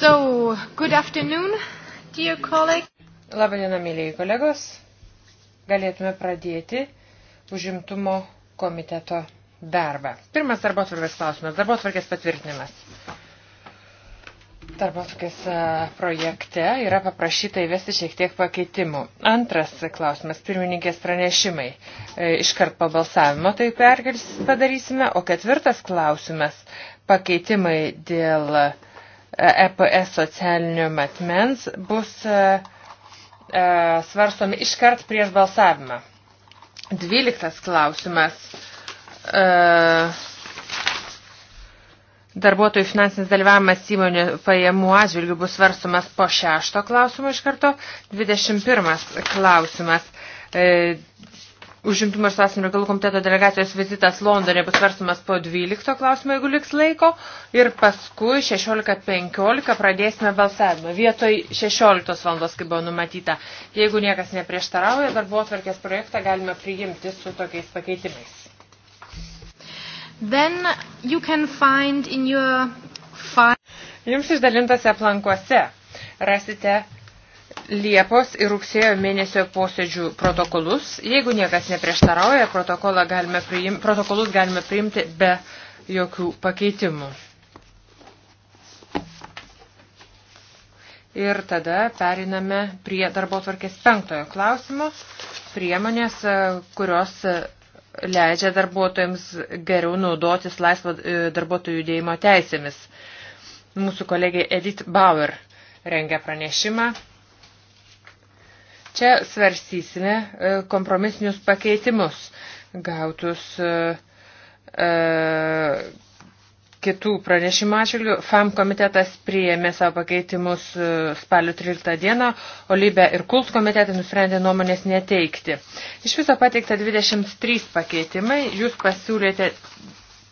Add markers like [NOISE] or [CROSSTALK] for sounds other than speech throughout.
So, good afternoon, dear colleague. Labadiena, mėlyjei kolegos. Galėtume pradėti užimtumo komiteto darbą. Pirmas darbo tvarkės klausimas. Darbo tvarkės patvirtinimas. Darbo tvarkės projekte yra paprašyta įvesti šiek tiek pakeitimų. Antras klausimas. Pirmininkės pranešimai. E, iškart po balsavimo tai perkelsis padarysime. O ketvirtas klausimas. Pakeitimai dėl EPS e socialinių matmens bus e, e, svarstomi iškart prieš balsavimą. Dvyliktas klausimas. Darbuotojų finansinis dalyvavimas įmonių pajamų atžvilgių bus svarstomas po šešto klausimo iš karto. 21 klausimas Užimtumo ir sąsienio reikalų komiteto delegacijos vizitas Londone bus svarstumas po 12 klausimo, jeigu liks laiko. Ir paskui 16.15 pradėsime balsavimą. Vietoj 16 valandos, kaip buvo numatyta. Jeigu niekas neprieštarauja, darbo atvarkės projektą galime priimti su tokiais pakeitimais. Then you can find in your file. Jums išdalintose aplankuose rasite Liepos ir rugsėjo mėnesio posėdžių protokolus. Jeigu niekas neprieštarauja, galime priim, protokolus galime priimti be jokių pakeitimų. Ir tada periname prie darbo tvarkės penktojo klausimo. Priemonės, kurios leidžia darbuotojams geriau naudotis laisvo e, darbuotojų judėjimo teisėmis. Mūsų kolegė Edith Bauer rengia pranešimą Čia svarstysime e, kompromisinius pakeitimus gautus e, e, kitų pranešimų atžvilgių. FAM komitetas priėmė savo pakeitimus spalio 13 dieną, o Libė ir Kult komitetai nusprendė nuomonės neteikti. Iš viso pateikta 23 pakeitimai, jūs pasiūlėte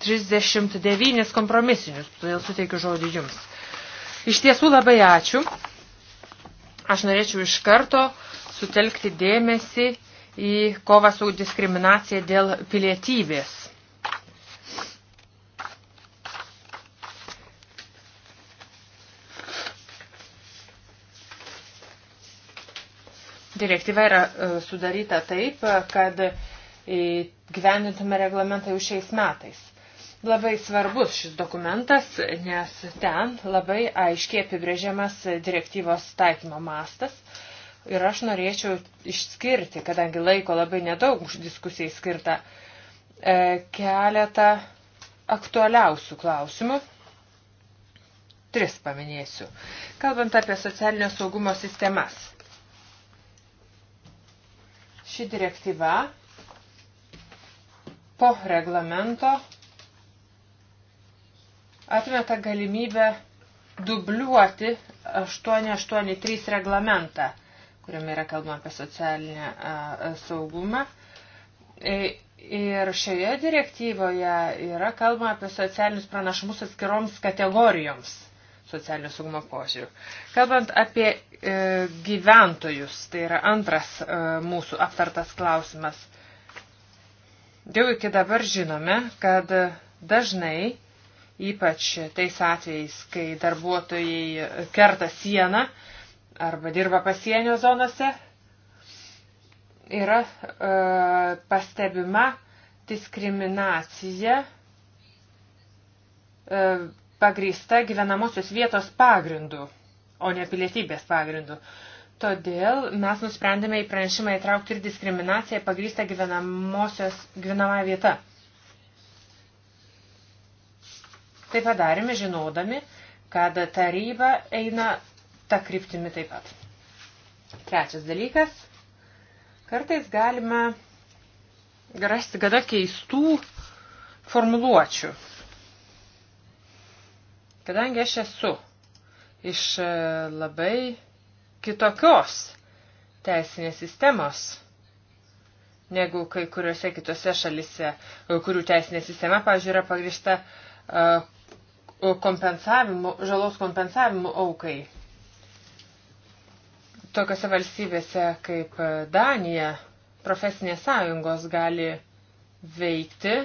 39 kompromisinius, todėl suteikiu žodį jums. Iš tiesų labai ačiū. Aš norėčiau iš karto uh, sutelkti dėmesį į kovą su diskriminacija dėl pilietybės. Direktyva yra e, sudaryta taip, kad e, gyvenintume reglamentą jau šiais metais. Labai svarbus šis dokumentas, nes ten labai aiškiai apibrėžiamas direktyvos taikymo mastas ir aš norėčiau išskirti, kadangi laiko labai nedaug diskusijai skirta, e, keletą aktualiausių klausimų. Tris paminėsiu. Kalbant apie socialinio saugumo sistemas. Ši direktyva po reglamento atmeta galimybę dubliuoti 883 reglamentą kuriame yra kalbama apie socialinę saugumą. E, ir šioje direktyvoje yra kalbama apie socialinius pranašumus atskiroms kategorijoms socialinio saugumo požiūrių. Kalbant apie e, gyventojus, tai yra antras e, mūsų aptartas klausimas. Jau iki dabar žinome, kad dažnai, ypač tais atvejais, kai darbuotojai kerta sieną, e, arba dirba pasienio zonose, yra e, pastebima diskriminacija e, pagrįsta gyvenamosios vietos pagrindu, o ne pilietybės pagrindu. Todėl mes nusprendėme į pranešimą įtraukti ir diskriminaciją pagrįstą gyvenamąją vietą. Tai padarėme žinodami, kad taryba eina tą kryptimį taip pat. Trečias dalykas. Kartais galima rasti gada keistų formuluočių. Kadangi aš esu iš e, labai kitokios teisinės sistemos negu kai kuriuose kitose šalise, e, kurių teisinė sistema, pavyzdžiui, yra pagrįsta e, kompensavimu, žalos kompensavimu aukai tokiose valstybėse kaip Danija profesinės sąjungos gali veikti e,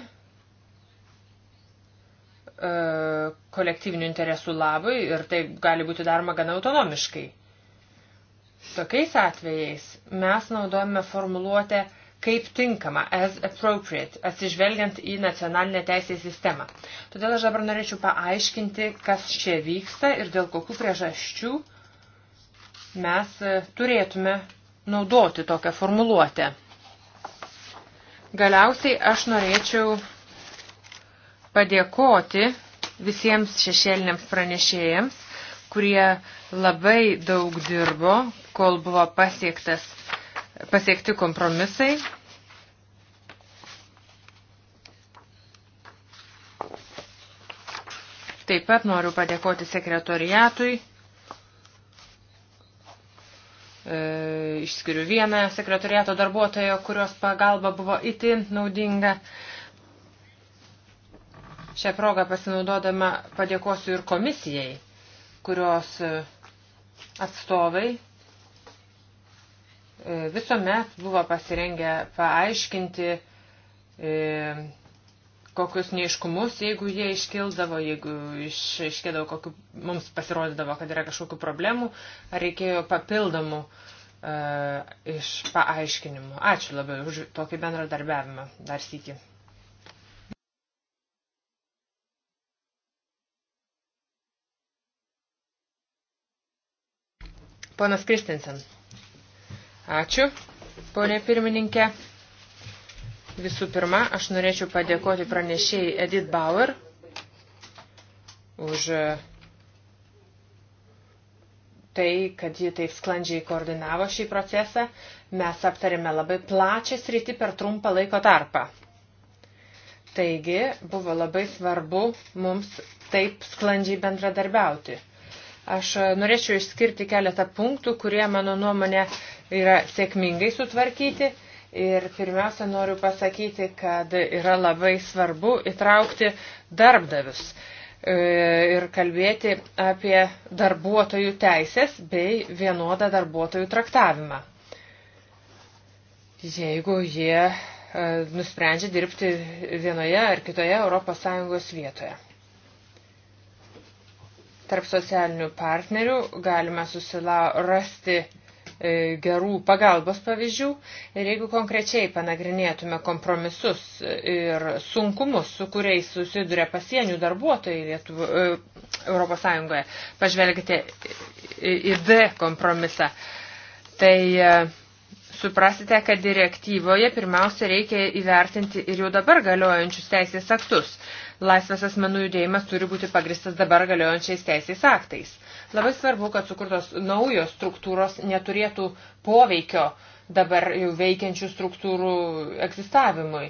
kolektyvinių interesų labui ir tai gali būti daroma gana autonomiškai. Tokiais atvejais mes naudojame formuluotę kaip tinkama, as appropriate, atsižvelgiant į nacionalinę teisės sistemą. Todėl aš dabar norėčiau paaiškinti, kas čia vyksta ir dėl kokių priežasčių uh, mes e, turėtume naudoti tokią formuluotę. Galiausiai aš norėčiau padėkoti visiems šešėliniams pranešėjams, kurie labai daug dirbo, kol buvo pasiektas, pasiekti kompromisai. Taip pat noriu padėkoti sekretoriatui E, išskiriu vieną sekretoriato darbuotoją, kurios pagalba buvo itin naudinga. Šią progą pasinaudodama padėkosiu ir komisijai, kurios e, atstovai e, visuomet buvo pasirengę paaiškinti kokius neiškumus, jeigu jie iškildavo, jeigu iškėdavo kokiu, mums pasirodydavo, kad yra kažkokių problemų, ar reikėjo papildomų uh, e, iš paaiškinimų. Ačiū labai už tokį bendradarbiavimą. Dar sykį. Ponas Kristinsen. Ačiū, ponė pirmininkė. Visų pirma, aš norėčiau padėkoti pranešėjai Edith Bauer už e, tai, kad ji taip sklandžiai koordinavo šį procesą. Mes aptarėme labai plačią sritį per trumpą laiko tarpą. Taigi buvo labai svarbu mums taip sklandžiai bendradarbiauti. Aš e, norėčiau išskirti keletą punktų, kurie mano nuomonė yra sėkmingai sutvarkyti Ir pirmiausia, noriu pasakyti, kad yra labai svarbu įtraukti darbdavius e, ir kalbėti apie darbuotojų teisės bei vienodą darbuotojų traktavimą. Jeigu jie e, nusprendžia dirbti vienoje ar kitoje ES vietoje. Tarp socialinių partnerių galime susirasti E, gerų pagalbos pavyzdžių ir jeigu konkrečiai panagrinėtume kompromisus ir sunkumus, su kuriais susiduria pasienių darbuotojai Lietuvų, e, Europos Sąjungoje, pažvelgite į D kompromisą, tai e, suprasite, kad direktyvoje pirmiausia reikia įvertinti ir jau dabar galiojančius teisės aktus. Laisvas asmenų judėjimas turi būti pagristas dabar galiojančiais teisės aktais. Labai svarbu, kad sukurtos naujos struktūros neturėtų poveikio dabar jau veikiančių struktūrų egzistavimui.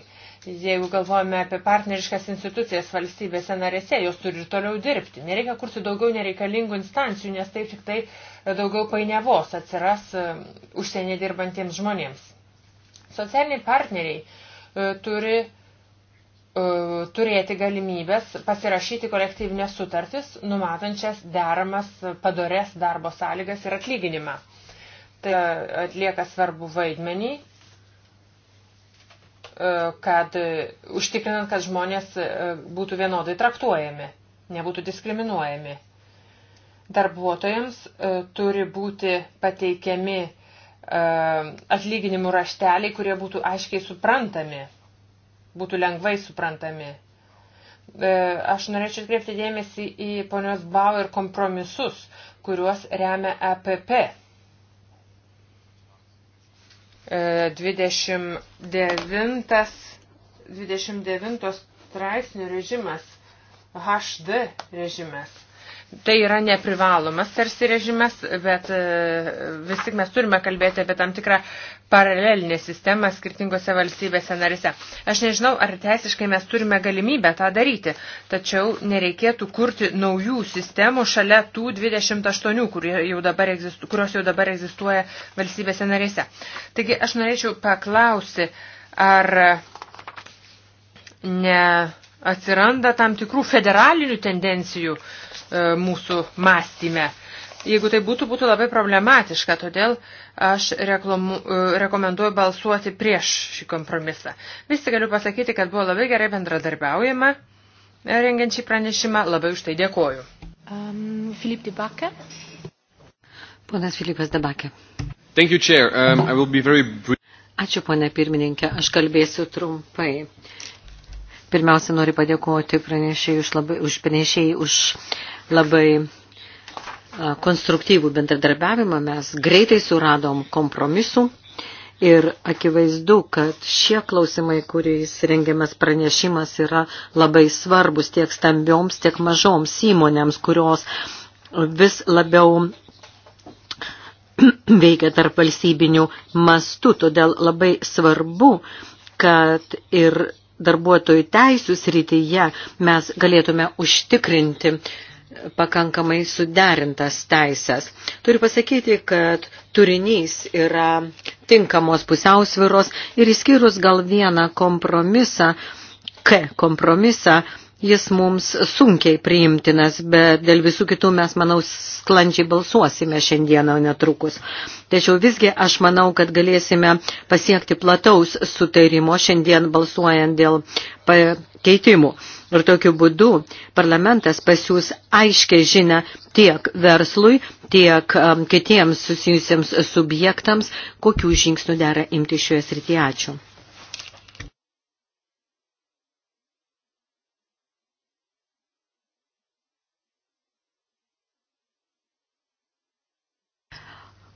Jeigu galvojame apie partneriškas institucijas valstybėse narėse, jos turi ir toliau dirbti. Nereikia kurti daugiau nereikalingų instancijų, nes taip tik tai daugiau painiavos atsiras e, užsienį dirbantiems žmonėms. Socialiniai partneriai e, turi E, turėti galimybės pasirašyti kolektyvinės sutartis, numatančias deramas padorės darbo sąlygas ir atlyginimą. Tai atlieka svarbu vaidmenį, e, kad užtikrinant, kad žmonės e, būtų vienodai traktuojami, nebūtų diskriminuojami. Darbuotojams turi būti pateikiami atlyginimų rašteliai, kurie būtų aiškiai suprantami būtų lengvai suprantami. E, aš norėčiau atkreipti dėmesį į ponios Bauer kompromisus, kuriuos remia EPP. 29, 29 straipsnių režimas, HD režimas. Tai yra neprivalomas tarsi režimas, bet e, vis tik mes turime kalbėti apie tam tikrą paralelinę sistemą skirtingose valstybėse narise. Aš nežinau, ar teisiškai mes turime galimybę tą daryti, tačiau nereikėtų kurti naujų sistemų šalia tų 28, kur jau dabar egzistu, kurios jau dabar egzistuoja valstybėse narise. Taigi aš norėčiau paklausti, ar ne atsiranda tam tikrų federalinių tendencijų, uh, E, mūsų mąstyme. Jeigu tai būtų, būtų labai problematiška, todėl aš reklamu, e, rekomenduoju balsuoti prieš šį kompromisą. Vis tik galiu pasakyti, kad buvo labai gerai bendradarbiaujama e, rengiant šį pranešimą. Labai už tai dėkoju. Um, Filip Dibakė. Ponas Filipas Dabakė. Thank you, Chair. Um, I will be very brief. Ačiū, ponė pirmininkė. Aš kalbėsiu trumpai. Uh, Pirmiausia, noriu padėkoti pranešėjai už labai, už, pranešėjai už labai konstruktyvų bendradarbiavimą. Mes greitai suradom kompromisų ir akivaizdu, kad šie klausimai, kuriais rengiamas pranešimas, yra labai svarbus tiek stambioms, tiek mažoms įmonėms, kurios vis labiau [CLEARS THROAT] veikia tarp valstybinių mastų. Todėl labai svarbu, kad ir darbuotojų teisų srityje mes galėtume užtikrinti pakankamai suderintas teisės. Turiu pasakyti, kad turinys yra tinkamos pusiausviros ir išskyrus gal vieną kompromisą, K kompromisą, jis mums sunkiai priimtinas, bet dėl visų kitų mes, manau, sklandžiai balsuosime šiandieną netrukus. Tačiau visgi aš manau, kad galėsime pasiekti plataus sutarimo šiandien balsuojant dėl pakeitimų. Ir tokiu būdu parlamentas pasiūs aiškiai žinę tiek verslui, tiek um, kitiems susijusiems subjektams, kokių žingsnių dera imti šioje srityje. Ačiū.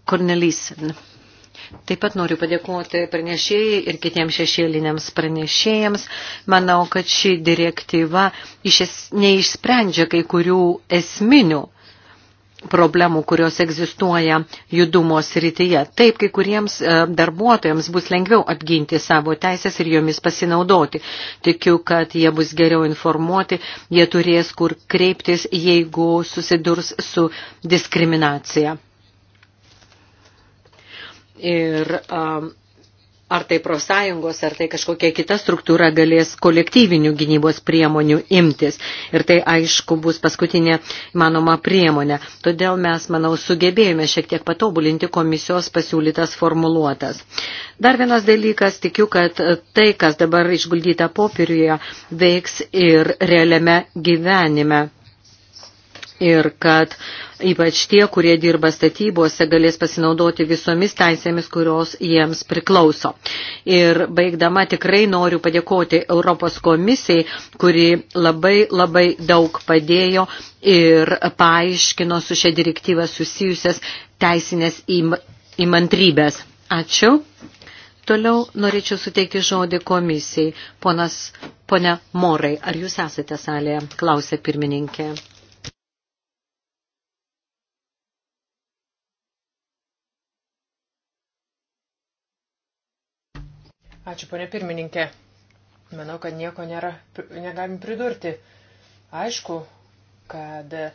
Kornelysen. Taip pat noriu padėkoti pranešėjai ir kitiems šešėliniams pranešėjams. Manau, kad ši direktyva iš es, neišsprendžia kai kurių esminių problemų, kurios egzistuoja judumo srityje. Taip, kai kuriems e, darbuotojams bus lengviau apginti savo teisės ir jomis pasinaudoti. Tikiu, kad jie bus geriau informuoti, jie turės kur kreiptis, jeigu susidurs su diskriminacija. Ir um, ar tai profsąjungos, ar tai kažkokia kita struktūra galės kolektyvinių gynybos priemonių imtis. Ir tai aišku bus paskutinė manoma priemonė. Todėl mes, manau, sugebėjome šiek tiek patobulinti komisijos pasiūlytas formuluotas. Dar vienas dalykas, tikiu, kad tai, kas dabar išguldyta popieriuje, veiks ir realiame gyvenime ir kad ypač tie, kurie dirba statybose, galės pasinaudoti visomis teisėmis, kurios jiems priklauso. Ir baigdama tikrai noriu padėkoti Europos komisijai, kuri labai labai daug padėjo ir paaiškino su šia direktyva susijusias teisinės įmantrybės. Ačiū. Toliau norėčiau suteikti žodį komisijai. Ponas, ponia Morai, ar jūs esate salėje? Klausė pirmininkė. Ačiū, ponė pirmininkė. Manau, kad nieko nėra, negalim pridurti. Aišku, kad e,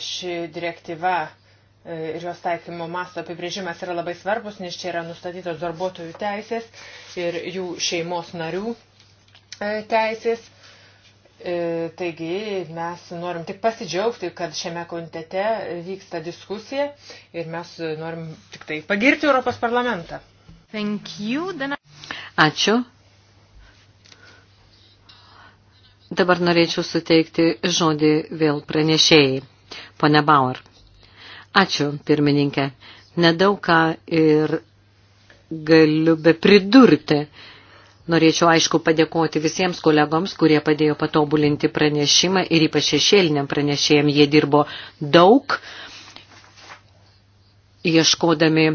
ši direktyva e, ir jos taikymo masto apibrėžimas yra labai svarbus, nes čia yra nustatytos darbuotojų teisės ir jų šeimos narių e, teisės. Taigi mes norim tik pasidžiaugti, kad šiame komitete vyksta diskusija ir mes norim tik tai pagirti Europos parlamentą. Thank you. Then... Ačiū. Dabar norėčiau suteikti žodį vėl pranešėjai. Pone Bauer. Ačiū, pirmininkė. Nedaug ką ir galiu be pridurti. Norėčiau, aišku, padėkoti visiems kolegoms, kurie padėjo patobulinti pranešimą ir ypač šešėliniam pranešėjim jie dirbo daug, ieškodami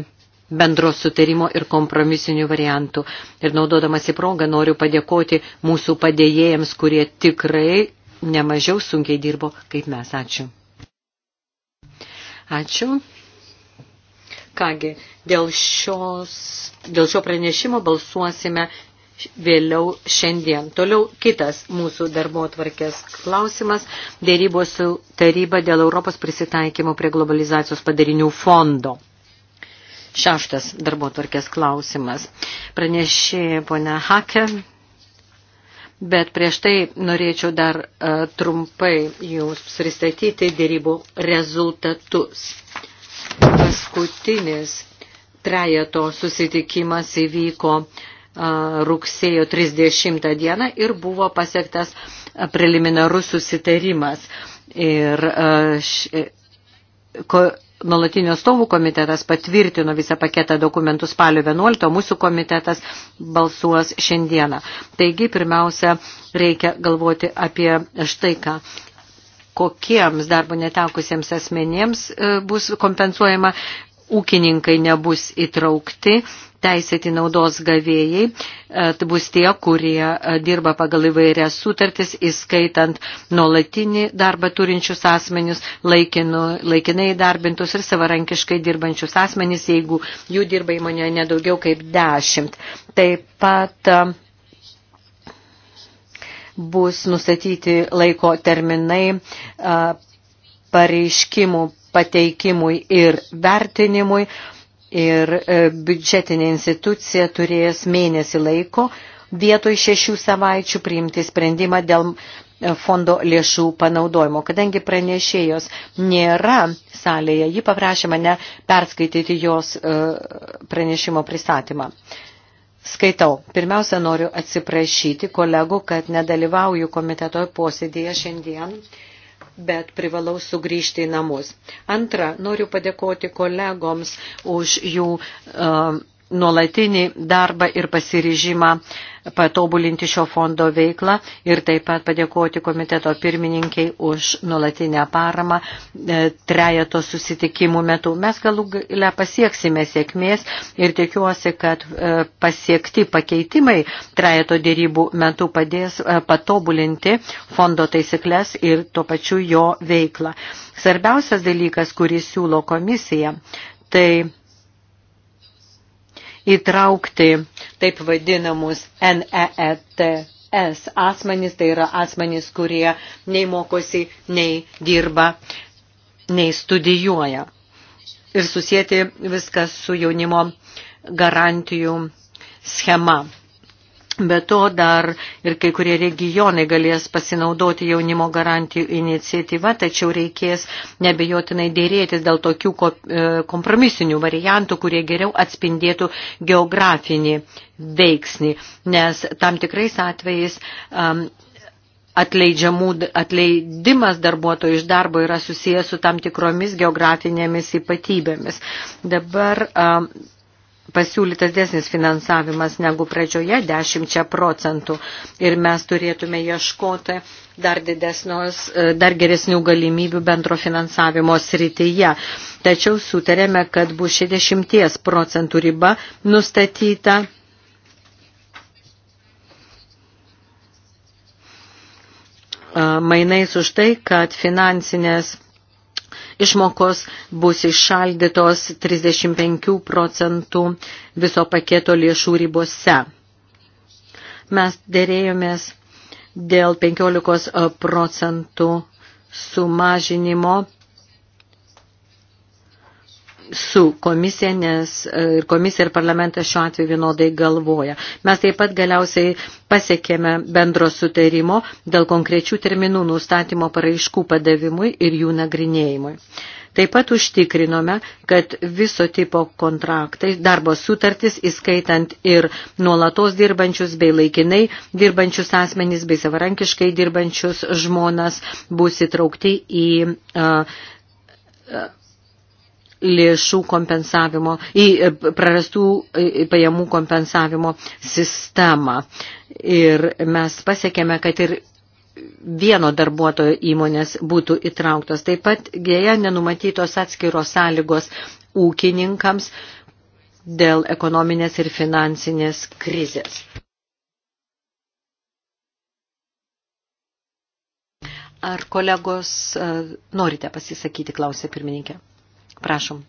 bendro sutarimo ir kompromisinių variantų. Ir naudodamas į progą noriu padėkoti mūsų padėjėjams, kurie tikrai nemažiau sunkiai dirbo kaip mes. Ačiū. Ačiū. Kągi, dėl, šios, dėl šio pranešimo balsuosime vėliau šiandien. Toliau kitas mūsų darbo tvarkės klausimas – dėrybos su taryba dėl Europos prisitaikymo prie globalizacijos padarinių fondo. Šeštas darbo tvarkės klausimas. Pranešė ponia Hake, bet prieš tai norėčiau dar uh, trumpai jums pristatyti dėrybų rezultatus. Paskutinis trejato susitikimas įvyko e, rugsėjo 30 dieną ir buvo pasiektas preliminarus susitarimas. Ir e, Nuolatinio stovų komitetas patvirtino visą paketą dokumentų spalio 11, o mūsų komitetas balsuos šiandieną. Taigi, pirmiausia, reikia galvoti apie štai ką kokiems darbo netekusiems asmenėms e, bus kompensuojama, ūkininkai nebus įtraukti, teisėti naudos gavėjai e, tai bus tie, kurie e, dirba pagal įvairias sutartis, įskaitant nuolatinį darbą turinčius asmenius, laikinu, laikinai darbintus ir savarankiškai dirbančius asmenys, jeigu jų dirba įmonėje nedaugiau kaip dešimt. Taip pat e, bus nustatyti laiko terminai pareiškimų pateikimui ir vertinimui ir e, biudžetinė institucija turės mėnesį laiko vietoj šešių savaičių priimti sprendimą dėl e, fondo lėšų panaudojimo. Kadangi pranešėjos nėra salėje, ji paprašė mane perskaityti jos e, pranešimo pristatymą. Skaitau. Pirmiausia, noriu atsiprašyti kolegų, kad nedalyvauju komiteto posėdėje šiandien bet privalau sugrįžti į namus. Antra, noriu padėkoti kolegoms už jų uh, nuolatinį darbą ir pasiryžimą patobulinti šio fondo veiklą ir taip pat padėkoti komiteto pirmininkiai už nuolatinę paramą e, trejato susitikimų metu. Mes galų galę pasieksime sėkmės ir tikiuosi, kad e, pasiekti pakeitimai trejato dėrybų metu padės e, patobulinti fondo taisyklės ir tuo pačiu jo veiklą. Svarbiausias dalykas, kurį siūlo komisija, tai įtraukti taip vadinamus NEETS asmenys, tai yra asmenys, kurie nei mokosi, nei dirba, nei studijuoja. Ir susijęti viskas su jaunimo garantijų schema. Be to dar ir kai kurie regionai galės pasinaudoti jaunimo garantijų iniciatyva, tačiau reikės nebejotinai dėrėtis dėl tokių e, kompromisinių variantų, kurie geriau atspindėtų geografinį veiksnį, nes tam tikrais atvejais um, atleidimas darbuotojų iš darbo yra susijęs su tam tikromis geografinėmis ypatybėmis. Dabar um, pasiūlytas desnis finansavimas negu pradžioje 10 procentų ir mes turėtume ieškoti dar, didesnios, e, dar geresnių galimybių bendro finansavimo srityje. Tačiau sutarėme, kad bus 60 procentų riba nustatyta. E, mainais už tai, kad finansinės Išmokos bus iššaldytos 35 procentų viso paketo lėšų ribose. Mes dėrėjomės dėl 15 e, procentų sumažinimo su komisija, nes e, ir komisija ir parlamentas šiuo atveju vienodai galvoja. Mes taip pat galiausiai pasiekėme bendro sutarimo dėl konkrečių terminų nustatymo paraiškų padavimui ir jų nagrinėjimui. Taip pat užtikrinome, kad viso tipo kontraktai, darbo sutartis, įskaitant ir nuolatos dirbančius bei laikinai dirbančius asmenys bei savarankiškai dirbančius žmonas, bus įtraukti į uh, uh, lėšų kompensavimo, į e, prarastų e, e, pajamų kompensavimo sistemą. Ir mes pasiekėme, kad ir vieno darbuotojo įmonės būtų įtrauktos. Taip pat gėja nenumatytos atskiros sąlygos ūkininkams dėl ekonominės ir finansinės krizės. Ar kolegos norite pasisakyti, klausė pirmininkė? Prašom.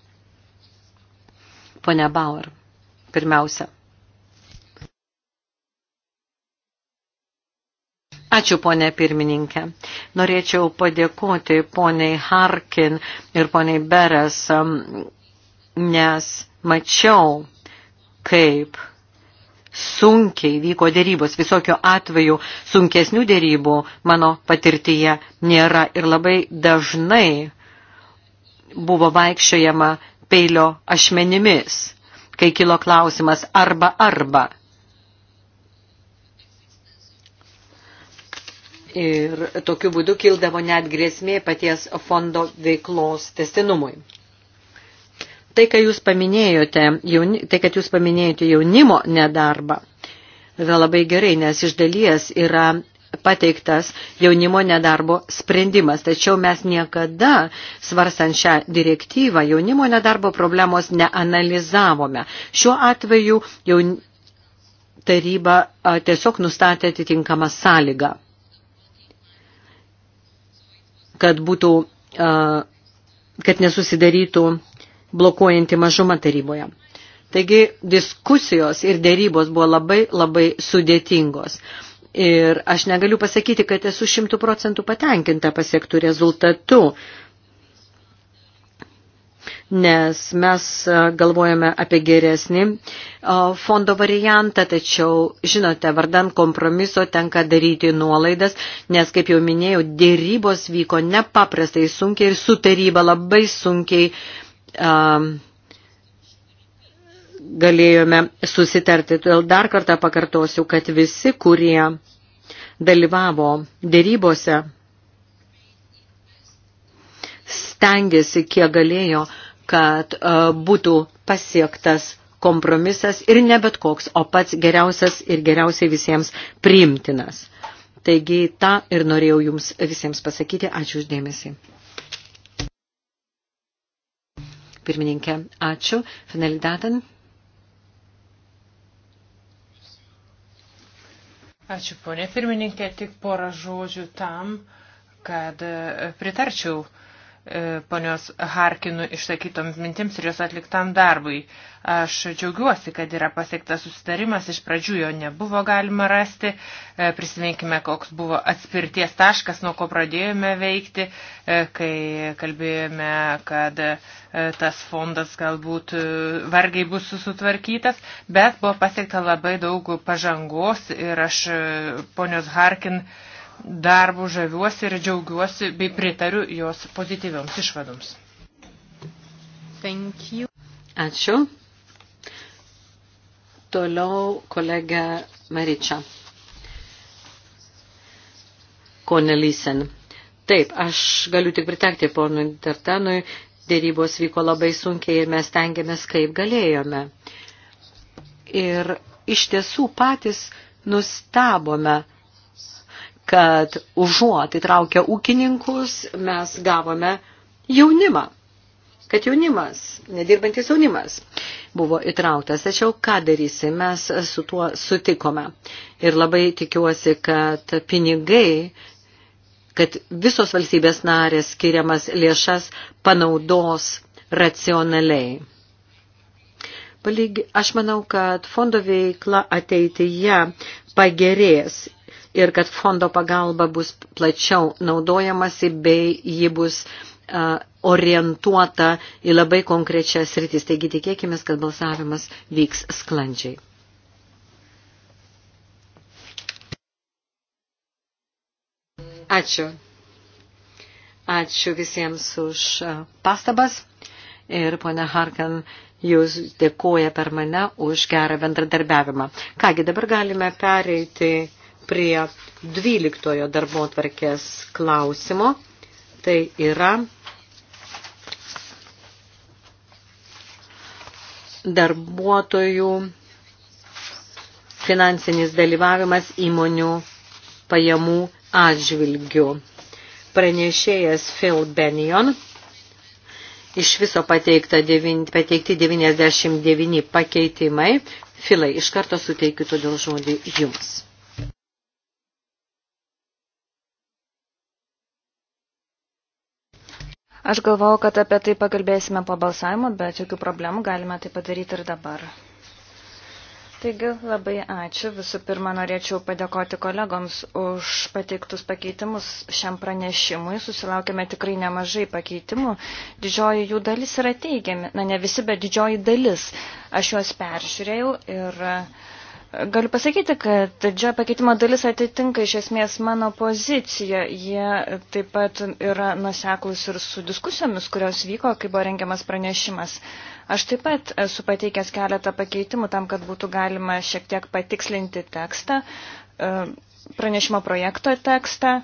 Pone Bauer, pirmiausia. Ačiū, ponė pirmininkė. Norėčiau padėkoti poniai Harkin ir poniai Beres, um, nes mačiau, kaip sunkiai vyko dėrybos. Visokio atveju sunkesnių dėrybų mano patirtyje nėra ir labai dažnai buvo vaikščiojama peilio ašmenimis, kai kilo klausimas arba arba. Ir tokiu būdu kildavo net grėsmė paties fondo veiklos testinumui. Tai, kai jūs paminėjote, jauni, tai kad jūs paminėjote jaunimo nedarbą, yra labai gerai, nes iš dalies yra pateiktas jaunimo nedarbo sprendimas. Tačiau mes niekada, svarstant šią direktyvą, jaunimo nedarbo problemos neanalizavome. Šiuo atveju jau taryba tiesiog nustatė atitinkamą sąlygą, kad būtų, kad nesusidarytų blokuojanti mažuma taryboje. Taigi diskusijos ir dėrybos buvo labai labai sudėtingos. Ir aš negaliu pasakyti, kad esu šimtų procentų patenkinta pasiektų rezultatų, nes mes galvojame apie geresnį fondo variantą, tačiau, žinote, vardan kompromiso tenka daryti nuolaidas, nes, kaip jau minėjau, dėrybos vyko nepaprastai sunkiai ir su taryba labai sunkiai um, galėjome susitarti. Todėl dar kartą pakartosiu, kad visi, kurie dalyvavo dėrybose, stengiasi kiek galėjo, kad e, būtų pasiektas kompromisas ir ne bet koks, o pats geriausias ir geriausiai visiems priimtinas. Taigi tą ir norėjau jums visiems pasakyti. Ačiū uždėmesi. Pirmininkė, ačiū. Finalidatan. Ačiū, ponė pirmininkė, tik porą žodžių tam, kad e, pritarčiau uh, E, ponios Harkinų išsakytoms mintims ir jos atliktam darbui. Aš džiaugiuosi, kad yra pasiektas susitarimas, iš pradžių jo nebuvo galima rasti, e, prisiminkime, koks buvo atspirties taškas, nuo ko pradėjome veikti, e, kai kalbėjome, kad tas fondas galbūt vargiai bus susutvarkytas, bet buvo pasiekta labai daug pažangos ir aš ponios Harkin uh, darbų žaviuosi ir džiaugiuosi bei pritariu jos pozityvioms išvadoms. Thank you. Ačiū. Toliau kolegė Maryčia. Konelysen. Taip, aš galiu tik pritekti ponui Tartanui, dėrybos vyko labai sunkiai ir mes tengiamės kaip galėjome. Ir iš tiesų patys nustebome, kad užuot įtraukę ūkininkus mes gavome jaunimą, kad jaunimas, nedirbantis jaunimas buvo įtrauktas. Tačiau ką darysi, mes su tuo sutikome. Ir labai tikiuosi, kad pinigai, kad visos valstybės narės skiriamas lėšas panaudos racionaliai. Palygi, aš manau, kad fondo veikla ateityje pagerės ir kad fondo pagalba bus plačiau naudojamasi bei ji bus orientuota į labai konkrečias rytis. Taigi tikėkime, kad balsavimas vyks sklandžiai. Ačiū. Ačiū visiems už pastabas. Ir ponia Harkan, jūs dėkoja per mane už gerą bendradarbiavimą. Kągi, dabar galime pereiti prie 12 darbo tvarkės klausimo. Tai yra darbuotojų finansinis dalyvavimas įmonių pajamų atžvilgių. Pranešėjas Phil Benion iš viso pateikta, pateikti 99 pakeitimai. Filai, iš karto suteikiu todėl žodį jums. Aš galvau, kad apie tai pakalbėsime po balsavimo, bet jokių problemų galime tai padaryti ir dabar. Taigi, labai ačiū. Visų pirma, norėčiau padėkoti kolegoms už pateiktus pakeitimus šiam pranešimui. Susilaukėme tikrai nemažai pakeitimų. Didžioji jų dalis yra teigiami. Na, ne visi, bet didžioji dalis. Aš juos peržiūrėjau ir uh, Galiu pasakyti, kad didžioji pakeitimo dalis atitinka iš esmės mano poziciją. Jie taip pat yra nuseklus ir su diskusijomis, kurios vyko, kai buvo rengiamas pranešimas. Aš taip pat esu pateikęs keletą pakeitimų tam, kad būtų galima šiek tiek patikslinti tekstą, e, pranešimo projekto tekstą.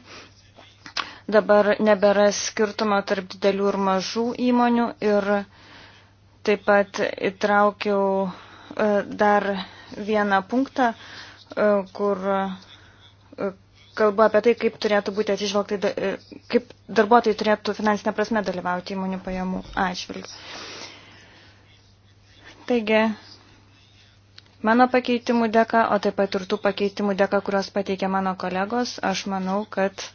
Dabar nebėra skirtumo tarp didelių ir mažų įmonių ir taip pat įtraukiau e, dar vieną punktą, e, kur e, kalba apie tai, kaip turėtų būti atsižvelgtai, e, kaip darbuotojai turėtų finansinę prasme dalyvauti įmonių pajamų atžvilgių. Taigi, mano pakeitimų dėka, o taip pat ir tų pakeitimų dėka, kuriuos pateikė mano kolegos, aš manau, kad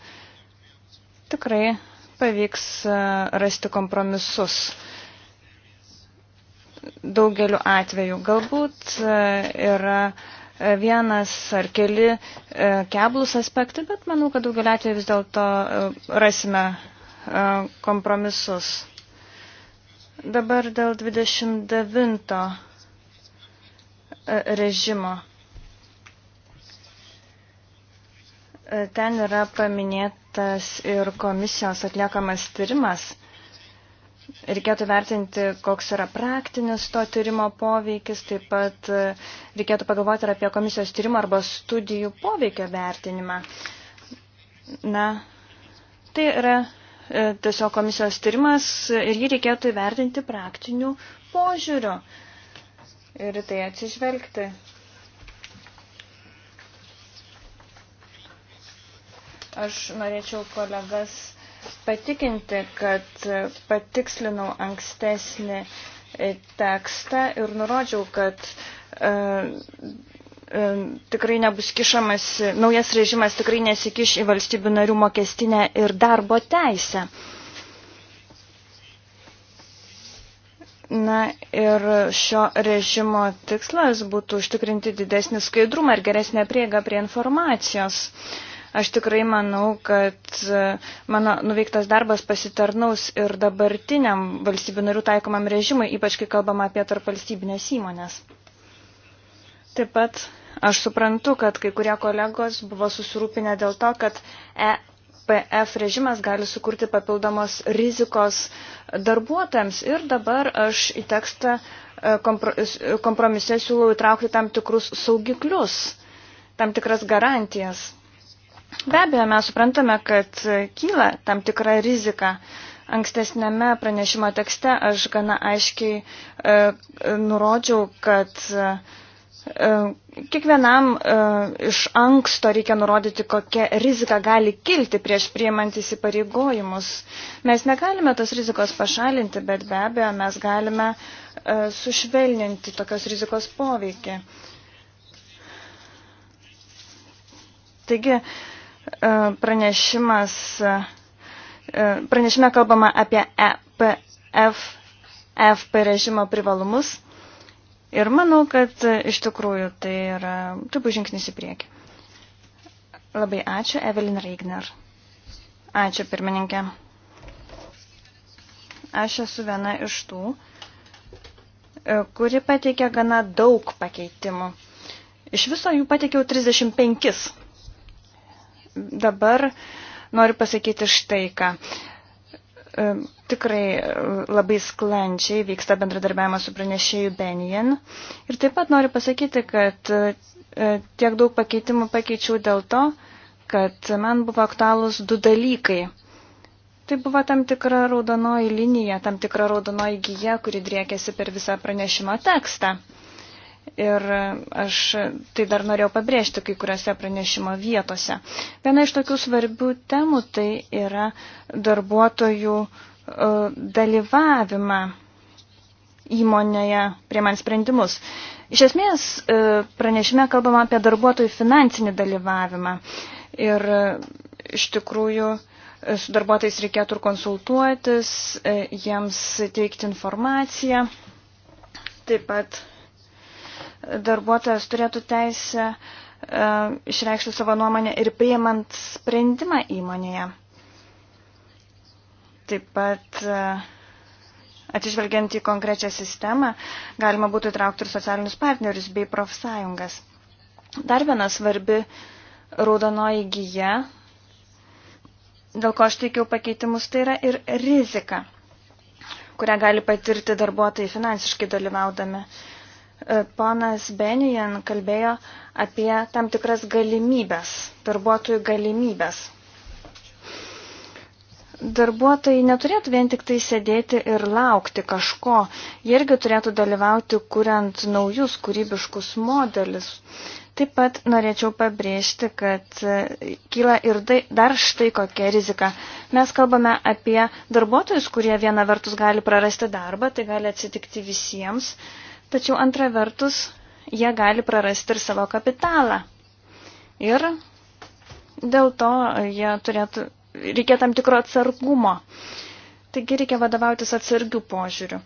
tikrai pavyks rasti kompromisus daugeliu atveju. Galbūt e, yra e, vienas ar keli e, keblus aspektai, bet manau, kad daugeliu atveju vis dėlto rasime kompromisus. Dabar dėl 29 režimo. Ten yra paminėtas ir komisijos atliekamas tyrimas. Reikėtų vertinti, koks yra praktinis to tyrimo poveikis, taip pat e, reikėtų pagalvoti ir apie komisijos tyrimo arba studijų poveikio vertinimą. Na, tai yra e, tiesiog komisijos tyrimas ir jį reikėtų įvertinti praktiniu požiūriu ir tai atsižvelgti. Aš norėčiau kolegas patikinti, kad patikslinau ankstesnį tekstą ir nurodžiau, kad e, e, tikrai nebus kišamas, naujas režimas tikrai nesikiš į valstybių narių mokestinę ir darbo teisę. Na ir šio režimo tikslas būtų užtikrinti didesnį skaidrumą ir geresnę prieigą prie informacijos. E, Aš tikrai manau, kad e, mano nuveiktas darbas pasitarnaus ir dabartiniam valstybių narių taikomam režimui, ypač kai kalbama apie tarpvalstybinės įmonės. Taip pat aš suprantu, kad kai kurie kolegos buvo susirūpinę dėl to, kad EPF režimas gali sukurti papildomos rizikos darbuotojams ir dabar aš į tekstą e, e, kompromise siūlau įtraukti tam tikrus saugiklius, tam tikras garantijas. Be abejo, mes suprantame, kad kyla tam tikra rizika. Ankstesnėme pranešimo tekste aš gana aiškiai e, nurodžiau, kad e, kiekvienam e, iš anksto reikia nurodyti, kokia rizika gali kilti prieš priemant įsipareigojimus. Mes negalime tos rizikos pašalinti, bet be abejo mes galime e, sušvelninti tokios rizikos poveikį. Taigi, e, pranešimas, e, pranešime kalbama apie EPF, FP režimo privalumus. Ir manau, kad iš tikrųjų tai yra truputį žingsnis į priekį. Labai ačiū, Evelyn Reigner. Ačiū, pirmininkė. Aš esu viena iš tų, e, kuri pateikė gana daug pakeitimų. Iš viso jų pateikiau 35 dabar noriu pasakyti štai ką. E, tikrai labai sklandžiai vyksta bendradarbiavimas su pranešėju Benjen. Ir taip pat noriu pasakyti, kad e, tiek daug pakeitimų pakeičiau dėl to, kad man buvo aktualūs du dalykai. Tai buvo tam tikra raudonoji linija, tam tikra raudonoji gyja, kuri driekėsi per visą pranešimo tekstą. Ir aš tai dar norėjau pabrėžti kai kuriuose pranešimo vietose. Viena iš tokių svarbių temų tai yra darbuotojų e, dalyvavimą įmonėje prie man sprendimus. Iš esmės, e, pranešime kalbama apie darbuotojų finansinį dalyvavimą. Ir e, iš tikrųjų, su darbuotojais reikėtų ir konsultuotis, jiems teikti informaciją. Taip pat darbuotojas turėtų teisę e, išreikšti savo nuomonę ir priimant sprendimą įmonėje. Taip pat e, atsižvelgiant į konkrečią sistemą, galima būtų įtraukti ir socialinius partnerius bei profsąjungas. Dar viena svarbi raudonoji gyja, dėl ko aš teikiau pakeitimus, tai yra ir rizika, kurią gali patirti darbuotojai finansiškai dalyvaudami uh, ponas Benijan kalbėjo apie tam tikras galimybės, darbuotojų galimybės. Darbuotojai neturėtų vien tik tai sėdėti ir laukti kažko, jie irgi turėtų dalyvauti, kuriant naujus kūrybiškus modelius. Taip pat norėčiau pabrėžti, kad e, kyla ir dar štai kokia rizika. Mes kalbame apie darbuotojus, kurie viena vertus gali prarasti darbą, tai gali atsitikti visiems, uh, Tačiau antra vertus, jie gali prarasti ir savo kapitalą. Ir dėl to jie turėtų, reikia tam tikro atsargumo. Taigi reikia vadovautis atsargių požiūrių.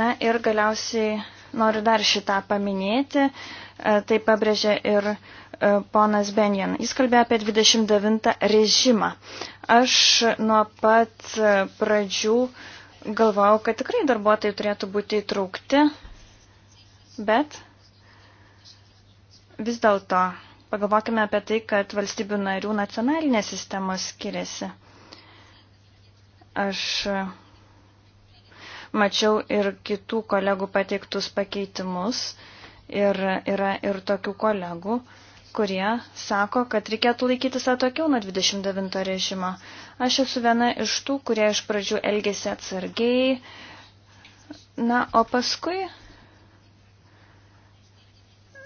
Na ir galiausiai noriu dar šitą paminėti, e, tai pabrėžė ir e, ponas Benjan. Jis kalbėjo apie 29 režimą. Aš nuo pat e, pradžių uh, galvojau, kad tikrai darbuotojai turėtų būti įtraukti, bet vis dėlto pagalvokime apie tai, kad valstybių narių nacionalinės sistemos skiriasi. Aš mačiau ir kitų kolegų pateiktus pakeitimus ir yra ir tokių kolegų, uh, kurie sako, kad reikėtų laikytis atokiau nuo 29 režimo. Aš esu viena iš tų, kurie iš pradžių elgėsi atsargiai, na, o paskui.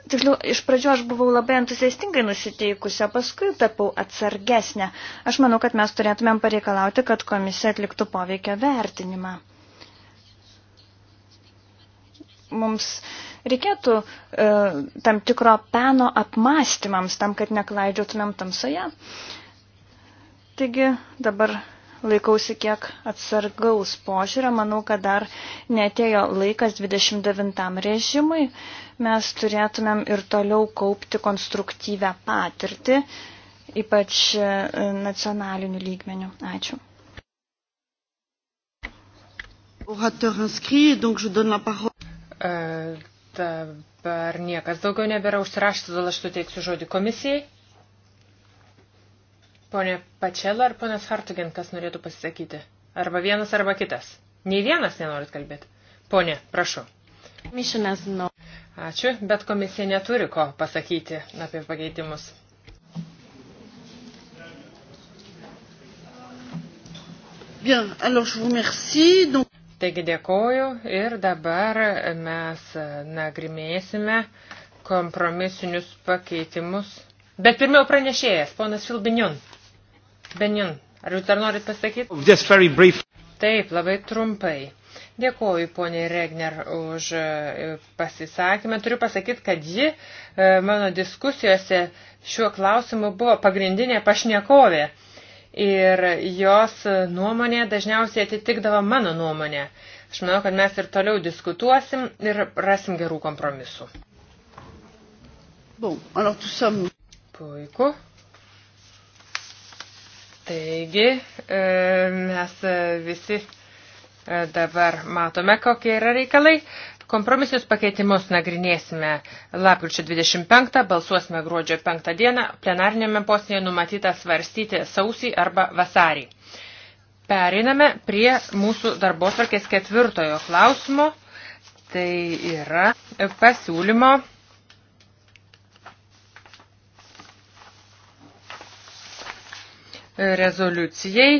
Tiksliau, iš pradžių aš buvau labai entuziastingai nusiteikusi, o paskui tapau atsargesnė. Aš manau, kad mes turėtumėm pareikalauti, kad komisija atliktų poveikio vertinimą. Mums reikėtų e, tam tikro peno apmąstymams, tam, kad neklaidžiotumėm tamsoje. Taigi dabar laikausi kiek atsargaus požiūrio. Manau, kad dar netėjo laikas 29 režimui. Mes turėtumėm ir toliau kaupti konstruktyvę patirtį, ypač e, nacionaliniu lygmeniu. Ačiū. Orateur inscrit, donc je donne la parole. Euh, Dabar niekas daugiau nebėra užsirašęs, todėl aš suteiksiu žodį komisijai. Pone Pačela ar ponas Hartugen, kas norėtų pasisakyti? Arba vienas, arba kitas. Nei vienas nenorit kalbėti. Pone, prašau. Mišinas, no. Ačiū, bet komisija neturi ko pasakyti apie pakeitimus. Bien, alors je vous remercie. Donc... Taigi dėkoju ir dabar mes nagrimėsime kompromisinius pakeitimus. Bet pirmiau pranešėjas, ponas Filbinion. Benin, ar jūs dar norit pasakyti? Oh, Taip, labai trumpai. Dėkuoju, ponė Regner, už e, pasisakymą. Turiu pasakyti, kad ji e, mano diskusijose šiuo klausimu buvo pagrindinė pašnekovė ir jos nuomonė dažniausiai atitikdavo mano nuomonę. Aš manau, kad mes ir toliau diskutuosim ir rasim gerų kompromisų. Bon, alors tout ça... Puiku. Taigi, e, mes visi e, dabar matome, kokie yra reikalai. Kompromisinius pakeitimus nagrinėsime lapkričio 25, balsuosime gruodžio 5 dieną, plenarinėme posėje numatyta svarstyti sausį arba vasarį. Pereiname prie mūsų darbotvarkės ketvirtojo klausimo. Tai yra pasiūlymo rezoliucijai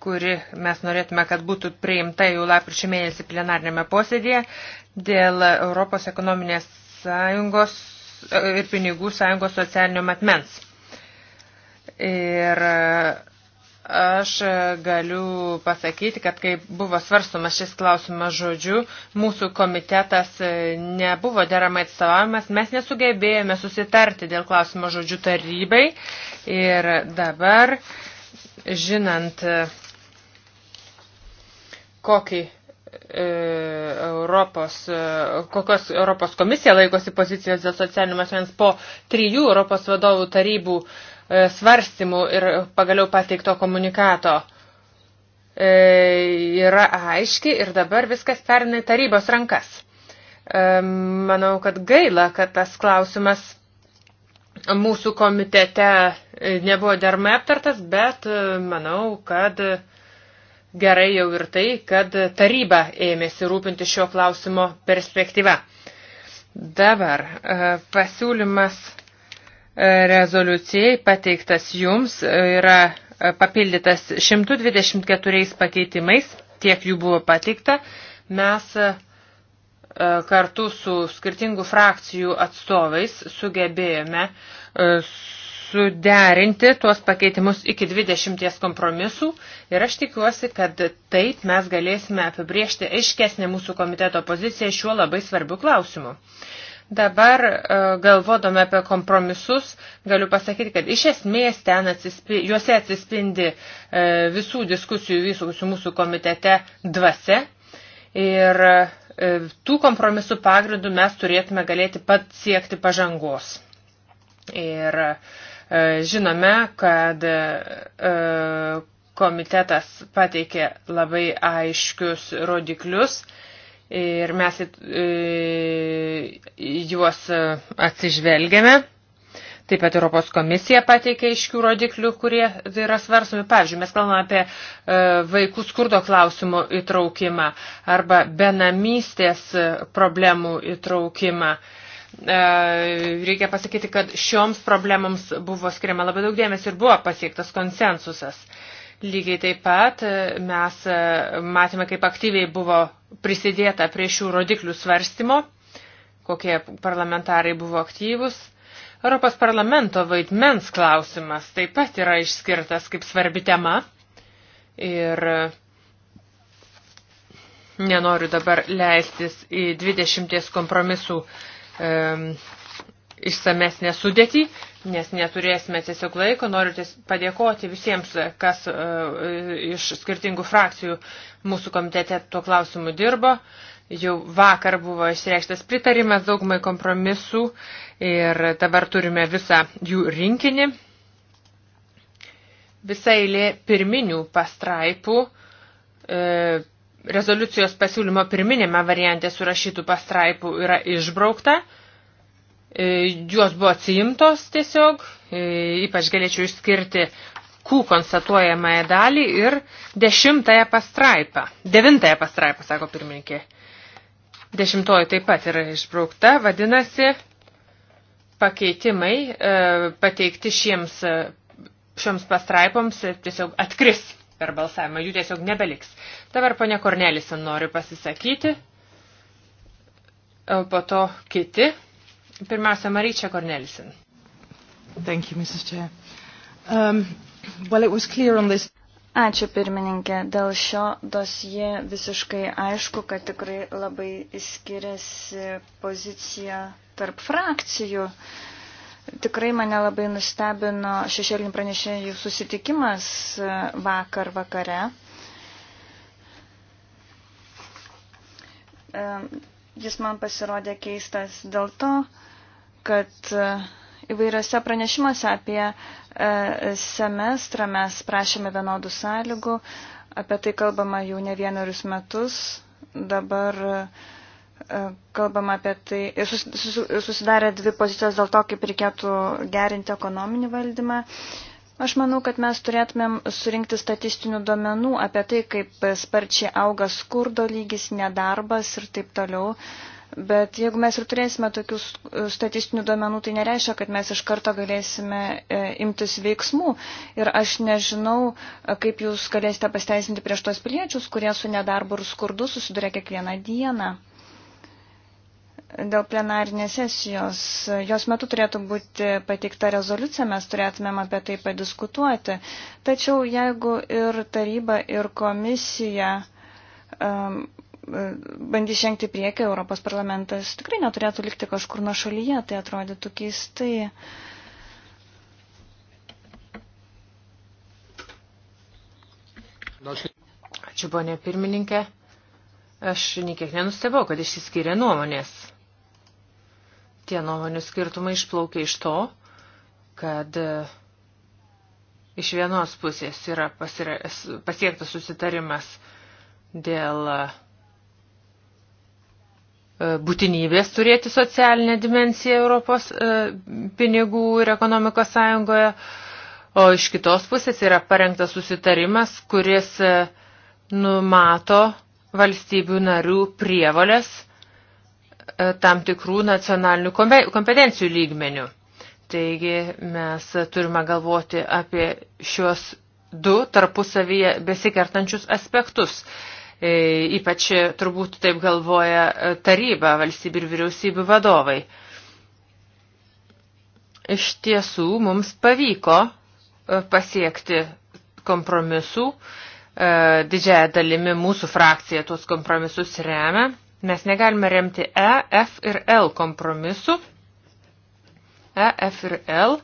kuri mes norėtume, kad būtų priimta jau lapkričio mėnesį plenarnėme posėdėje dėl Europos ekonominės sąjungos e, ir pinigų sąjungos socialinio matmens. Ir e, aš galiu pasakyti, kad kai buvo svarstomas šis klausimas žodžiu, mūsų komitetas e, nebuvo deramai atstovavimas, mes nesugebėjome susitarti dėl klausimo žodžių tarybai ir dabar, žinant kokį e, Europos, e, kokios Europos komisija laikosi pozicijos dėl socialinių mažmens po trijų Europos vadovų tarybų e, svarstymų ir pagaliau pateikto komunikato yra aiški ir dabar viskas perina į tarybos rankas. Manau, kad gaila, kad tas klausimas mūsų komitete nebuvo dermai aptartas, bet manau, kad Gerai jau ir tai, kad taryba ėmėsi rūpinti šio klausimo perspektyva. Dabar e, pasiūlymas e, rezoliucijai pateiktas jums e, yra papildytas 124 pakeitimais, tiek jų buvo pateikta. Mes kartu su skirtingų frakcijų atstovais sugebėjome suderinti tuos pakeitimus iki 20 kompromisų ir aš tikiuosi, kad taip mes galėsime apibriežti aiškesnę mūsų komiteto poziciją šiuo labai svarbiu klausimu. Dabar e, galvodome apie kompromisus, galiu pasakyti, kad iš esmės ten atsispi, juose atsispindi e, visų diskusijų visų mūsų komitete dvasia ir e, tų kompromisų pagrindų mes turėtume galėti pat siekti pažangos. Ir uh, E, žinome, kad e, komitetas pateikė labai aiškius rodiklius ir mes e, juos atsižvelgėme. Taip pat Europos komisija pateikė iškių rodiklių, kurie yra svarstomi. Pavyzdžiui, mes kalbame apie e, vaikų skurdo klausimų įtraukimą arba benamystės problemų įtraukimą. E, E, reikia pasakyti, kad šioms problemams buvo skiriama labai daug dėmesio ir buvo pasiektas konsensusas. Lygiai taip pat e, mes e, matėme, kaip aktyviai buvo prisidėta prie šių rodiklių svarstymo, kokie parlamentarai buvo aktyvus. Europos parlamento vaidmens klausimas taip pat yra išskirtas kaip svarbi tema. Ir nenoriu dabar leistis į 20 kompromisų uh, um, išsamesnę sudėtį, nes neturėsime tiesiog laiko. Noriu ties padėkoti visiems, kas uh, iš skirtingų frakcijų mūsų komitete tuo klausimu dirbo. Jau vakar buvo išreikštas pritarimas daugumai kompromisų ir dabar turime visą jų rinkinį. Visa eilė pirminių pastraipų e, rezoliucijos pasiūlymo pirminėme variante surašytų pastraipų yra išbraukta. E, juos buvo atsiimtos tiesiog, e, ypač galėčiau išskirti Q konstatuojamąją dalį ir dešimtąją pastraipą. Devintąją pastraipą, sako pirmininkė. Dešimtoji taip pat yra išbraukta, vadinasi, pakeitimai e, pateikti šiems, šioms pastraipoms tiesiog atkris per balsavimą, jų tiesiog nebeliks. Dabar ponė Kornelisen nori pasisakyti, o po to kiti. Pirmiausia, Maryčia Kornelisen. Thank you, Mrs. Chair. Um, well, it was clear on this. Ačiū pirmininkė. Dėl šio dosje visiškai aišku, kad tikrai labai skiriasi pozicija tarp frakcijų. Uh, Tikrai mane labai nustebino šešėlinių pranešėjų susitikimas e, vakar vakare. E, jis man pasirodė keistas dėl to, kad e, įvairiose pranešimuose apie semestrą mes prašėme vienodų sąlygų, apie tai kalbama jau ne vienerius metus. Dabar uh, E, kalbama apie tai, sus, sus, susidarė dvi pozicijos dėl to, kaip reikėtų gerinti ekonominį valdymą. Aš manau, kad mes turėtumėm surinkti statistinių duomenų apie tai, kaip sparčiai auga skurdo lygis, nedarbas ir taip toliau. Bet jeigu mes ir turėsime tokių statistinių duomenų, tai nereiškia, kad mes iš karto galėsime e, imtis veiksmų. Ir aš nežinau, e, kaip jūs galėsite pasteisinti prieš tos piliečius, kurie su nedarbu ir skurdu susiduria kiekvieną dieną dėl plenarinės sesijos. Jos metu turėtų būti pateikta rezoliucija, mes turėtumėm apie tai padiskutuoti. Tačiau jeigu ir taryba, ir komisija um, bandys žengti priekį, Europos parlamentas tikrai neturėtų likti kažkur nuo šalyje, tai atrodytų keistai. Ačiū, ponė pirmininkė. Aš niekiek nenustebau, kad išsiskiria nuomonės Tie nuomonių skirtumai išplaukia iš to, kad e, iš vienos pusės yra pasiektas susitarimas dėl e, būtinybės turėti socialinę dimensiją Europos e, pinigų ir ekonomikos sąjungoje, o iš kitos pusės yra parengtas susitarimas, kuris numato valstybių narių prievolės E, tam tikrų nacionalinių kompetencijų lygmenių. Taigi mes turime galvoti apie šios du tarpusavyje besikertančius aspektus. E, ypač turbūt taip galvoja e, taryba valstybių ir vyriausybių vadovai. Iš tiesų mums pavyko pasiekti kompromisų. Didžiaja dalimi mūsų frakcija tuos kompromisus remia. Mes negalime remti E, F ir L kompromisų. E, F ir L.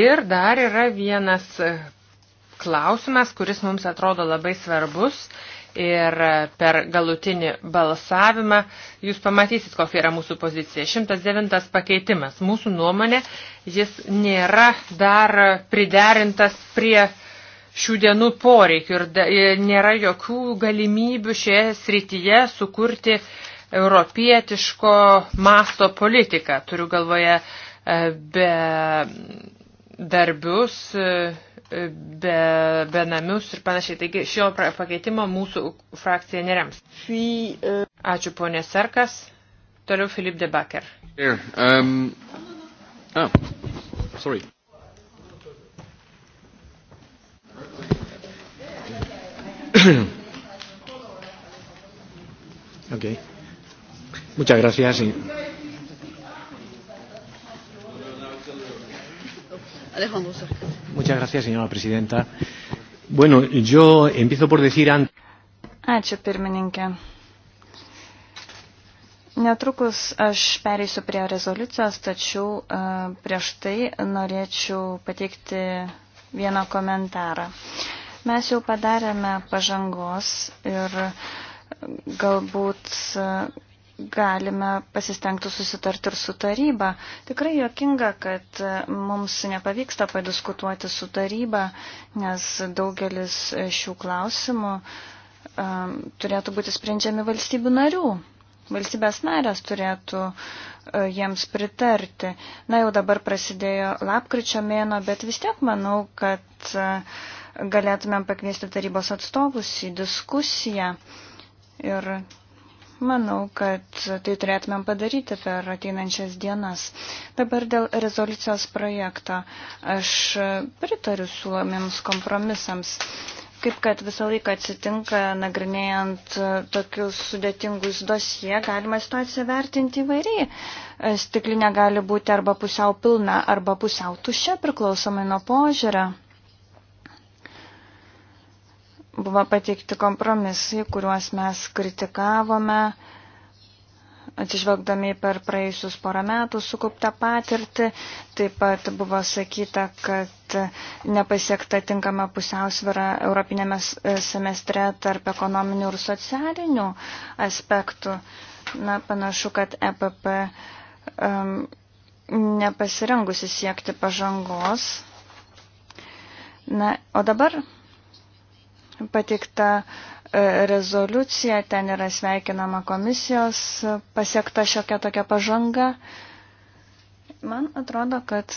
Ir dar yra vienas klausimas, kuris mums atrodo labai svarbus. Ir per galutinį balsavimą jūs pamatysit, kokia yra mūsų pozicija. 109 pakeitimas. Mūsų nuomonė, jis nėra dar priderintas prie uh, šių dienų poreikių ir, da, ir e, nėra jokių galimybių šioje srityje sukurti europietiško masto politiką. Turiu galvoje e, be darbius, e, be, be namius ir panašiai. Taigi šio pakeitimo mūsų frakcija nerems. Ačiū ponė Serkas. Toliau Filip de Baker. Here, um, oh, sorry. [CLEARS THROAT] okay. Muchas gracias. Sí. Muchas gracias, señora presidenta. Bueno, yo empiezo por decir antes. Ačiū pirmininkė. Netrukus aš pereisiu prie rezoliucijos, tačiau e, prieš tai norėčiau pateikti vieną komentarą. Uh, Mes jau padarėme pažangos ir galbūt galime pasistengti susitarti ir su taryba. Tikrai jokinga, kad mums nepavyksta padiskutuoti su taryba, nes daugelis šių klausimų um, turėtų būti sprendžiami valstybių narių. Valstybės narės turėtų uh, jiems pritarti. Na jau dabar prasidėjo lapkričio mėno, bet vis tiek manau, kad uh, galėtumėm pakviesti tarybos atstovus į diskusiją ir manau, kad tai turėtumėm padaryti per ateinančias dienas. Dabar dėl rezoliucijos projekto aš pritariu siūlomiems kompromisams. Kaip kad visą laiką atsitinka, nagrinėjant tokius sudėtingus dosie, galima situaciją vertinti įvairiai. Stiklinė gali būti arba pusiau pilna, arba pusiau tuščia, priklausomai nuo požiūrio. Buvo pateikti kompromisai, kuriuos mes kritikavome, atsižvelgdami per praėjusius porą metų sukauptą patirtį. Taip pat buvo sakyta, kad nepasiekta tinkama pusiausvėra Europinėme e, semestre tarp ekonominių ir socialinių aspektų. Na, panašu, kad EPP um, nepasirengusi siekti pažangos. Na, o dabar pateikta e, rezoliucija, ten yra sveikinama komisijos pasiekta šiokia tokia pažanga. Man atrodo, kad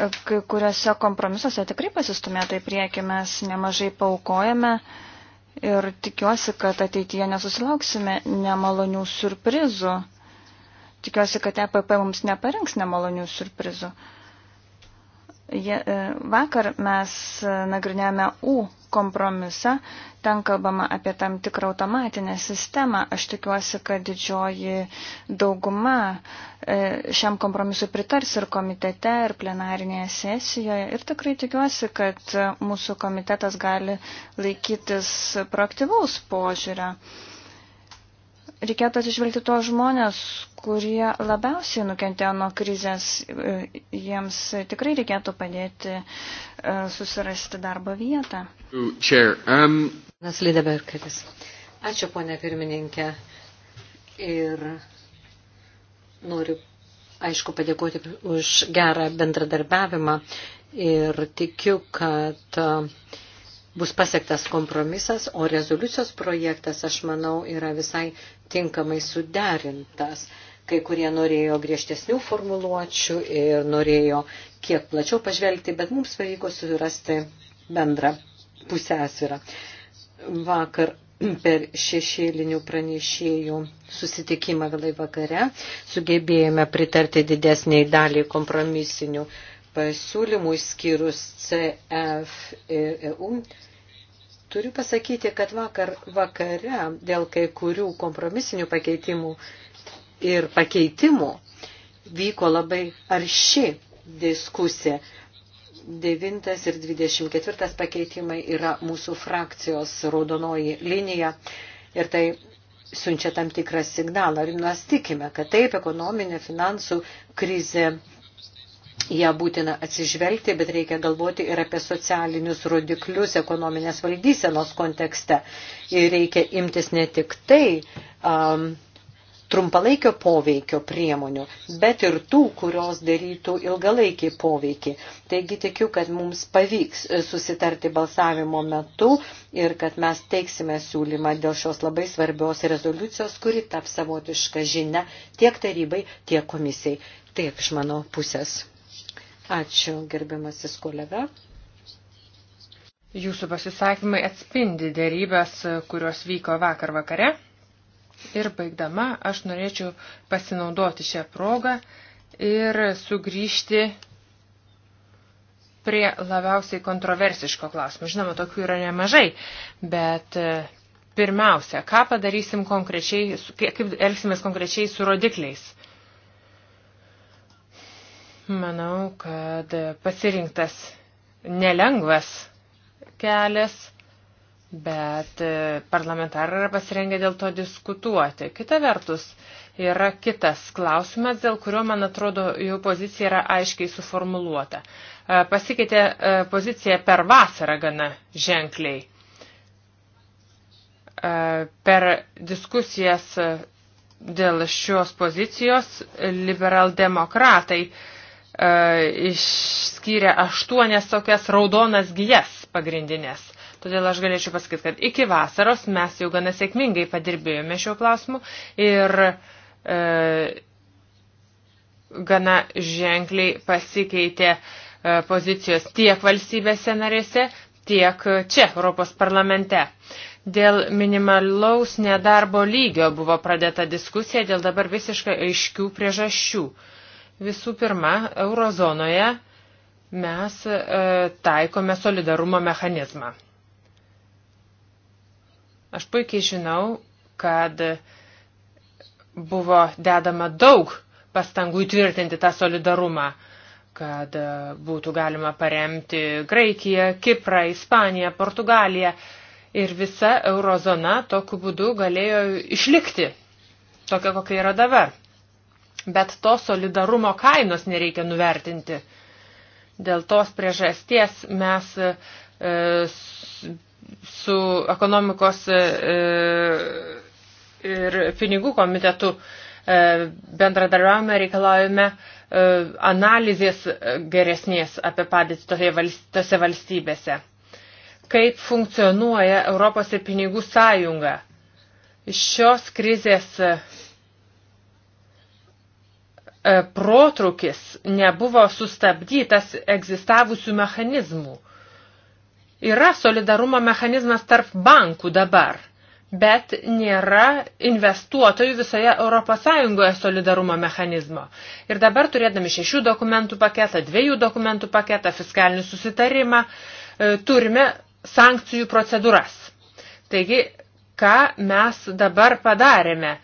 e, kai kuriuose kompromisuose tikrai pasistumėta į priekį, mes nemažai paukojame ir tikiuosi, kad ateityje nesusilauksime nemalonių surprizų. Tikiuosi, kad EPP mums neparinks nemalonių surprizų. Uh, Je, e, vakar mes e, nagrinėjome U kompromisą, ten kalbama apie tam tikrą automatinę sistemą. Aš tikiuosi, kad didžioji dauguma e, šiam kompromisui pritars ir komitete, ir plenarinėje sesijoje. Ir tikrai tikiuosi, kad mūsų komitetas gali laikytis proaktyvaus požiūrio reikėtų atsižvelgti tuos žmonės, kurie labiausiai nukentėjo nuo krizės. E, jiems tikrai reikėtų padėti e, susirasti darbo vietą. Um, Ačiū, ponė pirmininkė. Ir noriu, aišku, padėkoti už gerą bendradarbiavimą. Ir tikiu, kad uh, bus pasiektas kompromisas, o rezoliucijos projektas, aš manau, yra visai tinkamai suderintas. Kai kurie norėjo griežtesnių formuluočių ir norėjo kiek plačiau pažvelgti, bet mums pavyko surasti bendrą pusęsvyrą. Vakar per šešėlinių pranešėjų susitikimą vėlai vakare sugebėjome pritarti didesniai daliai kompromisinių uh, pasiūlymų skyrus CF ir EU. Turiu pasakyti, kad vakar vakare dėl kai kurių kompromisinių pakeitimų ir pakeitimų vyko labai arši diskusija. 9 ir 24 pakeitimai yra mūsų frakcijos raudonoji linija ir tai siunčia tam tikrą signalą. Ir mes tikime, kad taip ekonominė finansų krizė ją būtina atsižvelgti, bet reikia galvoti ir apie socialinius rodiklius ekonominės valdysenos kontekste. Ir reikia imtis ne tik tai um, trumpalaikio poveikio priemonių, bet ir tų, kurios darytų ilgalaikį poveikį. Taigi tikiu, kad mums pavyks e, susitarti balsavimo metu ir kad mes teiksime siūlymą dėl šios labai svarbios rezoliucijos, kuri taps savotišką žinę tiek tarybai, tiek komisijai. Taip, iš mano pusės. Ačiū, gerbiamasis kolega. Jūsų pasisakymai atspindi dėrybės, kurios vyko vakar vakare. Ir baigdama, aš norėčiau pasinaudoti šią progą ir sugrįžti prie labiausiai kontroversiško klausimo. Žinoma, tokių yra nemažai, bet e, pirmiausia, ką padarysim konkrečiai, kaip elgsimės konkrečiai su rodikliais. Manau, kad pasirinktas nelengvas kelias, bet parlamentarai yra pasirengę dėl to diskutuoti. Kita vertus, yra kitas klausimas, dėl kurio, man atrodo, jų pozicija yra aiškiai suformuluota. E, pasikeitė e, pozicija per vasarą gana ženkliai. E, per diskusijas dėl šios pozicijos liberaldemokratai demokratai E, išskyrė aštuonias tokias raudonas gijas pagrindinės. Todėl aš galėčiau pasakyti, kad iki vasaros mes jau gana sėkmingai padirbėjome šiuo klausimu ir e, gana ženkliai pasikeitė e, pozicijos tiek valstybėse narėse, tiek čia Europos parlamente. Dėl minimalaus nedarbo lygio buvo pradėta diskusija dėl dabar visiškai aiškių priežasčių. E, Visų pirma, eurozonoje mes e, taikome solidarumo mechanizmą. Aš puikiai žinau, kad buvo dedama daug pastangų įtvirtinti tą solidarumą, kad e, būtų galima paremti Graikiją, Kiprą, Ispaniją, Portugaliją ir visa eurozona tokiu būdu galėjo išlikti, tokia kokia yra dabar. Bet to solidarumo kainos nereikia nuvertinti. Dėl tos priežasties mes e, su ekonomikos e, e, ir pinigų komitetu bendradarbiavime reikalaujame analizės geresnės apie padėtį tose valstybėse. Kaip funkcionuoja Europos ir pinigų sąjunga? Šios krizės E, protrukis nebuvo sustabdytas egzistavusių mechanizmų. Yra solidarumo mechanizmas tarp bankų dabar, bet nėra investuotojų visoje ES solidarumo mechanizmo. Ir dabar turėdami šešių dokumentų paketą, dviejų dokumentų paketą, fiskalinį susitarimą, e, turime sankcijų procedūras. Taigi, ką mes dabar padarėme?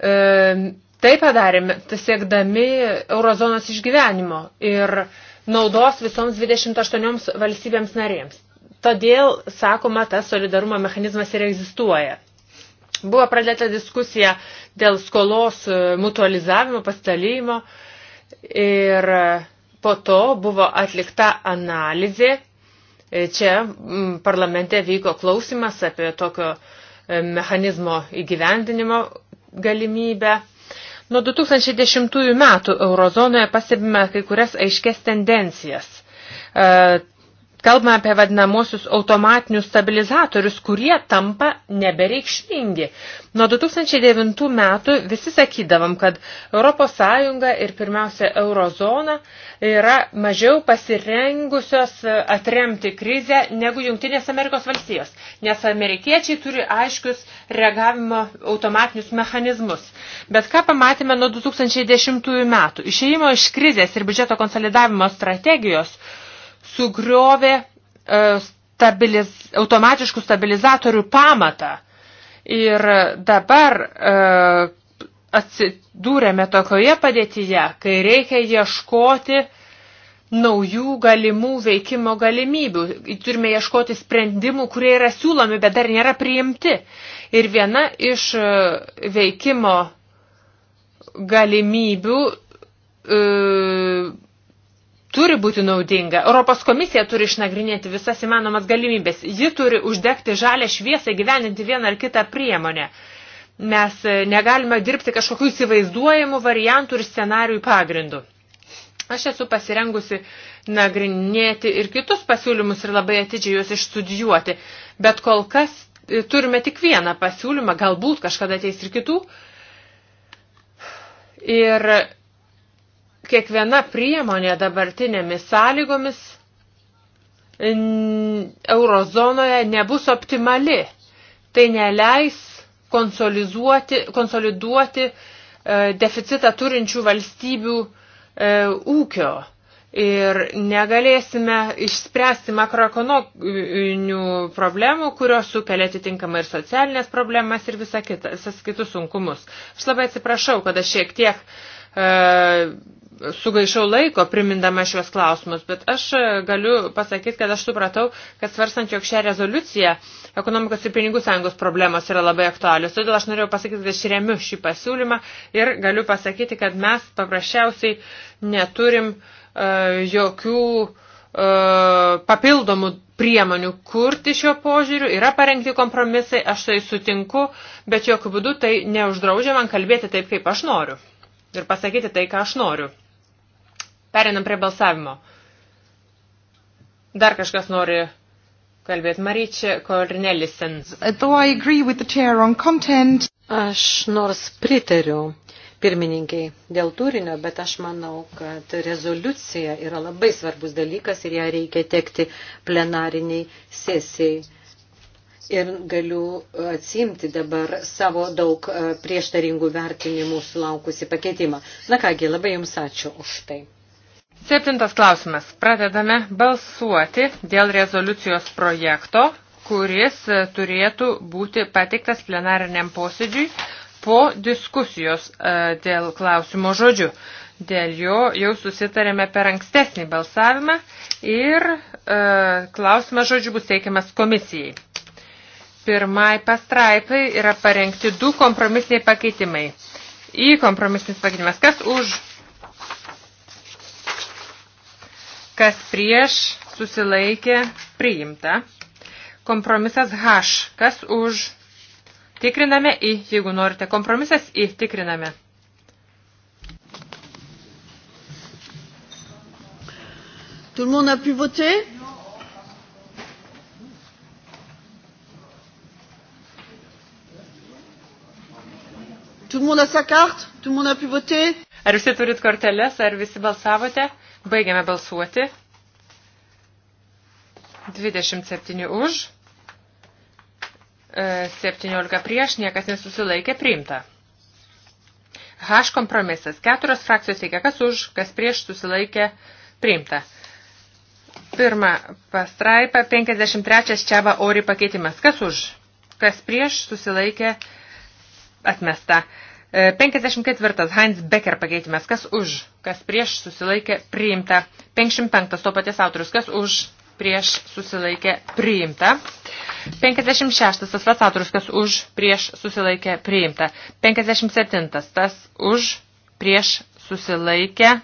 E, Tai padarėme, siekdami eurozonos išgyvenimo ir naudos visoms 28 valstybėms narėms. Todėl, sakoma, tas solidarumo mechanizmas ir egzistuoja. Buvo pradėta diskusija dėl skolos mutualizavimo, pastalymo ir po to buvo atlikta analizė. Čia mm, parlamente vyko klausimas apie tokio e, mechanizmo įgyvendinimo galimybę Nuo 2010 metų eurozonoje pastebime kai kurias aiškes tendencijas e, Kalbame apie vadinamosius automatinius stabilizatorius, kurie tampa nebereikšmingi. Nuo 2009 metų visi sakydavom, kad ES ir pirmiausia eurozona yra mažiau pasirengusios atremti krizę negu Junktinės Amerikos valstijos, nes amerikiečiai turi aiškius reagavimo automatinius mechanizmus. Bet ką pamatėme nuo 2010 metų? Išėjimo iš krizės ir biudžeto konsolidavimo strategijos – sugriovė e, stabiliz, automatiškų stabilizatorių pamatą. Ir dabar e, atsidūrėme tokioje padėtyje, kai reikia ieškoti naujų galimų veikimo galimybių. Turime ieškoti sprendimų, kurie yra siūlomi, bet dar nėra priimti. Ir viena iš e, veikimo galimybių turi būti naudinga. Europos komisija turi išnagrinėti visas įmanomas galimybės. Ji turi uždegti žalę šviesą gyveninti vieną ar kitą priemonę. Mes e, negalime dirbti kažkokių įsivaizduojamų variantų ir scenarių pagrindų. Aš esu pasirengusi nagrinėti ir kitus pasiūlymus ir labai atidžiai juos išstudijuoti, bet kol kas e, turime tik vieną pasiūlymą, galbūt kažkada ateis ir kitų. Ir kiekviena priemonė dabartinėmis sąlygomis eurozonoje nebus optimali. Tai neleis konsoliduoti e, deficitą turinčių valstybių e, ūkio ir negalėsime išspręsti makroekonominių problemų, kurios sukelia atitinkamai ir socialinės problemas ir visas kita, kitus sunkumus. Aš labai atsiprašau, kad aš šiek tiek uh, sugaišau laiko primindama šios klausimus, bet aš e, galiu pasakyti, kad aš supratau, kad svarstant, jog šią rezoliuciją ekonomikos ir pinigų sąjungos problemos yra labai aktualios. Todėl aš norėjau pasakyti, kad aš remiu šį pasiūlymą ir galiu pasakyti, kad mes paprasčiausiai neturim uh, jokių uh, papildomų priemonių kurti šio požiūriu, yra parengti kompromisai, aš tai sutinku, bet jokių būdų tai neuždraudžia man kalbėti taip, kaip aš noriu ir pasakyti tai, ką aš noriu. Perinam prie balsavimo. Dar kažkas nori kalbėti. Maryčia Kornelisen. Aš nors pritariu pirmininkiai dėl turinio, bet aš manau, kad rezoliucija yra labai svarbus dalykas ir ją reikia tekti plenariniai sesijai. Ir galiu atsimti dabar savo daug e, prieštaringų vertinimų sulaukusi pakeitimą. Na kągi, labai Jums ačiū už tai. Septintas klausimas. Pradedame balsuoti dėl rezoliucijos projekto, kuris e, turėtų būti pateiktas plenariniam posėdžiui po diskusijos e, dėl klausimo žodžių. Dėl jo jau susitarėme per ankstesnį balsavimą ir e, klausimas žodžiu bus teikiamas komisijai. Pirmai pastraipai yra parengti du kompromisiniai pakeitimai. Į kompromisinis pakeitimas. Kas už kas prieš, susilaikė, priimta. Kompromisas H, kas už, tikriname I, jeigu norite. Kompromisas I, tikriname. Tout le monde a pu voter Tout le monde a sa carte Tout le monde a pu voter Ar visi turit korteles, ar visi balsavote? Baigiame balsuoti. 27 už, 17 e, prieš, niekas nesusilaikė priimta. H kompromisas. Keturios frakcijos teikia, kas už, kas prieš susilaikė priimta. Pirma pastraipa, 53 čiaba ori pakeitimas. Kas už, kas prieš susilaikė atmesta. 54. E, Heinz Becker pakeitimas. Kas už? Kas prieš susilaikė priimta. 55. To paties autorius. Kas už? Prieš susilaikė priimta. 56. Tas pats autorius. Kas už? Prieš susilaikė priimta. 57. Tas už? Prieš susilaikė.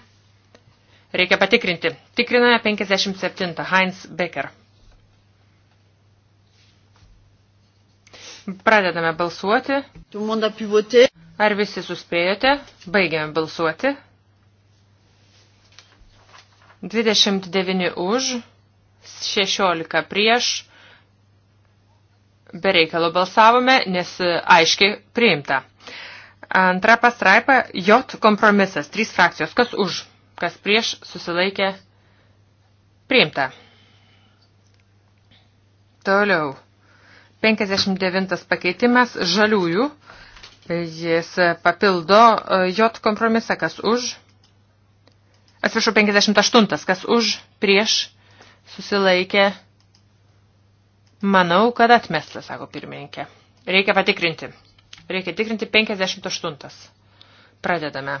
Reikia patikrinti. Tikriname 57. Heinz Becker. Pradedame balsuoti. Ar visi suspėjote? Baigiam balsuoti. 29 už, 16 prieš. Bereikalo balsavome, nes aiškiai priimta. Antra pastraipa – J kompromisas. Trys frakcijos. Kas už? Kas prieš susilaikė? Priimta. Toliau. 59 pakeitimas žaliųjų Jis papildo e, J kompromisą, kas už. Atsiprašau, 58, kas už, prieš, susilaikė. Manau, kad atmestas, sako pirmininkė. Reikia patikrinti. Reikia tikrinti 58. Pradedame.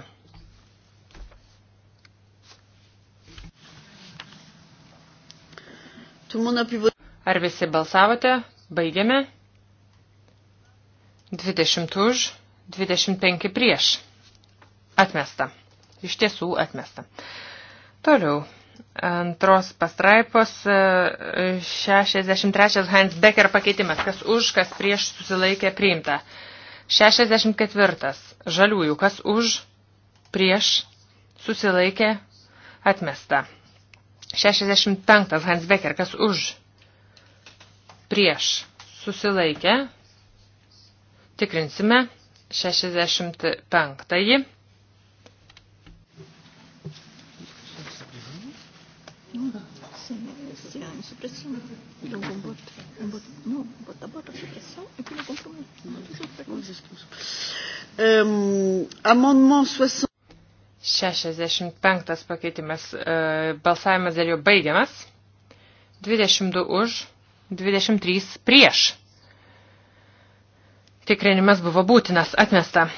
Ar visi balsavote? Baigiame. 20 už, 25 prieš. Atmesta. Iš tiesų atmesta. Toliau. Antros pastraipos 63 e, Heinz Becker pakeitimas. Kas už, kas prieš susilaikė priimta. 64. Žaliųjų. Kas už, prieš susilaikė atmesta. 65. Hans Becker. Kas už, prieš susilaikė Tikrinsime 65. Amendement 60. 65 pakeitimas. E, balsavimas dėl jo baigiamas. 22 už, 23 prieš. Tikrinimas buvo būtinas, atmesta.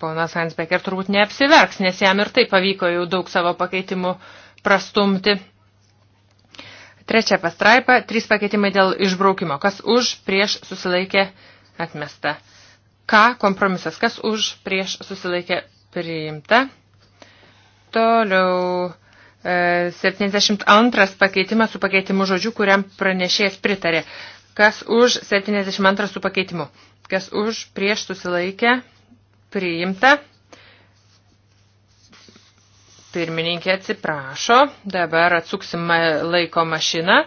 Ponas Hansbecker turbūt neapsiverks, nes jam ir tai pavyko jau daug savo pakeitimų prastumti. Trečia pastraipa, trys pakeitimai dėl išbraukimo. Kas už, prieš, susilaikė, atmesta. Ką kompromisas, kas už, prieš, susilaikė, priimta. Toliau 72 e, pakeitimas su pakeitimu žodžiu, kuriam pranešėjas pritarė. Kas už 72 su pakeitimu? Kas už prieš susilaikę? Priimta. Pirmininkė atsiprašo. Dabar atsuksim laiko mašiną.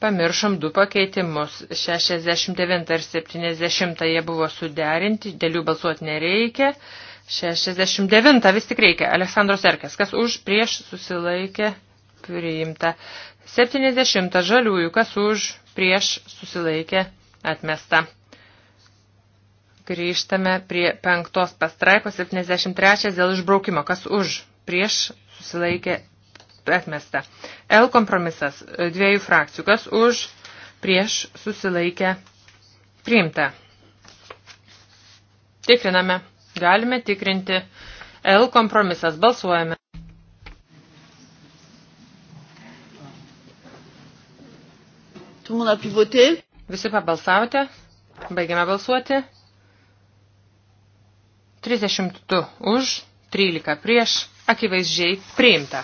Pamiršom du pakeitimus. 69 ir 70 jie buvo suderinti, dėl jų balsuoti nereikia. 69 vis tik reikia. Aleksandros Erkės, kas už prieš susilaikė priimta. 70 žaliųjų, kas už, prieš, susilaikė, atmesta. Grįžtame prie penktos pastraipos 73 dėl išbraukimo, kas už, prieš, susilaikė, atmesta. L kompromisas dviejų frakcijų, kas už, prieš, susilaikė, priimta. Tikriname. Galime tikrinti. L kompromisas. Balsuojame. Visi pabalsavote. Baigiame balsuoti. 32 už, 13 prieš, akivaizdžiai priimta.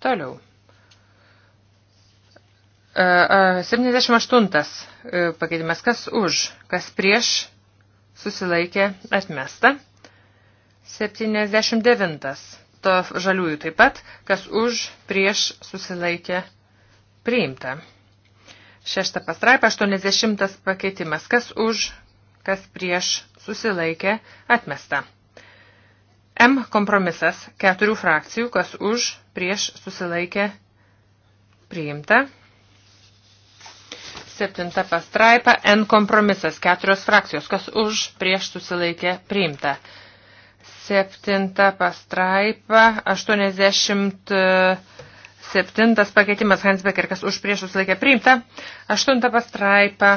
Toliau. 78 e, e, e, pakeitimas, kas už, kas prieš, susilaikė atmesta. 79 to žaliųjų taip pat, kas už prieš susilaikė priimta. Šešta pastraipa, 80 pakeitimas, kas už, kas prieš susilaikė atmesta. M kompromisas, keturių frakcijų, kas už, prieš susilaikė priimta. Septinta pastraipa, N kompromisas, keturios frakcijos, kas už, prieš susilaikė priimta. Septinta pastraipa, 87 pakeitimas Hansbekerkas už priešus laikė priimta, aštunta pastraipa,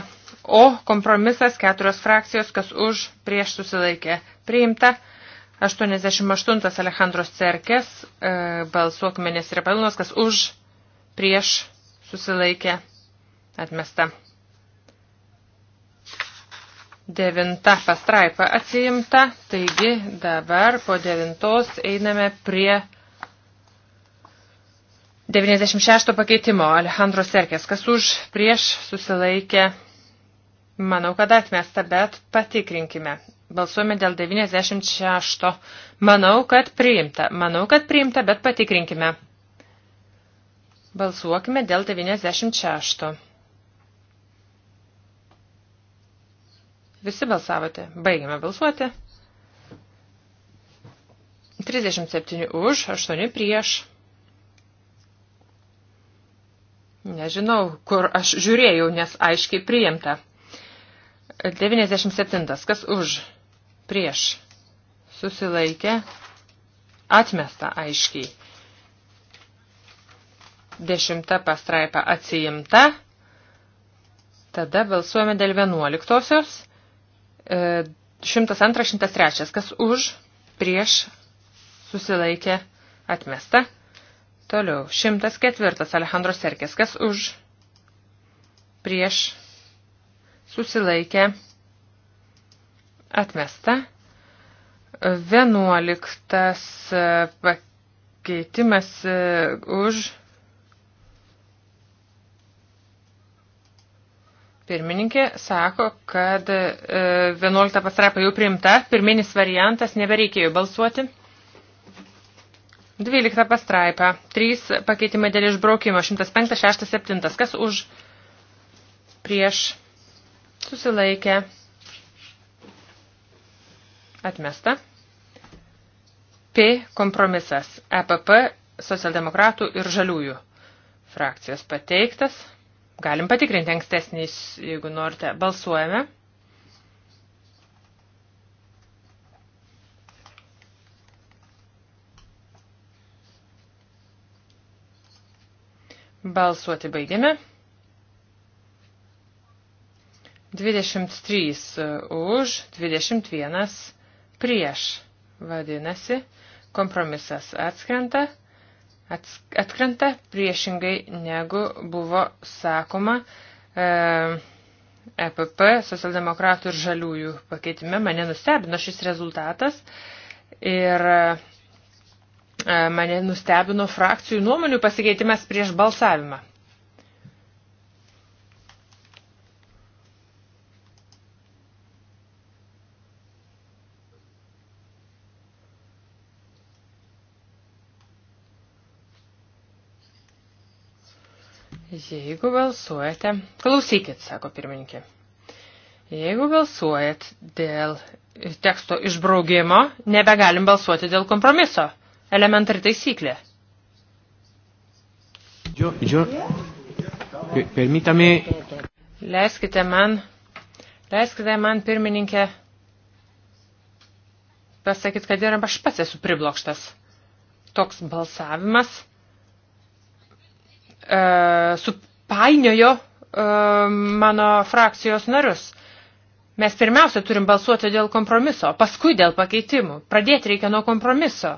o kompromisas keturios frakcijos, kas už prieš susilaikė priimta, 88 Alejandros Cerkės, e, balsuokmenės ir palinos, kas už prieš susilaikė atmesta devinta pastraipa atsiimta, taigi dabar po devintos einame prie 96 pakeitimo Alejandro Serkės, kas už prieš susilaikė, manau, kad atmesta, bet patikrinkime. Balsuojame dėl 96. Manau, kad priimta. Manau, kad priimta, bet patikrinkime. Balsuokime dėl 96. Visi balsavote. Baigiame balsuoti. 37 už, 8 prieš. Nežinau, kur aš žiūrėjau, nes aiškiai priimta. 97. Kas už? Prieš. Susilaikė. Atmesta aiškiai. Dešimta pastraipa atsiimta. Tada balsuojame dėl vienuoliktosios. 102-103. E, Kas už, prieš, susilaikė, atmesta. Toliau. 104. Alejandro Serkės. Kas už, prieš, susilaikė, atmesta. 11. E, pakeitimas e, už, pirmininkė sako, kad 11 e, pastraipa jau priimta, pirminis variantas nebereikėjo balsuoti. 12 pastraipa, 3 pakeitimai dėl išbraukimo, 105, 6, 7, kas už, prieš, susilaikė, atmesta. P kompromisas, EPP, socialdemokratų ir žaliųjų frakcijos pateiktas. Galim patikrinti ankstesnis, jeigu norite. Balsuojame. Balsuoti baigėme. 23 už, 21 prieš. Vadinasi, kompromisas atskrenta atkrenta priešingai negu buvo sakoma e, EPP, socialdemokratų ir žaliųjų pakeitime. Mane nustebino šis rezultatas ir e, mane nustebino frakcijų nuomonių pasikeitimas prieš balsavimą. Jeigu balsuojate, klausykit, sako pirmininkė. Jeigu balsuojat dėl teksto išbraugimo, nebegalim balsuoti dėl kompromiso. Elementari taisyklė. Yo, yo, permítame. Leiskite man, leiskite man, pirmininkė, pasakyti, kad ir aš pats esu priblokštas. Toks balsavimas E, supainiojo e, mano frakcijos narius. Mes pirmiausia turim balsuoti dėl kompromiso, paskui dėl pakeitimų. Pradėti reikia nuo kompromiso.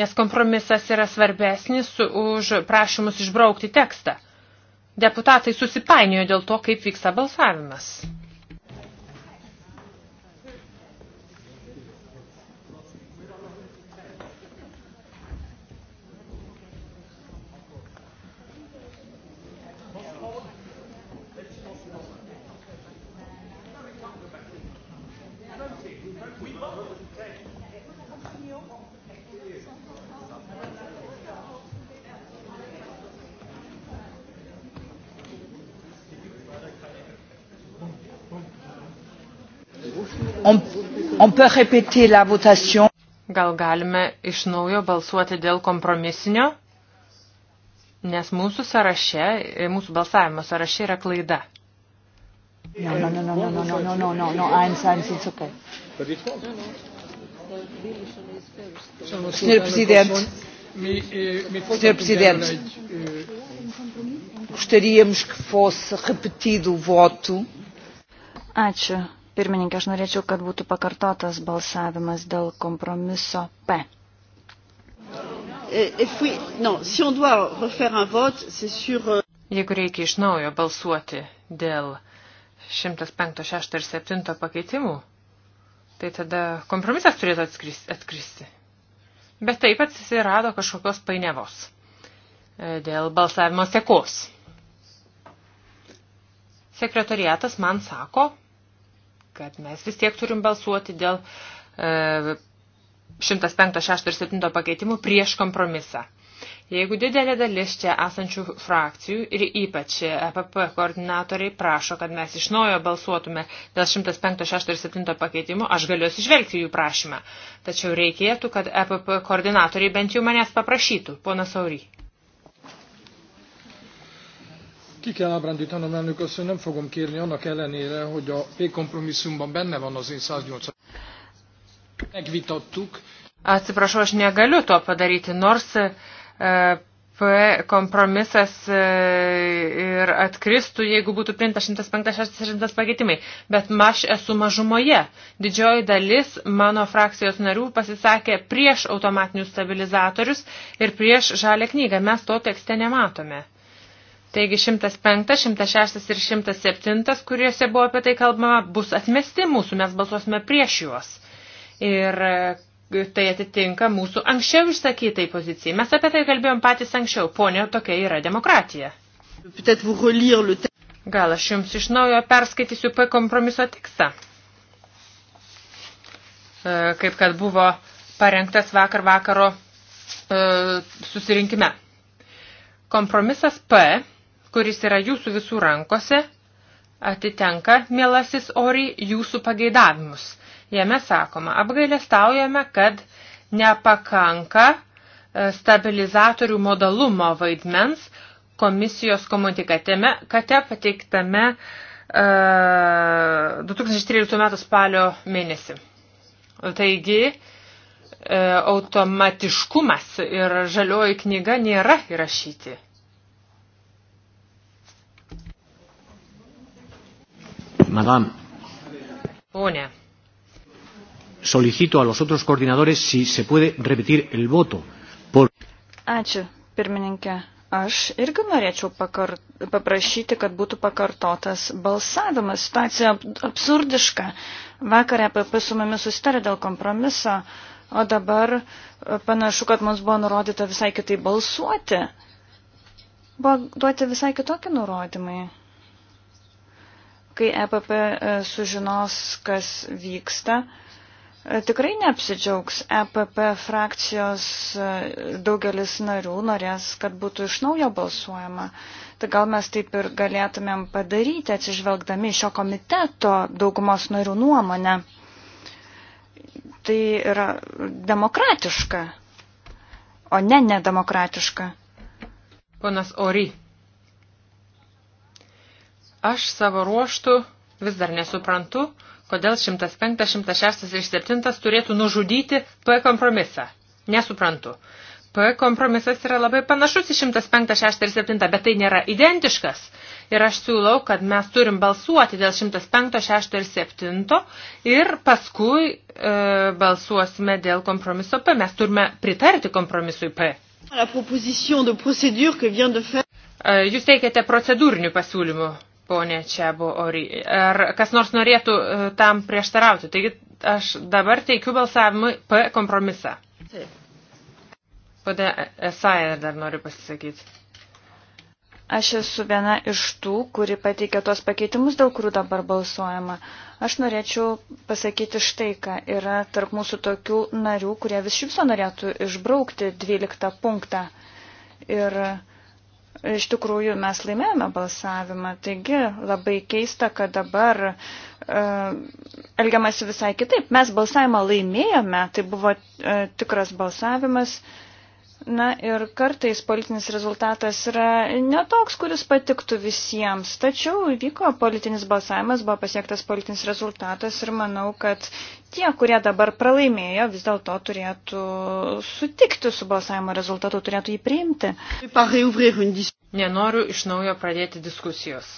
Nes kompromisas yra svarbesnis už prašymus išbraukti tekstą. Deputatai susipainiojo dėl to, kaip vyksta balsavimas. On peut répéter la votation. Gal galime iš naujo balsuoti dėl kompromisinio, nes mūsų sąraše, mūsų balsavimo sąraše yra klaida. No, no, no, no, no, no, no, no, no, no, eins, eins, it's okay. Senhor Presidente, Senhor Presidente, gostaríamos que fosse repetido o voto. Ačiū. Pirmininkė, aš norėčiau, kad būtų pakartotas balsavimas dėl kompromiso P. Euh, Jeigu reikia iš naujo balsuoti dėl 105, 6 ir 7 pakeitimų, tai tada kompromisas turėtų atkristi. Bet taip atsirado kažkokios painiavos e, dėl balsavimo sekos. Sekretariatas man sako, kad mes vis tiek turim balsuoti dėl e, 105, 6 ir 7 pakeitimų prieš kompromisą. Jeigu didelė dalis čia esančių frakcijų ir ypač EPP koordinatoriai prašo, kad mes iš naujo balsuotume dėl 105, 6 ir 7 pakeitimų, aš galiu atsižvelgti jų prašymą. Tačiau reikėtų, kad EPP koordinatoriai bent jau manęs paprašytų, ponas Aury. Ki kell ábrándítanom, elnök asszony, nem fogom kérni annak ellenére, hogy a P-kompromisszumban benne van az én 180. Megvitattuk. Atsiprašau, aš negaliu to padaryti, nors e, P kompromisas e, ir atkristų, jeigu būtų priimta 105-106 pakeitimai. Bet aš esu mažumoje. Didžioji dalis mano frakcijos narių pasisakė prieš automatinius stabilizatorius ir prieš žalę knygą. Mes to tekste nematome. Taigi 105, 106 ir 107, kuriuose buvo apie tai kalbama, bus atmesti mūsų, mes balsuosime prieš juos. Ir e, tai atitinka mūsų anksčiau išsakytai pozicijai. Mes apie tai kalbėjom patys anksčiau. Pone, tokia yra demokratija. Gal aš jums iš naujo perskaitysiu P kompromiso tekstą. E, kaip kad buvo parengtas vakar vakaro e, susirinkime. Kompromisas P kuris yra jūsų visų rankose, atitenka, mielasis Ori, jūsų pageidavimus. Jame sakoma, apgailestaujame, kad nepakanka e, stabilizatorių modalumo vaidmens komisijos komunikatėme, kate pateiktame uh, 2013 m. spalio mėnesį. Taigi, uh, automatiškumas ir žalioji knyga nėra įrašyti. madame. Pone. Solicito a los otros coordinadores si se puede repetir el voto. Por... Ačiū, pirmininkė. Aš irgi norėčiau pakar... paprašyti, kad būtų pakartotas balsavimas. Situacija absurdiška. Vakar EPP su mumis susitarė dėl kompromiso, o dabar e, panašu, kad mums buvo nurodyta visai kitai balsuoti. Buvo duoti visai kitokie nurodymai kai EPP e, sužinos, kas vyksta, e, tikrai neapsidžiaugs. EPP frakcijos e, daugelis narių norės, kad būtų iš naujo balsuojama. Tai gal mes taip ir galėtumėm padaryti, atsižvelgdami šio komiteto daugumos narių nuomonę. Tai yra demokratiška, o ne nedemokratiška. Ponas Ori. Aš savo ruoštų vis dar nesuprantu, kodėl 105, 106 ir 7 turėtų nužudyti P kompromisą. Nesuprantu. P kompromisas yra labai panašus į 105, 6 ir 7, bet tai nėra identiškas. Ir aš siūlau, kad mes turim balsuoti dėl 105, 6 ir 7 ir paskui e, balsuosime dėl kompromiso P. Mes turime pritarti kompromisui P. E, jūs teikiate procedūrinių pasiūlymų ponė Čiabu Ori. Ar kas nors norėtų e, tam prieštarauti? Taigi aš dabar teikiu balsavimui P kompromisą. Pada Esaja dar noriu pasisakyti. Aš esu viena iš tų, kuri pateikė tos pakeitimus, dėl kurių dabar balsuojama. Aš norėčiau pasakyti štai, ką yra tarp mūsų tokių narių, kurie vis šipso norėtų išbraukti 12 punktą. Ir uh, iš tikrųjų mes laimėjome balsavimą. Taigi labai keista, kad dabar uh, elgiamasi visai kitaip. Mes balsavimą laimėjome, tai buvo uh, tikras balsavimas. Uh, Na ir kartais politinis rezultatas yra netoks, kuris patiktų visiems. Tačiau įvyko politinis balsavimas, buvo pasiektas politinis rezultatas ir manau, kad tie, kurie dabar pralaimėjo, vis dėlto turėtų sutikti su balsavimo rezultatu, turėtų jį priimti. Nenoriu iš naujo pradėti diskusijos.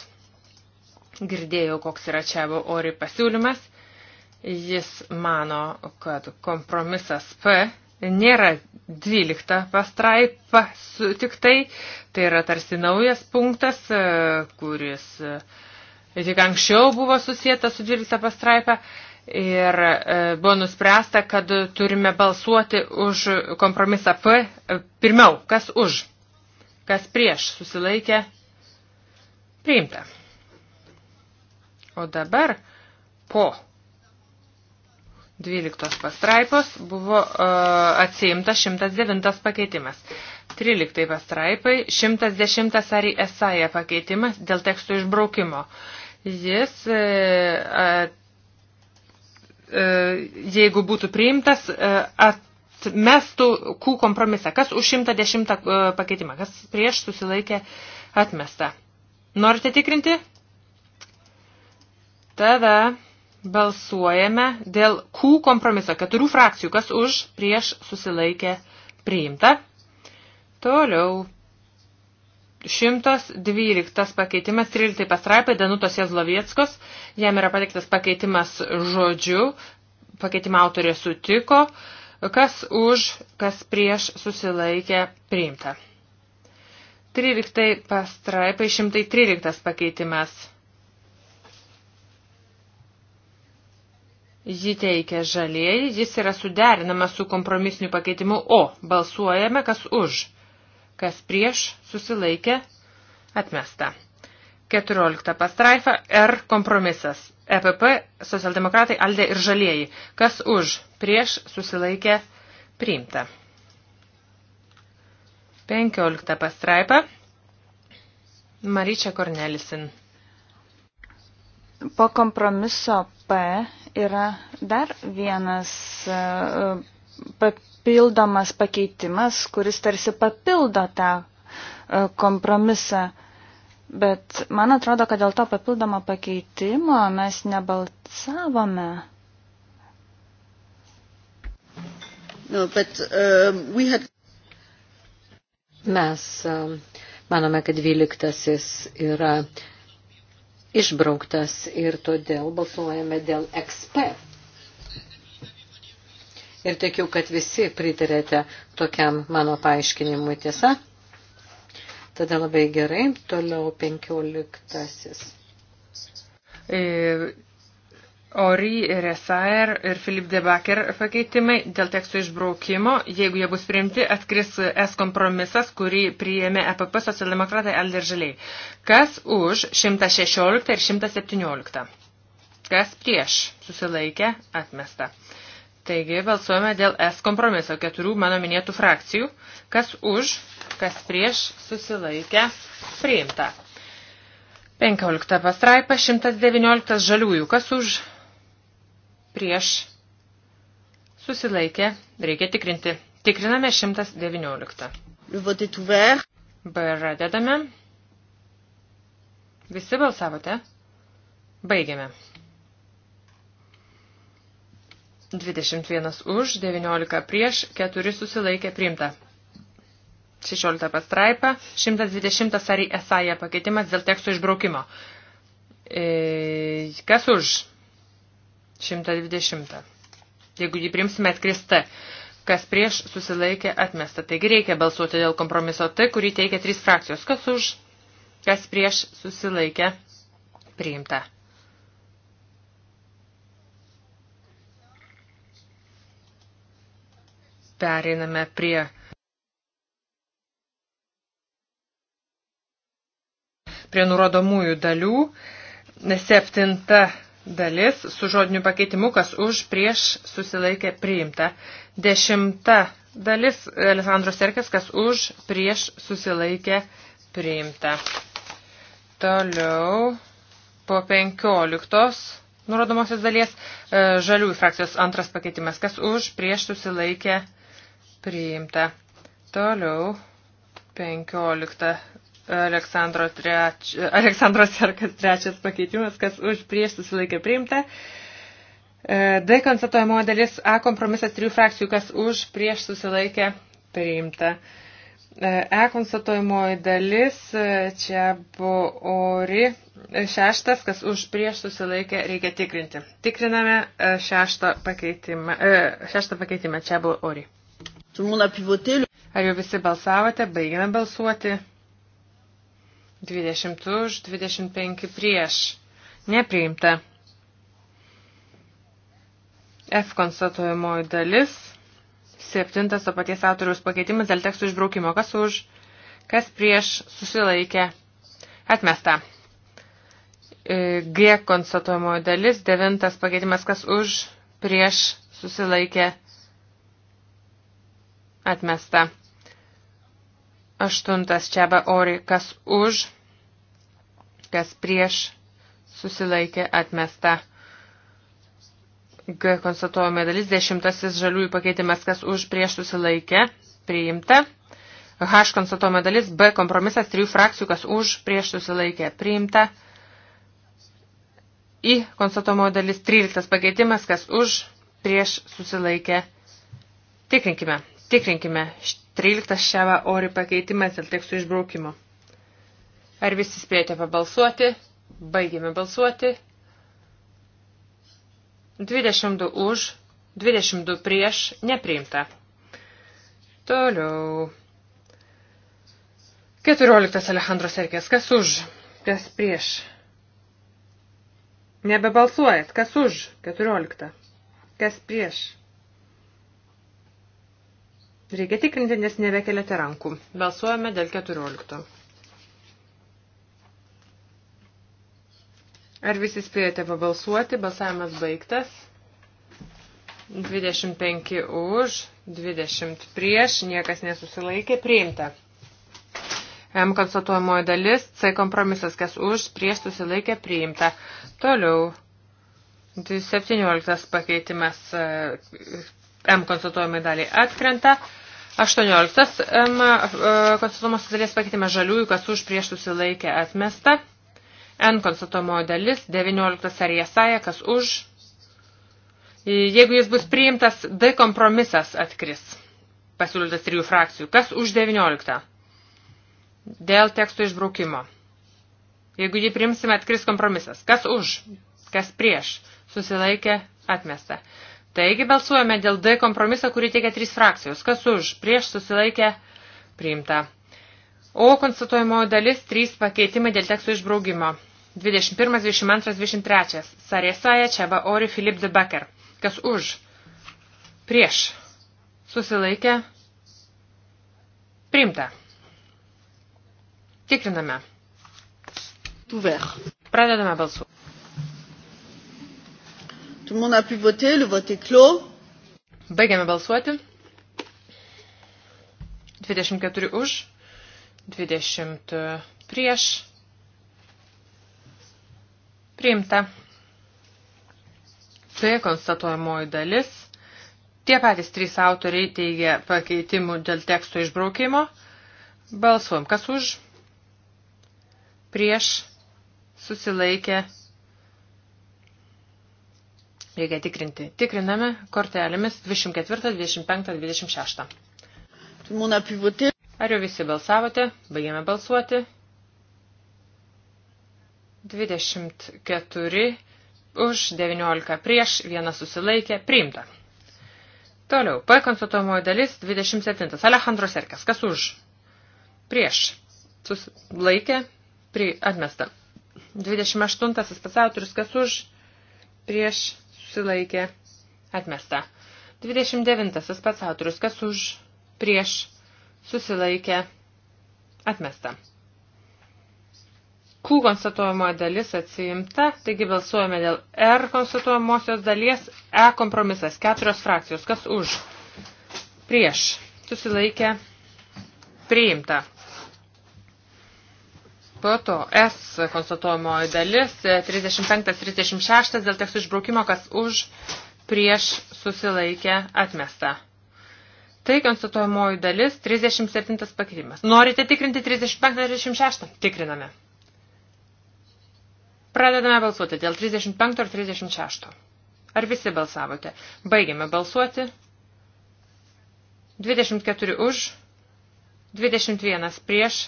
Girdėjau, koks yra čia buvo ori pasiūlymas. Jis mano, kad kompromisas P nėra 12 pastraipa tik tai, tai yra tarsi naujas punktas, e, kuris e, tik anksčiau buvo susijęta su 12 pastraipa ir e, buvo nuspręsta, kad turime balsuoti už kompromisą P pirmiau, kas už, kas prieš susilaikė priimta. O dabar po 12 pastraipos buvo uh, atsiimta 109 pakeitimas. 13 pastraipai 110 ar esaja pakeitimas dėl teksto išbraukimo. Jis, uh, uh, jeigu būtų priimtas, uh, atmestų Q kompromisą. Kas už 110 uh, pakeitimą? Kas prieš susilaikė atmestą? Norite tikrinti? Tada. Balsuojame dėl Q kompromiso. Keturių frakcijų, kas už, prieš, susilaikė, priimta. Toliau. 112 pakeitimas 13 pastraipai Danutos Jezlovieckos. Jam yra pateiktas pakeitimas žodžiu. Pakeitimą autorė sutiko. Kas už, kas prieš susilaikė priimta. 13 pastraipai 113 pakeitimas. Ji teikia žalieji, jis yra suderinamas su kompromisiniu pakeitimu O. Balsuojame, kas už, kas prieš, susilaikė, atmesta. 14 pastraifa R kompromisas. EPP, socialdemokratai, Aldė ir žalieji. Kas už, prieš, susilaikė, priimta. 15 pastraipa. Maryčia Kornelisin. Po kompromiso P yra dar vienas e, papildomas pakeitimas, kuris tarsi papildo tą e, kompromisą. Bet man atrodo, kad dėl to papildomo pakeitimo mes nebalsavome. No, but, um, we had... Mes manome, kad dvyliktasis yra uh, išbrauktas ir todėl balsuojame dėl XP. Ir tikiu, kad visi pritarėte tokiam mano paaiškinimui tiesa. Tada labai gerai, toliau penkioliktasis. E Ori ir Esair ir Filip de Baker pakeitimai dėl teksto išbraukimo, jeigu jie bus priimti, atkris S kompromisas, kurį priėmė EPP socialdemokratai Alderžaliai. Kas už 116 ir 117? Kas prieš? Susilaikė, atmesta. Taigi balsuojame dėl S kompromiso keturių mano minėtų frakcijų. Kas už, kas prieš, susilaikė, priimta. 15 pastraipa, 119 žaliųjų. Kas už, prieš susilaikė, reikia tikrinti. Tikriname 119. Pradedame. Visi balsavote. Baigiame. 21 už, 19 prieš, 4 susilaikė priimta. 16 pastraipa, 120 ar esaja pakeitimas dėl teksto išbraukimo. E, kas už? 120. Jeigu jį priimsime atkrista, kas prieš susilaikė atmesta. Taigi reikia balsuoti dėl kompromiso tai, kurį teikia trys frakcijos. Kas už, kas prieš susilaikė priimta. Pereiname prie prie nurodomųjų dalių. Septinta dalis su žodiniu pakeitimu, kas už prieš susilaikė priimta. Dešimta dalis Alessandro Serkės, kas už prieš susilaikė priimta. Toliau po penkioliktos nurodomosios dalies e, žaliųjų frakcijos antras pakeitimas, kas už prieš susilaikė priimta. Toliau penkiolikta Aleksandro, treč... Aleksandro Serkas trečias pakeitimas, kas už prieš susilaikė priimta. E, D konstatuojamoji dalis A kompromisas trijų frakcijų, kas už prieš susilaikė priimta. E, e konstatuojamoji dalis, e, čia buvo ori šeštas, kas už prieš susilaikę reikia tikrinti. Tikriname šeštą pakeitimą, šeštą pakeitimą čia buvo ori. Ar jau visi balsavote, baigiame balsuoti? 20 už, 25 prieš. Nepriimta. F konstatuojamoji dalis. Septintas to paties autoriaus pakeitimas dėl tekstų išbraukimo. Kas už, kas prieš, susilaikė, atmesta. E, G konstatuojamoji dalis. Devintas pakeitimas. Kas už, prieš, susilaikė, atmesta. Aštuntas čia be ori, kas už, kas prieš, susilaikė atmesta. G konstatuojame dalis, dešimtasis žaliųjų pakeitimas, kas už, prieš, susilaikė, priimta. H konstatuojame dalis, B kompromisas, trijų frakcijų, kas už, prieš, susilaikė, priimta. I konstatuojame dalis, tryliktas pakeitimas, kas už, prieš, susilaikė, priimta. Tikrinkime, tikrinkime. 13 šiavą orį pakeitimas dėl tekstų išbraukimo. Ar visi spėjote pabalsuoti? Baigėme balsuoti. 22 už, 22 prieš, nepriimta. Toliau. 14 Alejandro Serkės. Kas už? Kas prieš? Nebebalsuojat. Kas už? 14. Kas prieš? Reikia tikrinti, nes nebekeliate rankų. Balsuojame dėl 14. Ar visi spėjote pabalsuoti? Balsavimas baigtas. 25 už, 20 prieš, niekas nesusilaikė, priimta. M konstatuojamoji dalis, C kompromisas, kas už, prieš susilaikė, priimta. Toliau, 17 pakeitimas e, M konstatuojamai daliai atkrenta. 18. E, Konstatuomos dalies pakeitime žaliųjų, kas už prieš susilaikė atmesta. N konstatuomo dalis 19 ariesaja, kas už. Jeigu jis bus priimtas, D kompromisas atkris. Pasiūlytas trijų frakcijų. Kas už 19? Dėl teksto išbraukimo. Jeigu jį priimsime, atkris kompromisas. Kas už? Kas prieš? Susilaikė atmesta. Taigi balsuojame dėl D kompromiso, kurį teikia trys frakcijos. Kas už? Prieš susilaikę priimta. O konstatuojamojo dalis 3 pakeitimai dėl teksto išbraugimo. 21, 22, 23. Sarėsaja Čeba Ori Filip de Becker. Kas už? Prieš. Susilaikę. Priimta. Tikriname. Tuver. Pradedame balsuoti. Tout le monde a pu voter, le vote est clos. Baigiame balsuoti. 24 už, 20 e, prieš. Priimta. Tai konstatuojamoji dalis. Tie patys trys autoriai teigia pakeitimų dėl teksto išbraukimo. Balsuojam, kas už, prieš, susilaikė, Reikia tikrinti. Tikriname kortelėmis 24, 25, 26. Ar jau visi balsavote? Baigėme balsuoti. 24 už 19 prieš, vienas susilaikė, priimta. Toliau, P konstatuojamoji dalis 27. Alejandro Serkas, kas už? Prieš. Susilaikė, pri, atmesta. 28. Pasautorius, kas už? Prieš susilaikė, atmesta. 29. Tas pats autorius, kas už, prieš, susilaikė, atmesta. Q konstatuojamoji dalis atsiimta, taigi balsuojame dėl R konstatuojamosios dalies, E kompromisas, keturios frakcijos, kas už, prieš, susilaikė, priimta. Po to S konstatuojamoji dalis 35-36 dėl tekstų išbraukimo, kas už prieš susilaikę atmesta. Tai konstatuojamoji dalis 37 pakeitimas. Norite tikrinti 35-36? Tikriname. Pradedame balsuoti dėl 35 ar 36. Ar visi balsavote? Baigiame balsuoti. 24 už, 21 prieš,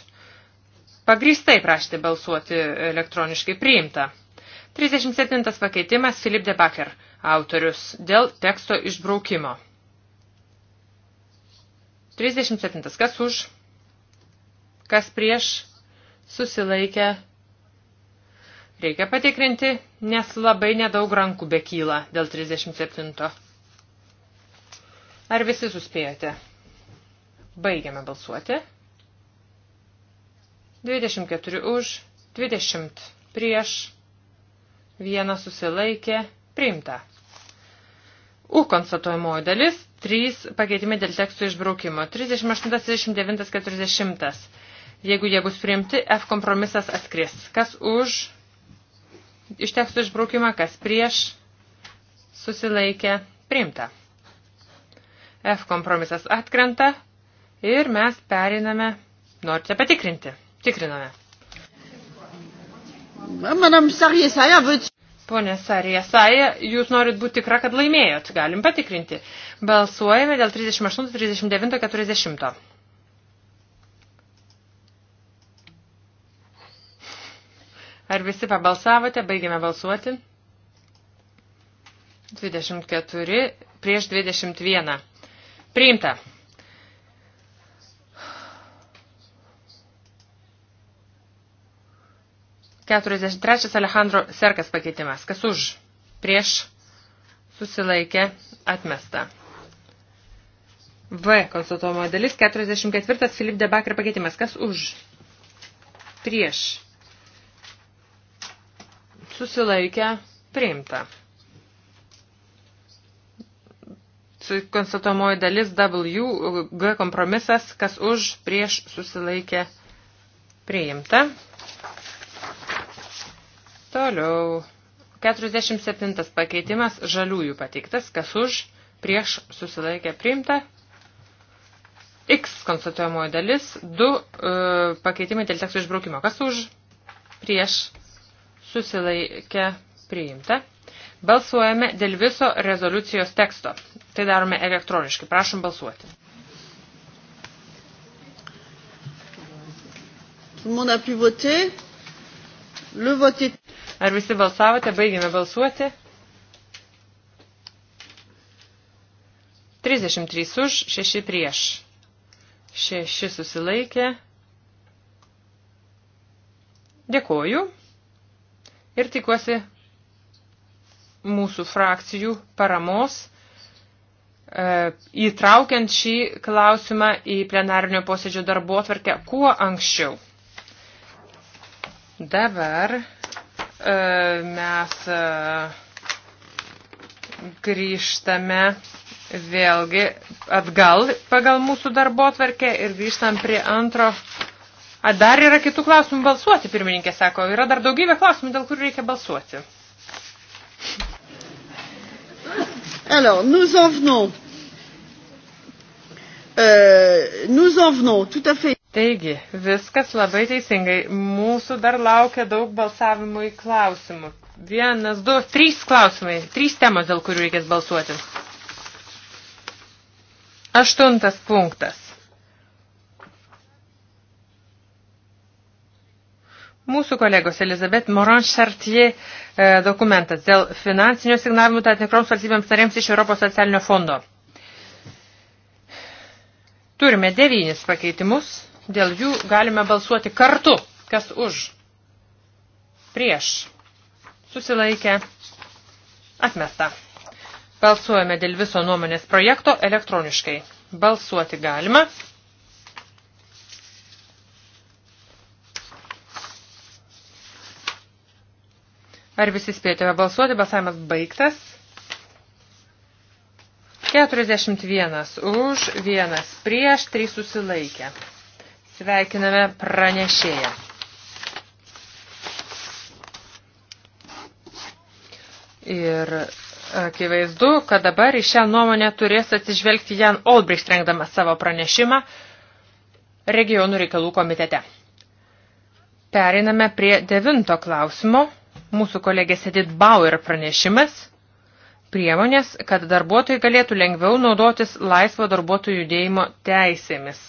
Pagrįstai prašyti balsuoti elektroniškai priimta. 37 pakeitimas Filip de Baker, autorius, dėl teksto išbraukimo. 37. Kas už? Kas prieš? Susilaikę. Reikia patikrinti, nes labai nedaug rankų bekyla dėl 37. Ar visi suspėjote? Baigiame balsuoti. 24 už, 20 prieš, vienas susilaikė, priimta. U konstatuojamoji dalis, 3 pakeitimai dėl tekstų išbraukimo, 38, 39, 40. Jeigu jie bus priimti, F kompromisas atskris. Kas už iš tekstų išbraukimą, kas prieš, susilaikė, priimta. F kompromisas atkrenta ir mes periname, norite patikrinti. Tikriname. Manam, Sarjesaja, vats. Pone Sarjesaja, jūs norit būti tikra, kad laimėjot. Galim patikrinti. Balsuojame dėl 38, 39, 40. Ar visi pabalsavote? Baigėme balsuoti. 24 prieš 21. Priimta. 43 Alejandro Serkas pakeitimas. Kas už? Prieš susilaikė atmesta. V. Konsultuojamo dalis 44 Filip Debakar pakeitimas. Kas už? Prieš susilaikė priimta. Konstatuojamoji dalis W, G kompromisas, kas už prieš susilaikė priimta. Toliau. 47 pakeitimas žaliųjų pateiktas, kas už, prieš susilaikė priimta. X konstatuojamoji dalis, 2 e, pakeitimai dėl teksto išbraukimo, kas už, prieš susilaikė priimta. Balsuojame dėl viso rezoliucijos teksto. Tai darome elektroniškai. Prašom balsuoti. Tout le monde a pu voter. Le vote est Ar visi balsavote? Baigėme balsuoti. 33 už, 6 prieš. 6 susilaikė. Dėkoju ir tikiuosi mūsų frakcijų paramos e, įtraukiant šį klausimą į plenarinio posėdžio darbo atvarkę kuo anksčiau. Dabar mes e, grįžtame vėlgi atgal pagal mūsų darbo tvarkę ir grįžtam prie antro. A, dar yra kitų klausimų balsuoti, pirmininkė sako. Yra dar daugybė klausimų, dėl kurių reikia balsuoti. Alors, nous en venons. Euh, nous en venons tout à fait. Taigi, viskas labai teisingai. Mūsų dar laukia daug balsavimų į klausimų. Vienas, du, trys klausimai, trys temos, dėl kurių reikės balsuoti. Aštuntas punktas. Mūsų kolegos Elizabeth Moran Chartier e, dokumentas dėl finansinio signavimų tam tikroms valstybėms narėms iš Europos socialinio fondo. Turime devynis pakeitimus. Dėl jų galime balsuoti kartu. Kas už? Prieš. Susilaikę. Atmesta. Balsuojame dėl viso nuomonės projekto elektroniškai. Balsuoti galima. Ar visi spėtėme balsuoti? Balsavimas baigtas. 41 už, 1 prieš, 3 susilaikę. Sveikiname pranešėją. Ir akivaizdu, kad dabar į šią nuomonę turės atsižvelgti Jan Olbricht rengdamas savo pranešimą regionų reikalų komitete. Periname prie devinto klausimo. Mūsų kolegė Sedit Bauer pranešimas. Priemonės, kad darbuotojai galėtų lengviau naudotis laisvo darbuotojų judėjimo teisėmis.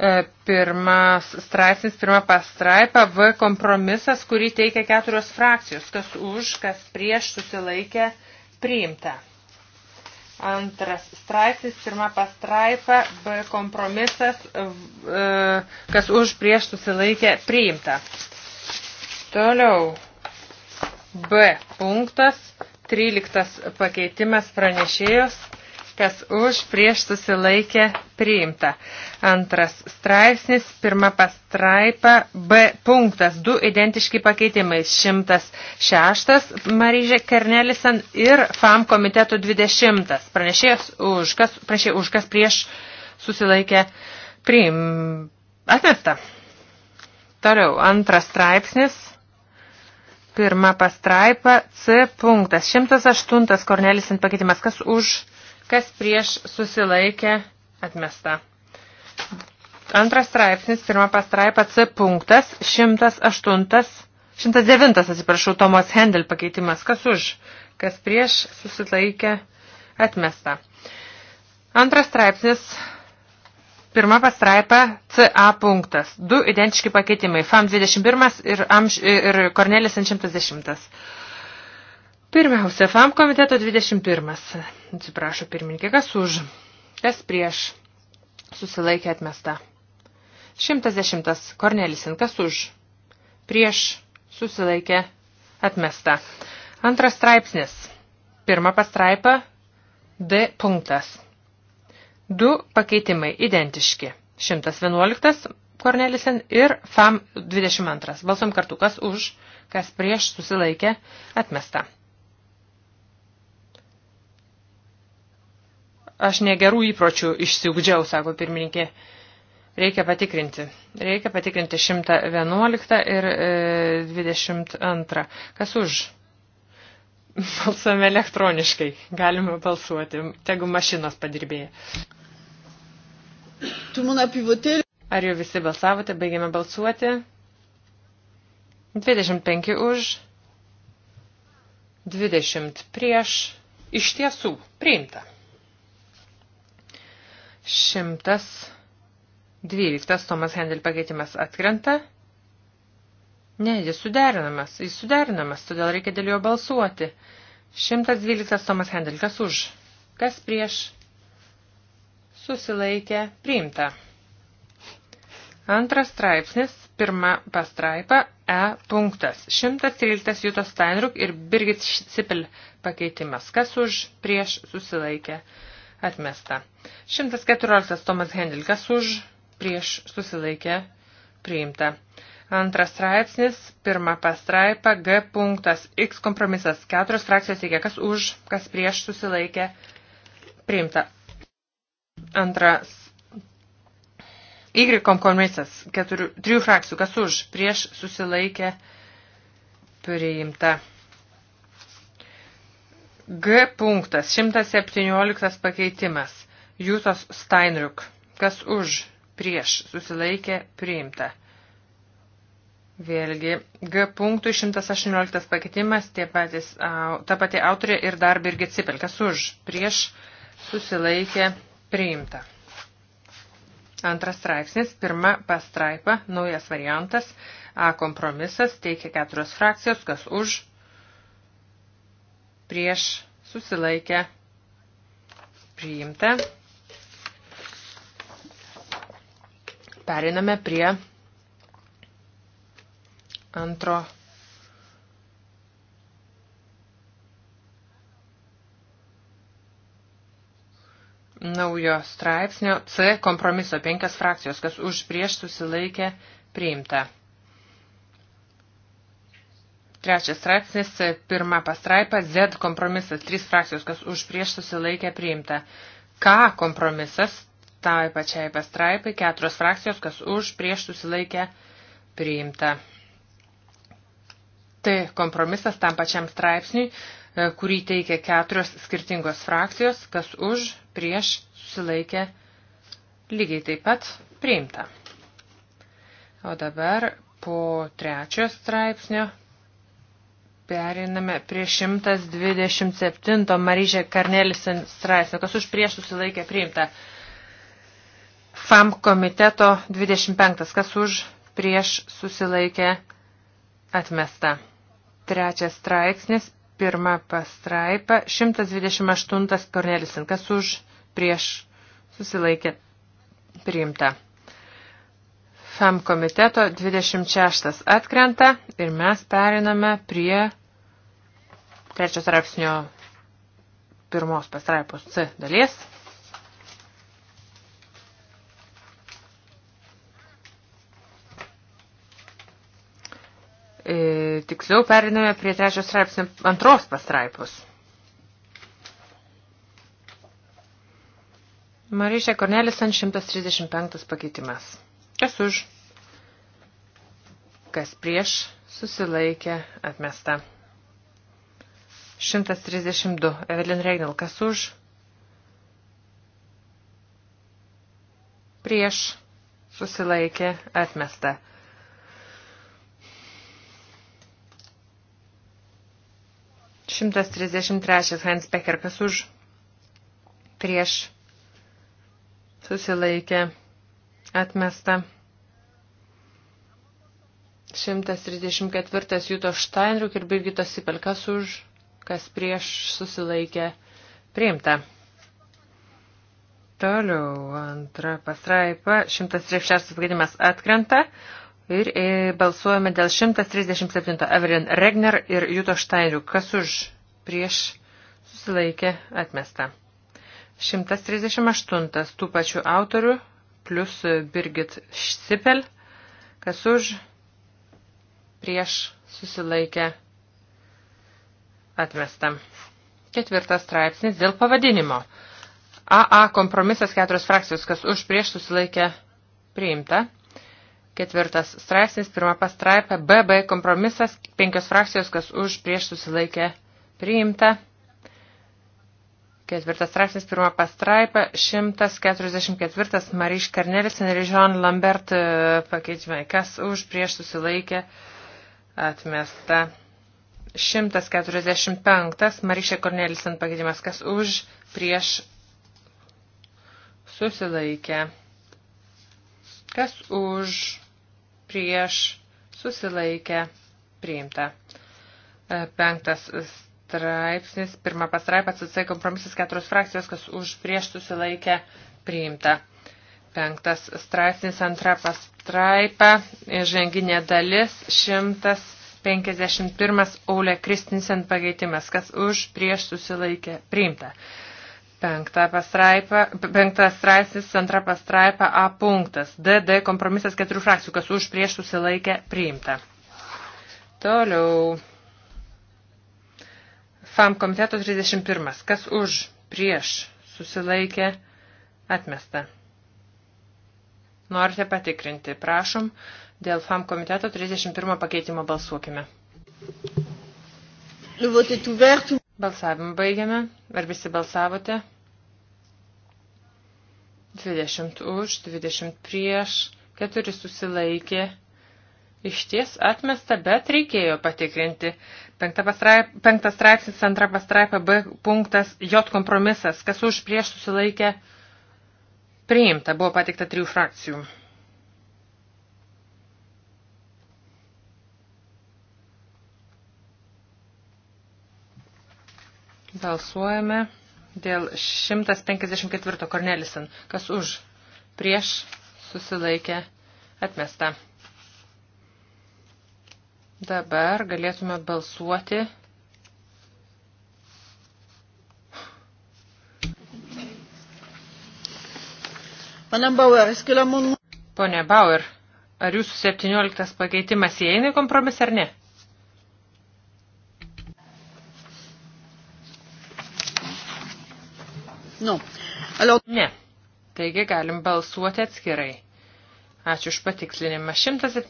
E, pirmas straipsnis, pirma pastraipa, V kompromisas, kurį teikia keturios frakcijos, kas už, kas prieš susilaikė priimta. Antras straipsnis, pirma pastraipa, B kompromisas, e, kas už, prieš susilaikė priimta. Toliau, B punktas, 13 pakeitimas pranešėjos kas už prieš susilaikė priimta. Antras straipsnis, pirma pastraipa, B punktas, du identiški pakeitimai, 106 Maryžė Kernelison ir FAM komiteto 20. Pranešėjas už kas, pranešė už kas prieš susilaikė priim. Atmesta. Toliau, antras straipsnis, pirma pastraipa, C punktas, 108 Kornelis ant pakeitimas, kas už Kas prieš susilaikė atmesta. Antras straipsnis, pirma pastraipa C punktas, 108, 109, atsiprašau, Tomas Hendel pakeitimas. Kas už? Kas prieš susilaikė atmesta. Antras straipsnis, Pirma pastraipa CA punktas. Du identiški pakeitimai. FAM 21 ir, amž, ir Kornelis 110. Pirmiausia, FAM komiteto 21. Atsiprašau, pirmininkė, kas už, kas prieš, susilaikė atmesta. 110. Kornelisin, kas už, prieš, susilaikė atmesta. Antras straipsnis. Pirma pastraipa, D punktas. Du pakeitimai identiški. 111. Kornelisen ir FAM 22. Balsom kartu, kas už, kas prieš, susilaikė atmesta. Aš negerų įpročių išsiugdžiau, sako pirmininkė. Reikia patikrinti. Reikia patikrinti 111 ir 22. E, Kas už? [LAUGHS] Balsuojame elektroniškai. Galime balsuoti, tegu mašinos padirbėja. Ar jau visi balsavote? Baigėme balsuoti. 25 už, 20 prieš. Iš tiesų, priimta. 112 Tomas Hendel pakeitimas atkrenta. Ne, jis suderinamas, jis suderinamas, todėl reikia dėl jo balsuoti. 112 Tomas Hendel, kas už? Kas prieš? Susilaikė, priimta. Antras straipsnis, pirma pastraipa, E punktas. 113 Jutos Steinruk ir Birgit Sipil pakeitimas. Kas už prieš susilaikė? Atmesta. 114 Tomas Hendelkas už, prieš susilaikė, priimta. Antras straipsnis, pirma pastraipa, G punktas, X kompromisas, keturios frakcijos teikia, kas už, kas prieš susilaikė, priimta. Antras Y kompromisas, keturių, trijų frakcijų, kas už, prieš susilaikė, priimta. G punktas, 117 pakeitimas, Jūtos Steinriuk, kas už, prieš, susilaikė, priimta. Vėlgi, G punktų 118 pakeitimas, tie patys, ta pati autorė ir dar Birgit Cipel, kas už, prieš, susilaikė, priimta. Antras straipsnis, pirma pastraipa, naujas variantas, A kompromisas, teikia keturios frakcijos, kas už, prieš susilaikę priimta. Periname prie antro naujo straipsnio C kompromiso penkias frakcijos, kas už prieš susilaikė priimta. Trečias straipsnis, pirma pastraipa, Z kompromisas, trys frakcijos, kas už prieš susilaikė priimta. K kompromisas, tai pačiai pastraipai, keturios frakcijos, kas už prieš susilaikė priimta. T kompromisas tam pačiam straipsniui, e, kurį teikia keturios skirtingos frakcijos, kas už prieš susilaikė lygiai taip pat priimta. O dabar po trečio straipsnio Periname prie 127 Maryžė Karnelisen straipsnio, kas už prieš susilaikė priimta. FAM komiteto 25, kas už prieš susilaikė atmesta. Trečias straipsnis, pirma pastraipa, 128 Kornelisen, kas už prieš susilaikė priimta. FAM komiteto 26 atkrenta ir mes periname prie trečios rapsnio pirmos pastraipos C dalies. E, tiksliau periname prie trečios straipsnio antros pastraipos. Maryšė Kornelis ant 135 pakeitimas. Kas už? Kas prieš? Susilaikė atmesta. 132. Evelin Regnal, kas už? Prieš susilaikė atmesta. Šimtas trisdešimt trečias Heinz Becker, kas už? Prieš susilaikė atmesta. 134 Juto Štainriuk ir Birgito Sipelkas už kas prieš susilaikė priimta. Toliau antra pastraipa, 136 pakeitimas atkrenta ir e, balsuojame dėl 137 Evelyn Regner ir Juto Štairių, kas už prieš susilaikė atmesta. 138 tų pačių autorių plus Birgit Sipel, kas už prieš susilaikė atmesta Atmesta. Ketvirtas straipsnis dėl pavadinimo. AA kompromisas keturios frakcijos, kas už prieš susilaikė priimta. Ketvirtas straipsnis, pirma pastraipa, BB kompromisas, penkios frakcijos, kas už prieš susilaikė priimta. Ketvirtas straipsnis, pirma pastraipa, 144 Mariš Karnelis ir Jean Lambert e, pakeitimai, kas už prieš susilaikė atmesta. 145. Marišė Kornelisen pakeitimas. Kas už, prieš, susilaikė. Kas už, prieš, susilaikė, priimta. E, penktas straipsnis, pirmą pastraipą atsisai kompromisas keturios frakcijos, kas už, prieš, susilaikė, priimta. Penktas straipsnis, antra pastraipa, e, ženginė dalis, šimtas 51 Aulė Kristinsen pakeitimas, kas už prieš susilaikė priimta. Penkta pastraipa, penktas straipsnis, antra pastraipa A punktas. DD kompromisas keturių frakcijų, kas už prieš susilaikė priimta. Toliau. FAM komiteto 31. Kas už prieš susilaikė atmesta. Norite patikrinti. Prašom. Dėl FAM komiteto 31 pakeitimo balsuokime. Balsavimą baigiame. Ar visi balsavote? 20 už, 20 prieš, 4 susilaikė. Iš ties atmesta, bet reikėjo patikrinti. Penktas straipsnis, antra pastraipa, B punktas, J kompromisas, kas už prieš susilaikė, priimta, buvo patikta trijų frakcijų. Balsuojame dėl 154 Cornelison. Kas už? Prieš susilaikė atmesta. Dabar galėtume balsuoti. Madame Bauer, est-ce que l'amendement... Pone Bauer, ar jūsų 17 pakeitimas įeina į kompromisą ar ne? Nu. Alors... Ne. Taigi galim balsuoti atskirai. Ačiū už patikslinimą. 117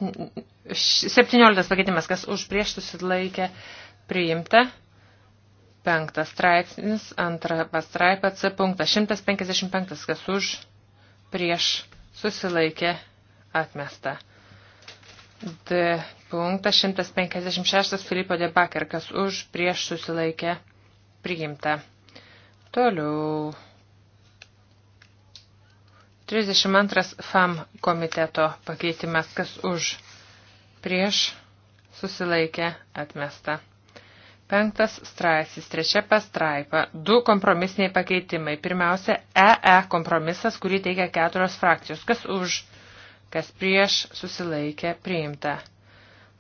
pakeitimas, kas už prieš susilaikę priimta. Penktas straipsnis, antra pastraipa C punktas. 155, kas už prieš susilaikė atmesta. D punktas 156 Filipo de Baker, kas už prieš susilaikė priimta. Toliau. 32 FAM komiteto pakeitimas, kas už prieš susilaikė atmesta. Penktas straipsnis, trečia pastraipa, du kompromisiniai pakeitimai. Pirmiausia, EE e kompromisas, kurį teikia keturios frakcijos. Kas už, kas prieš susilaikė priimta.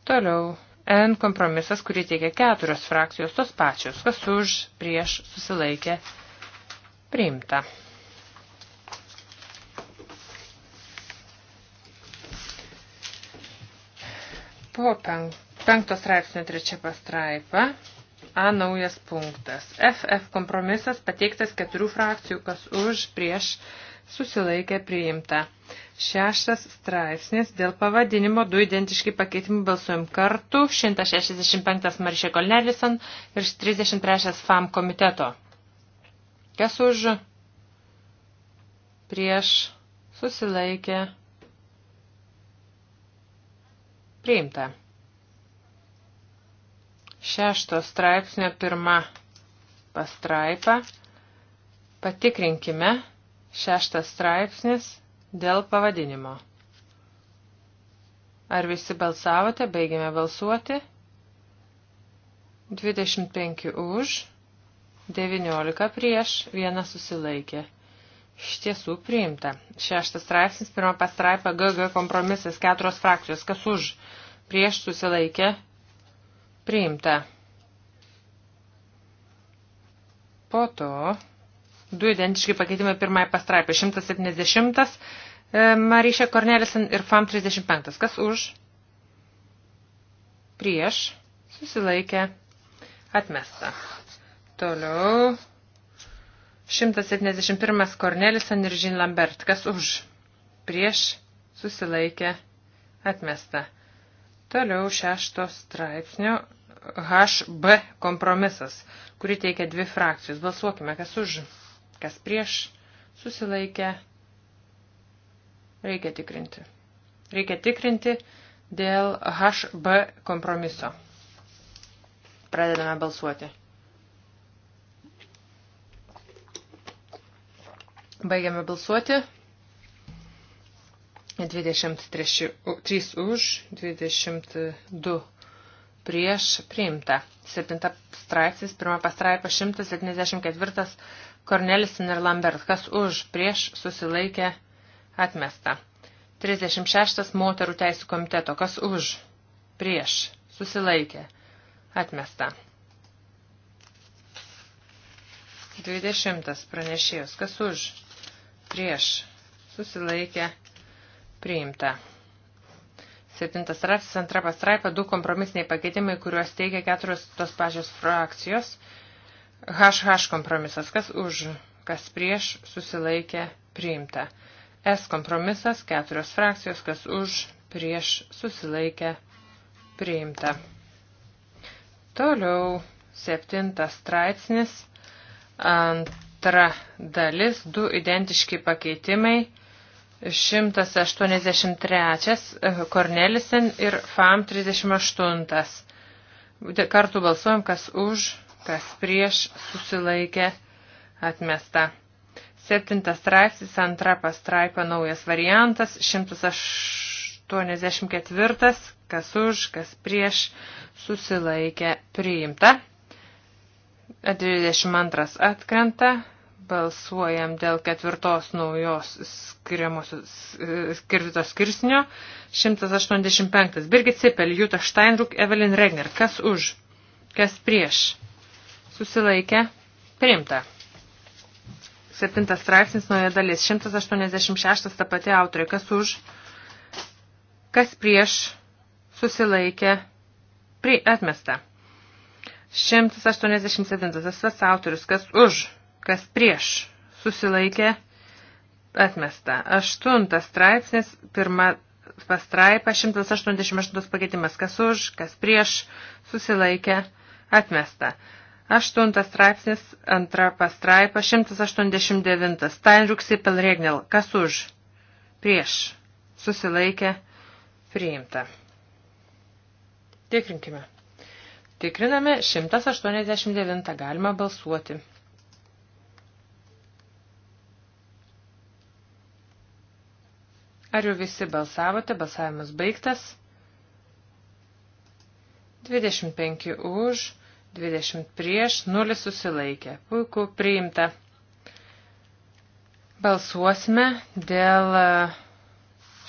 Toliau, N kompromisas, kurį teikia keturios frakcijos, tos pačios. Kas už, prieš susilaikė Priimta. Po penkto straipsnio trečia pastraipa. A naujas punktas. FF kompromisas pateiktas keturių frakcijų, kas už prieš susilaikė priimta. Šeštas straipsnis dėl pavadinimo du identiški pakeitimų balsuojam kartu 165 Maršė Kolnelison ir 33 FAM komiteto. Kas už? Prieš susilaikė. Priimta. Šešto straipsnio pirma pastraipa. Patikrinkime šeštas straipsnis dėl pavadinimo. Ar visi balsavote, baigėme balsuoti? 25 už, 19 prieš, vienas susilaikė. Iš tiesų priimta. Šeštas straipsnis, pirmą pastraipą, GG kompromisas, keturios frakcijos. Kas už? Prieš susilaikė. Priimta. Po to du identiški pakeitimai pirmąją pastraipą. 170 Maryšė Kornelisen ir FAM 35. Kas už? Prieš susilaikė. Atmesta. Toliau. 171 Kornelison ir Žin Lambert. Kas už? Prieš susilaikė atmesta. Toliau šešto straipsnio HB kompromisas, kurį teikia dvi frakcijos. Balsuokime, kas už, kas prieš susilaikė. Reikia tikrinti. Reikia tikrinti dėl HB kompromiso. Pradedame balsuoti. Baigiame balsuoti. 23 už, 22 prieš priimta. 7 straipsnis, 1 pastraipa 174, Kornelis ir Lambert, kas už, prieš susilaikė atmesta. 36 moterų teisų komiteto, kas už, prieš susilaikė atmesta. 20 pranešėjos, kas už, prieš susilaikę priimta. Septintas straipsnis, antra pastraipa, du kompromisiniai pakeitimai, kuriuos teikia keturios tos pačios frakcijos. HH kompromisas, kas už, kas prieš susilaikė priimta. S kompromisas, keturios frakcijos, kas už, prieš susilaikė priimta. Toliau septintas straipsnis ant antra dalis, du identiški pakeitimai. 183 eh, Kornelisen ir FAM 38. Kartu balsuojam, kas už, kas prieš susilaikė atmesta. Septintas straipsnis, antra pastraipa, naujas variantas, 184, kas už, kas prieš susilaikė priimta. 22 atkrenta. Balsuojam dėl ketvirtos naujos skirtos skirsnio. 185. Birgit Cipel, Jutta Steinruk, Evelyn Regner. Kas už? Kas prieš? Susilaikę. Priimta. Septintas straipsnis nauja dalis. 186 ta pati autorė. Kas už? Kas prieš? Susilaikė. Pri atmesta. 187. Visas autorius, kas už, kas prieš, susilaikė atmesta. Aštuntas straipsnis, pirma pastraipa, 188 pakeitimas, kas už, kas prieš, susilaikė atmesta. Aštuntas straipsnis, antra pastraipa, 189. Steinruksi Pelregnel, kas už, prieš, susilaikė priimta. Tikrinkime. Tikriname 189. Galima balsuoti. Ar jau visi balsavote? Balsavimas baigtas. 25 už, 20 prieš, 0 susilaikė. Puiku, priimta. Balsuosime dėl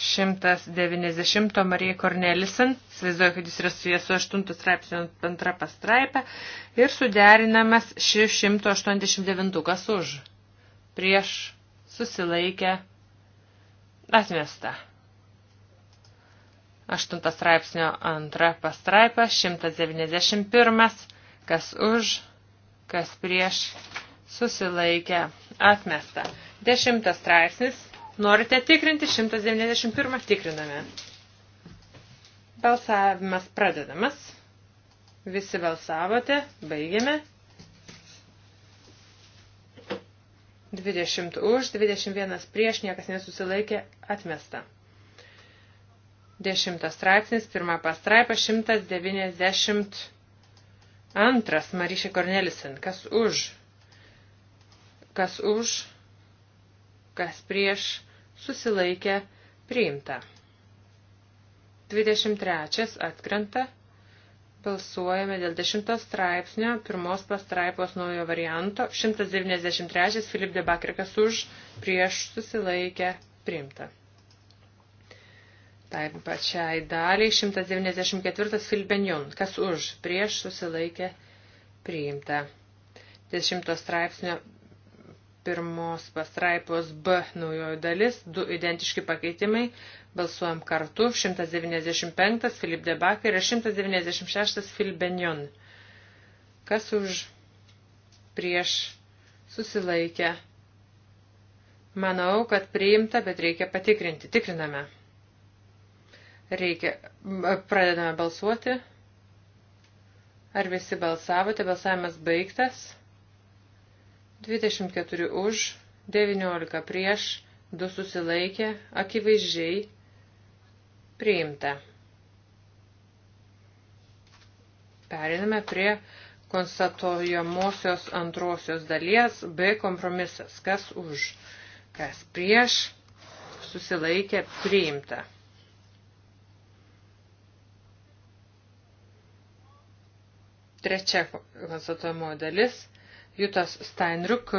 190 Marija Kornelisen, svaizduoju, kad jis yra su jėsu 8 straipsnio antra pastraipė, ir suderinamas 689, kas už, prieš, susilaikę, atmesta. 8 straipsnio antra pastraipė, 191, kas už, kas prieš, susilaikę, atmesta. 10 straipsnis, Norite tikrinti? 191 tikriname. Balsavimas pradedamas. Visi balsavote. Baigiame. 20 už, 21 prieš, niekas nesusilaikė, atmesta. 10 straipsnis, pirma pastraipa, 192. Maryšė Kornelisen, kas už, kas už, kas prieš, susilaikė priimta. 23 atkrenta. Balsuojame dėl 10 straipsnio, pirmos pastraipos naujo varianto, 193 Filip de Bakrikas už, prieš susilaikę priimta. Taip pačiai daliai 194 Filbenjon, kas už, prieš susilaikę priimta. 10 straipsnio pirmos pastraipos B naujojo dalis, du identiški pakeitimai, balsuojam kartu, 195 Filip Debak ir 196 Filip Benjon. Kas už prieš susilaikę? Manau, kad priimta, bet reikia patikrinti. Tikriname. Reikia, pradedame balsuoti. Ar visi balsavote? Balsavimas baigtas. 24 už, 19 prieš, 2 susilaikė, akivaizdžiai priimta. Periname prie konstatuojamosios antrosios dalies B kompromisas. Kas už, kas prieš, susilaikė priimta. Trečia konstatuojamoji dalis Jutas Steinruk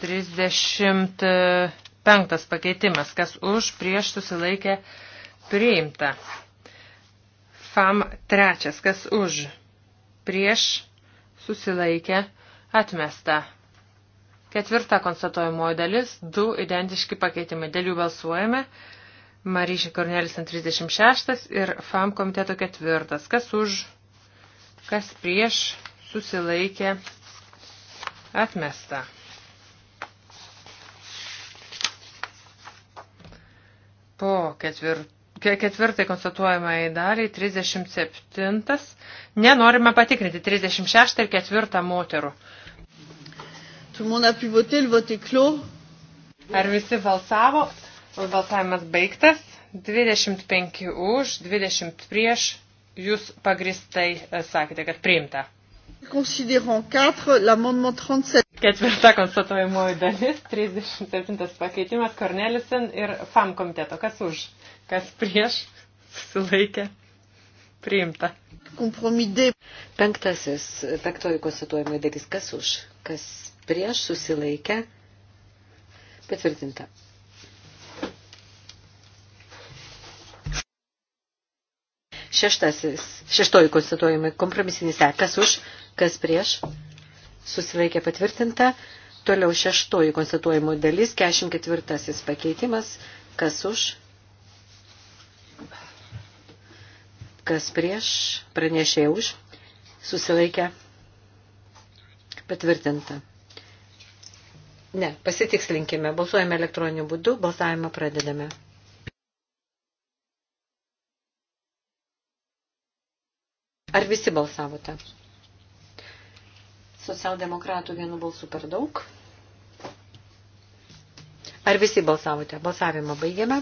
35 pakeitimas, kas už prieš susilaikė priimta. FAM 3, kas už prieš susilaikė atmesta. Ketvirta konstatuojamoji dalis, du identiški pakeitimai, dėl jų balsuojame. Maryšė Kornelis 36 ir FAM komiteto ketvirtas. Kas už, kas prieš susilaikė atmesta Atmesta. Po ketvirtą. Ketvirtai konstatuojama į dalį, 37. Nenorime patikrinti 36 ir 4 moterų. Ar visi balsavo? Balsavimas baigtas. 25 už, 20 prieš. Jūs pagristai e, sakėte, kad priimta. Ketvirta konstatuojamoji dalis, 37 pakeitimas, Kornelisen ir FAM komiteto. Kas už, kas prieš, susilaikė, priimta. Kompromidė. Penktasis, penktoji konstatuojamoji dalis, kas už, kas prieš, susilaikė, patvirtinta. Šeštasis, šeštoji konstatuojama kompromisinis E, kas už, Kas prieš? Susilaikė patvirtinta. Toliau šeštoji konstatuojimų dalis, 44 pakeitimas. Kas už? Kas prieš? Pranešė už. Susilaikė patvirtinta. Ne, pasitikslinkime. Balsuojame elektroniniu būdu, balsavimą pradedame. Ar visi balsavote? Socialdemokratų vienu balsu per daug. Ar visi balsavote? Balsavimą baigiame.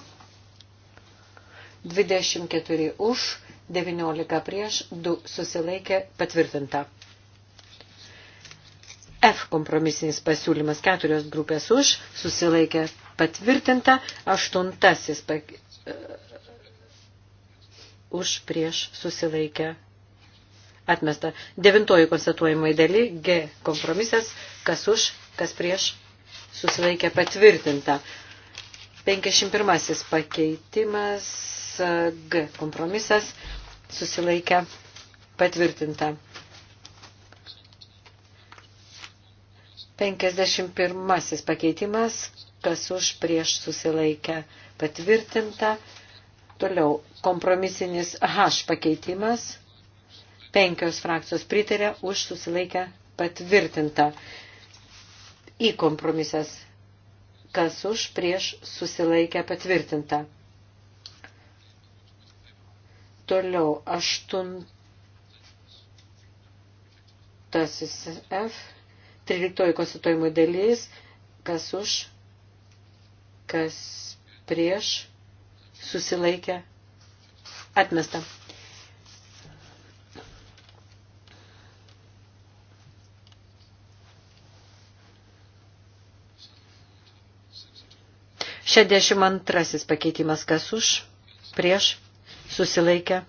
24 už, 19 prieš, 2 susilaikė patvirtinta. F kompromisinis pasiūlymas keturios grupės už, susilaikė patvirtinta, aštuntasis pa, uh, už prieš susilaikė atmesta. Devintoji konstatuojimai daly, G kompromisas, kas už, kas prieš, susilaikė patvirtinta. 51 pakeitimas, G kompromisas, susilaikė patvirtinta. 51 pakeitimas, kas už prieš susilaikę patvirtinta. Toliau kompromisinis H pakeitimas, Penkios frakcijos pritarė, už susilaikę patvirtinta. Į kompromisas, kas už prieš susilaikę patvirtinta. Toliau aštuntasis F, 13 konstituojimo dalis, kas už, kas prieš susilaikę atmesta. 62 pakeitimas kas už, prieš, susilaikę,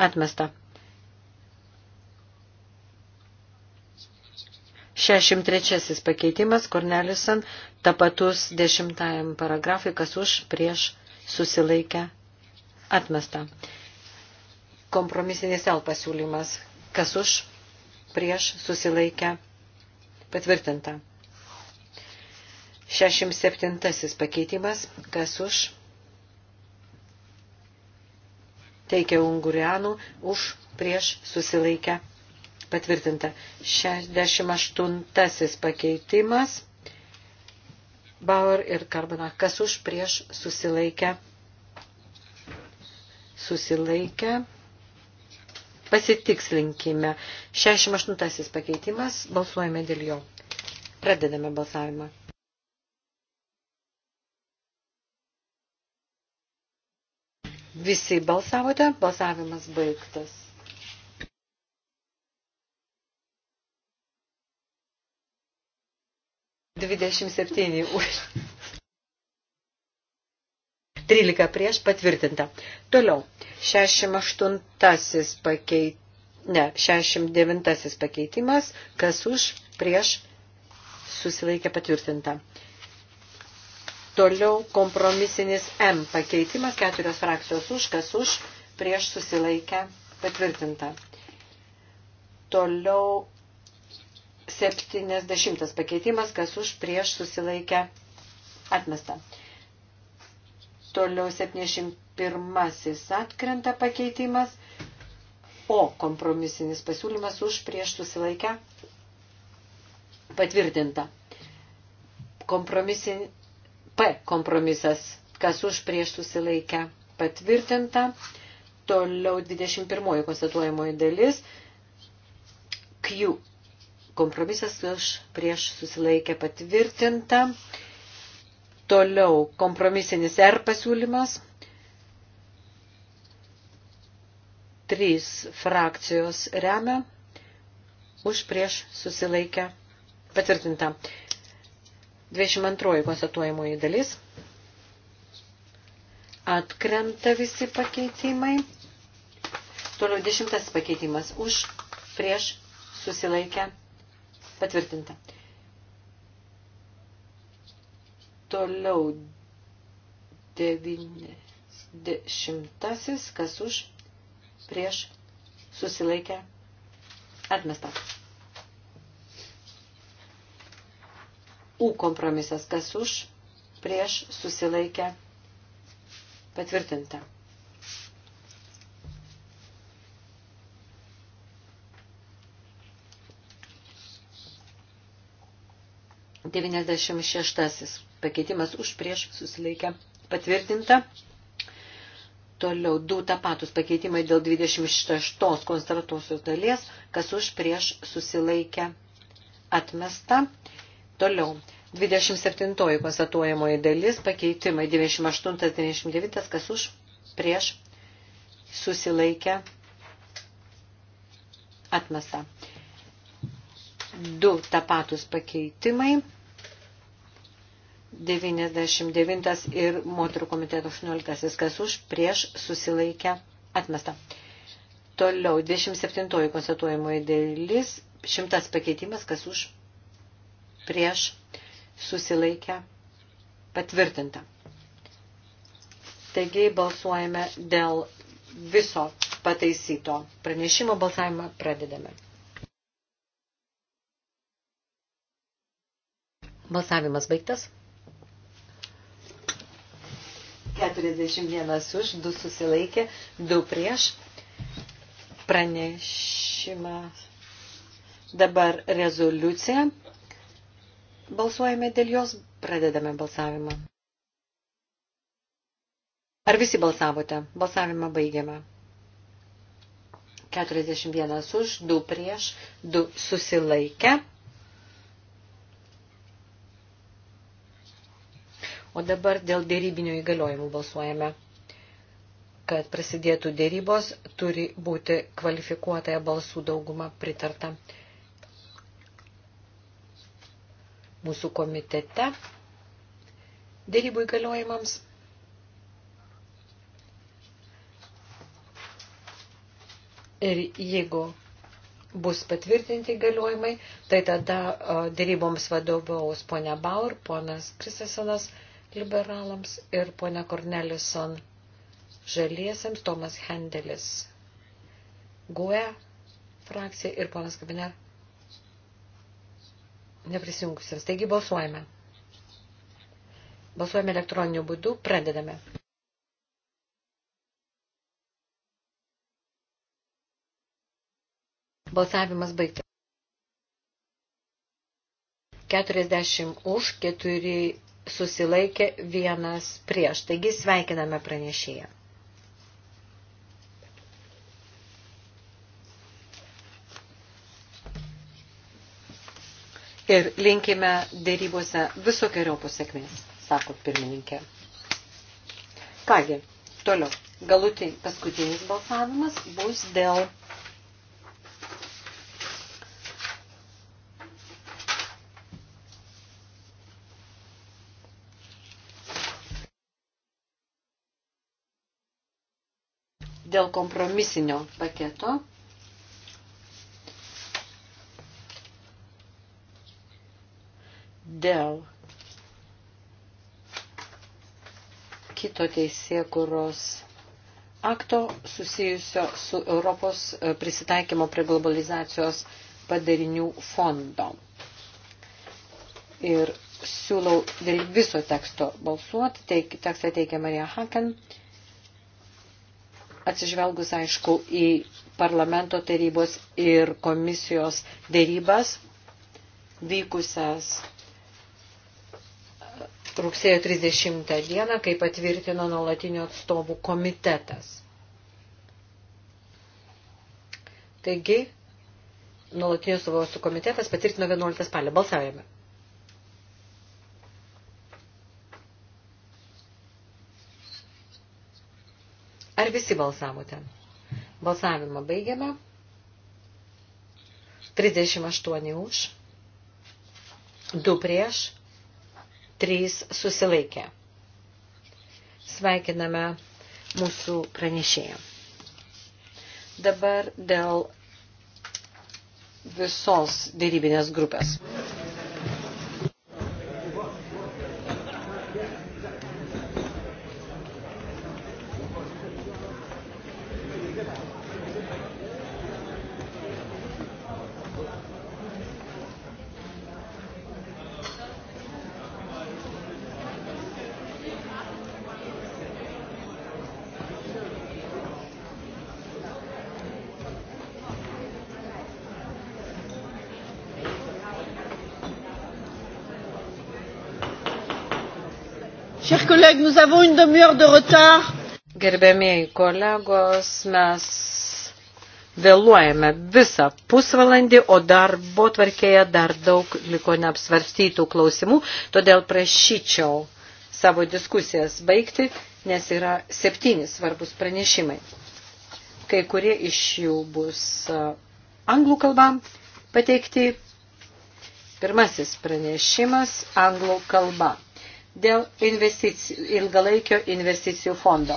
atmesta. 63 pakeitimas Kornelison tapatus 10 paragrafui, kas už, prieš, susilaikę, atmesta. Kompromisinis L pasiūlymas, kas už, prieš, susilaikę, patvirtinta. 67 pakeitimas, kas už, teikia ungurianų, už, prieš, susilaikę, patvirtinta. 68 pakeitimas, Bauer ir Karbana, kas už, prieš, susilaikę, susilaikę, Pasitikslinkime. 68 pakeitimas. Balsuojame dėl jo. Pradedame balsavimą. Visi balsavote, balsavimas baigtas. Dvidešimt septyni už. 13 prieš patvirtinta. Toliau. 68 pakeit... ne, 69 pakeitimas, kas už prieš susilaikė patvirtinta. Toliau kompromisinis M pakeitimas, keturios frakcijos už, kas už, prieš susilaikę patvirtinta. Toliau 70 pakeitimas, kas už, prieš susilaikę atmesta. Toliau 71 atkrenta pakeitimas, o kompromisinis pasiūlymas už, prieš susilaikę patvirtinta kompromisin, P kompromisas, kas už prieš susilaikę patvirtinta. Toliau 21 konstatuojamoji dalis. Q kompromisas už prieš susilaikę patvirtinta. Toliau kompromisinis R pasiūlymas. Trys frakcijos remia už prieš susilaikę patvirtinta. 22 konstatuojamoji dalis. Atkrenta visi pakeitimai. Toliau 10 pakeitimas už, prieš, susilaikę, patvirtinta. Toliau 90, kas už, prieš, susilaikę, atmestas. U kompromisas, kas už, prieš, susilaikę, patvirtinta. Devyniasdešimt šeštasis pakeitimas už prieš susilaikę patvirtinta. Toliau du tapatus pakeitimai dėl 26 konstatuosios dalies, kas už prieš susilaikę atmesta. Toliau. 27 konstatuojamoji dalis, pakeitimai 98-99, kas už, prieš, susilaikę, atmesta. Du tapatus pakeitimai, 99 ir moterų komiteto 18, kas už, prieš, susilaikę, atmesta. Toliau, 27 konstatuojamoji dalis, šimtas pakeitimas, kas už, prieš susilaikę patvirtinta. Taigi balsuojame dėl viso pataisyto pranešimo balsavimą pradedame. Balsavimas baigtas. 41 už, 2 susilaikė, 2 prieš. Pranešimą. Dabar rezoliucija. Balsuojame dėl jos, pradedame balsavimą. Ar visi balsavote? Balsavimą baigiame. 41 už, 2 prieš, 2 susilaikę. O dabar dėl dėrybinių įgaliojimų balsuojame. Kad prasidėtų dėrybos, turi būti kvalifikuotąją balsų daugumą pritarta. mūsų komitete dėrybų įgaliojimams. Ir jeigu bus patvirtinti įgaliojimai, tai tada dėryboms vadovaus ponia Bauer, ponas Kristesonas liberalams ir ponia Cornelison žaliesiams, Tomas Hendelis Gue frakcija ir ponas Kabiner neprisijungusiems. Taigi balsuojame. Balsuojame elektroniniu būdu, pradedame. Balsavimas baigtas. 40 už, 4 susilaikė, 1 prieš. Taigi sveikiname pranešėją. ir linkime dėrybose visokiojopos sėkmės, sako pirmininkė. Kągi, toliau. Galutin, paskutinis balsavimas bus dėl dėl kompromisinio paketo dėl kito teisėkuros akto susijusio su Europos e, prisitaikymo prie globalizacijos padarinių fondo. Ir siūlau dėl viso teksto balsuoti. Teik, tekstą teikia Marija Haken. Atsižvelgus, aišku, į parlamento tarybos ir komisijos dėrybas vykusias rugsėjo 30 dieną, kai patvirtino nuolatinio atstovų komitetas. Taigi, nuolatinio atstovų komitetas patvirtino 11 spalio. Balsavime. Ar visi balsavote? Balsavimą baigiame. 38 už, 2 prieš, trys susilaikė. Sveikiname mūsų pranešėją. Dabar dėl visos dėrybinės grupės. Chers collègues, nous avons une demi-heure de retard. Gerbėmėjai kolegos, mes vėluojame visą pusvalandį, o darbo tvarkėje dar daug liko neapsvarstytų klausimų, todėl prašyčiau savo diskusijas baigti, nes yra septyni svarbus pranešimai. Kai kurie iš jų bus anglų kalba pateikti. Pirmasis pranešimas anglų kalba dėl investicijų, ilgalaikio investicijų fondo.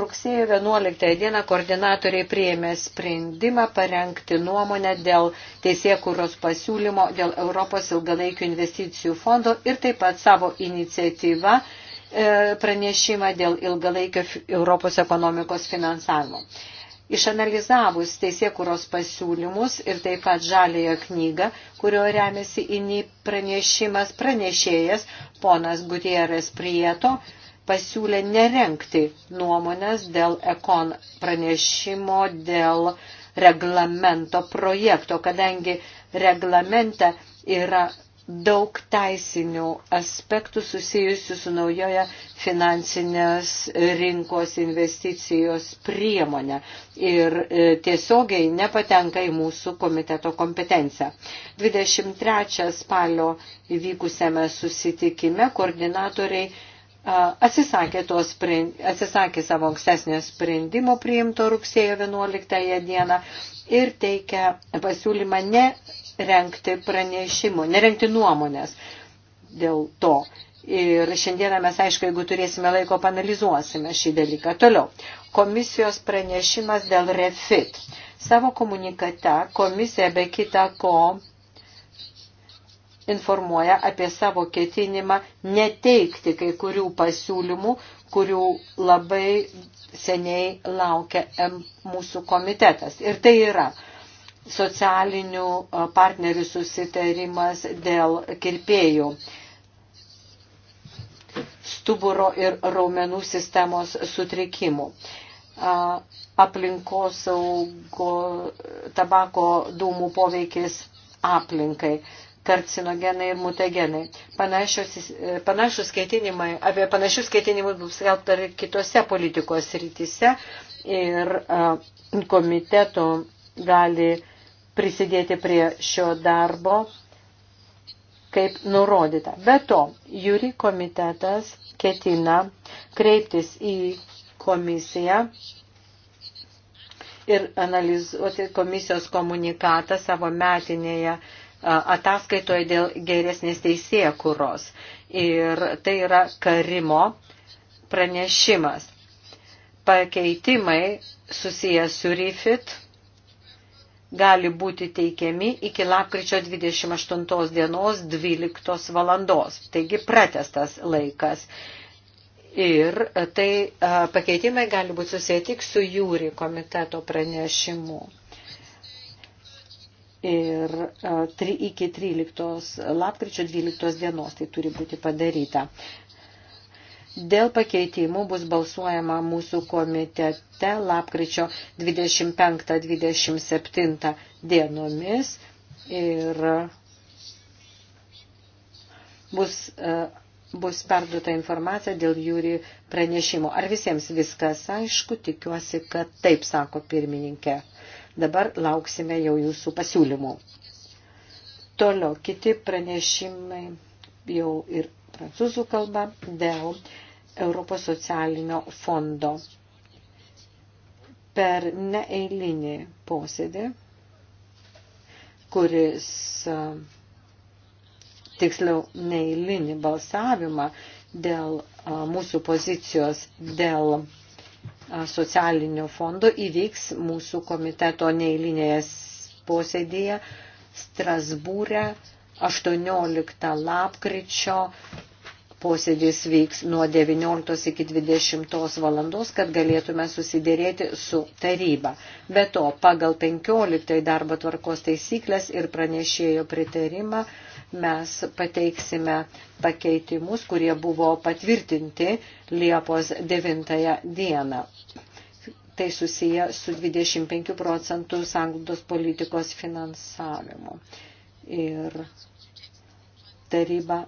Rugsėjo 11 dieną koordinatoriai priėmė sprendimą parengti nuomonę dėl teisėkūros pasiūlymo dėl Europos ilgalaikių investicijų fondo ir taip pat savo iniciatyvą e, pranešimą dėl ilgalaikio Europos ekonomikos finansavimo. Išanalizavus teisėkuros pasiūlymus ir taip pat žalėją knygą, kurio remiasi ini pranešimas, pranešėjas ponas Gutierrez Prieto pasiūlė nerenkti nuomonės dėl ekon pranešimo, dėl reglamento projekto, kadangi reglamente yra daug teisinių aspektų susijusių su naujoje finansinės rinkos investicijos priemonė ir e, tiesiogiai nepatenka į mūsų komiteto kompetenciją. 23 spalio įvykusiame susitikime koordinatoriai atsisakė, tos, atsisakė savo ankstesnio sprendimo priimto rugsėjo 11 dieną ir teikia pasiūlymą ne rengti pranešimų, nerengti nuomonės dėl to. Ir šiandieną mes, aišku, jeigu turėsime laiko, panalizuosime šį dalyką. Toliau, komisijos pranešimas dėl refit. Savo komunikate komisija be kita ko informuoja apie savo ketinimą neteikti kai kurių pasiūlymų, kurių labai seniai laukia mūsų komitetas. Ir tai yra socialinių partnerių susitarimas dėl kirpėjų stuburo ir raumenų sistemos sutrikimų aplinkosaugo tabako dūmų poveikis aplinkai, karcinogenai ir mutagenai. Panašios, e, panašus skaitinimai, apie panašius skaitinimus bus skelbta ir kitose politikos rytise ir komiteto gali prisidėti prie šio darbo, kaip nurodyta. Be to, jūri komitetas ketina kreiptis į komisiją ir analizuoti komisijos komunikatą savo metinėje ataskaitoje dėl geresnės teisėkuros. Ir tai yra karimo pranešimas. Pakeitimai susijęs su RIFIT gali būti teikiami iki lapkričio 28 dienos 12 valandos. Taigi pratestas laikas. Ir tai pakeitimai gali būti susiję tik su jūri komiteto pranešimu. Ir iki 13 lapkričio 12 dienos tai turi būti padaryta. Dėl pakeitimų bus balsuojama mūsų komitete lapkričio 25-27 dienomis ir bus, e, bus perduota informacija dėl jūri pranešimo. Ar visiems viskas aišku, tikiuosi, kad taip sako pirmininkė. Dabar lauksime jau jūsų pasiūlymų. Toliau kiti pranešimai jau ir prancūzų kalba dėl Europos socialinio fondo. Per neeilinį posėdį, kuris tiksliau neeilinį balsavimą dėl mūsų pozicijos dėl socialinio fondo įvyks mūsų komiteto neeilinėje posėdėje Strasbūrė 18 lapkričio posėdis vyks nuo 19 iki 20 valandos, kad galėtume susidėrėti su taryba. Be to, pagal 15 darbo tvarkos taisyklės ir pranešėjo pritarimą mes pateiksime pakeitimus, kurie buvo patvirtinti Liepos 9 dieną. Tai susiję su 25 procentų sanglaudos politikos finansavimu. Ir taryba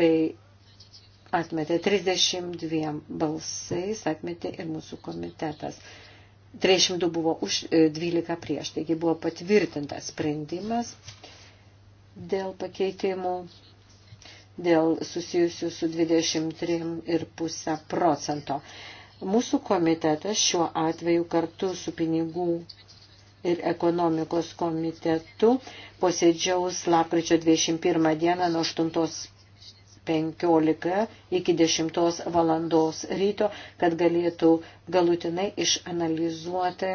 bei atmetė 32 balsais, atmetė ir mūsų komitetas. 32 buvo už 12 e, prieš, taigi buvo patvirtintas sprendimas dėl pakeitimų, dėl susijusių su 23,5 procento. Mūsų komitetas šiuo atveju kartu su pinigų ir ekonomikos komitetu posėdžiaus lapkričio 21 dieną nuo 8.15 iki 10 valandos ryto, kad galėtų galutinai išanalizuoti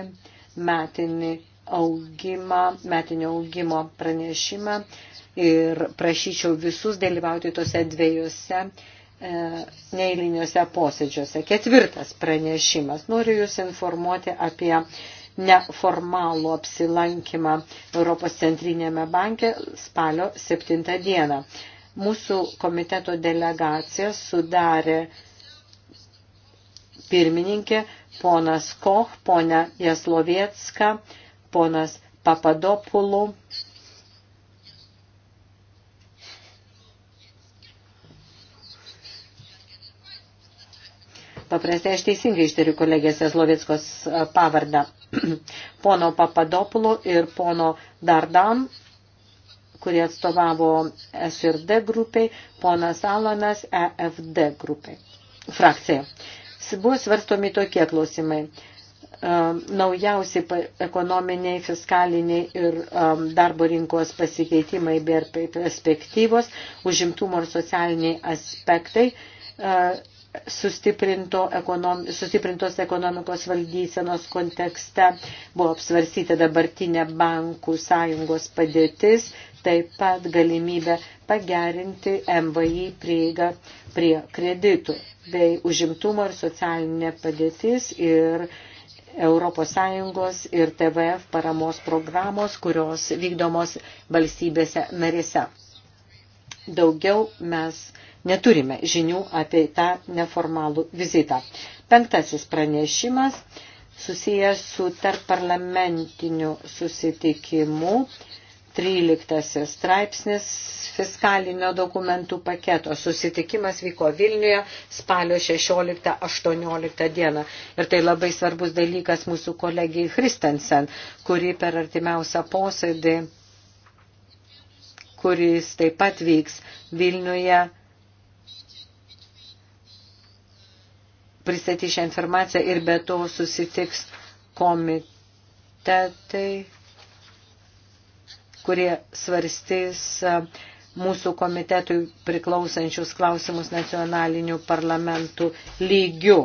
metinį augimą, metinio augimo pranešimą ir prašyčiau visus dalyvauti tose dviejose e, neįliniuose posėdžiuose. Ketvirtas pranešimas. Noriu Jūs informuoti apie neformalų apsilankymą Europos centrinėme banke spalio 7 dieną. Mūsų komiteto delegacija sudarė pirmininkė ponas Koch, ponia Jaslovietska, ponas Papadopulų, Paprastai aš teisingai ištariu kolegės Eslovickos e, pavardą. [CLEARS THROAT] Pono Papadopulų ir pono Dardan, kurie atstovavo SRD grupiai, ponas Alanas EFD grupiai, frakcija. Buvo svarstomi tokie klausimai e, naujausi ekonominiai, fiskaliniai ir e, darbo rinkos pasikeitimai bei perspektyvos, užimtumo ir socialiniai aspektai sustiprinto ekonom, sustiprintos ekonomikos valdysenos kontekste buvo apsvarstyta dabartinė bankų sąjungos padėtis, taip pat galimybė pagerinti MVI prieigą prie kreditų bei užimtumo ir socialinė padėtis ir ES ir TVF paramos programos, kurios vykdomos valstybėse narėse. Daugiau mes neturime žinių apie tą neformalų vizitą. Penktasis pranešimas susijęs su tarp parlamentiniu susitikimu 13 straipsnis fiskalinio dokumentų paketo. Susitikimas vyko Vilniuje spalio 16-18 dieną. Ir tai labai svarbus dalykas mūsų kolegijai Kristensen, kuri per artimiausią posėdį, kuris taip pat vyks Vilniuje pristatys šią informaciją ir be to susitiks komitetai, kurie svarstys mūsų komitetui priklausančius klausimus nacionalinių parlamentų lygių.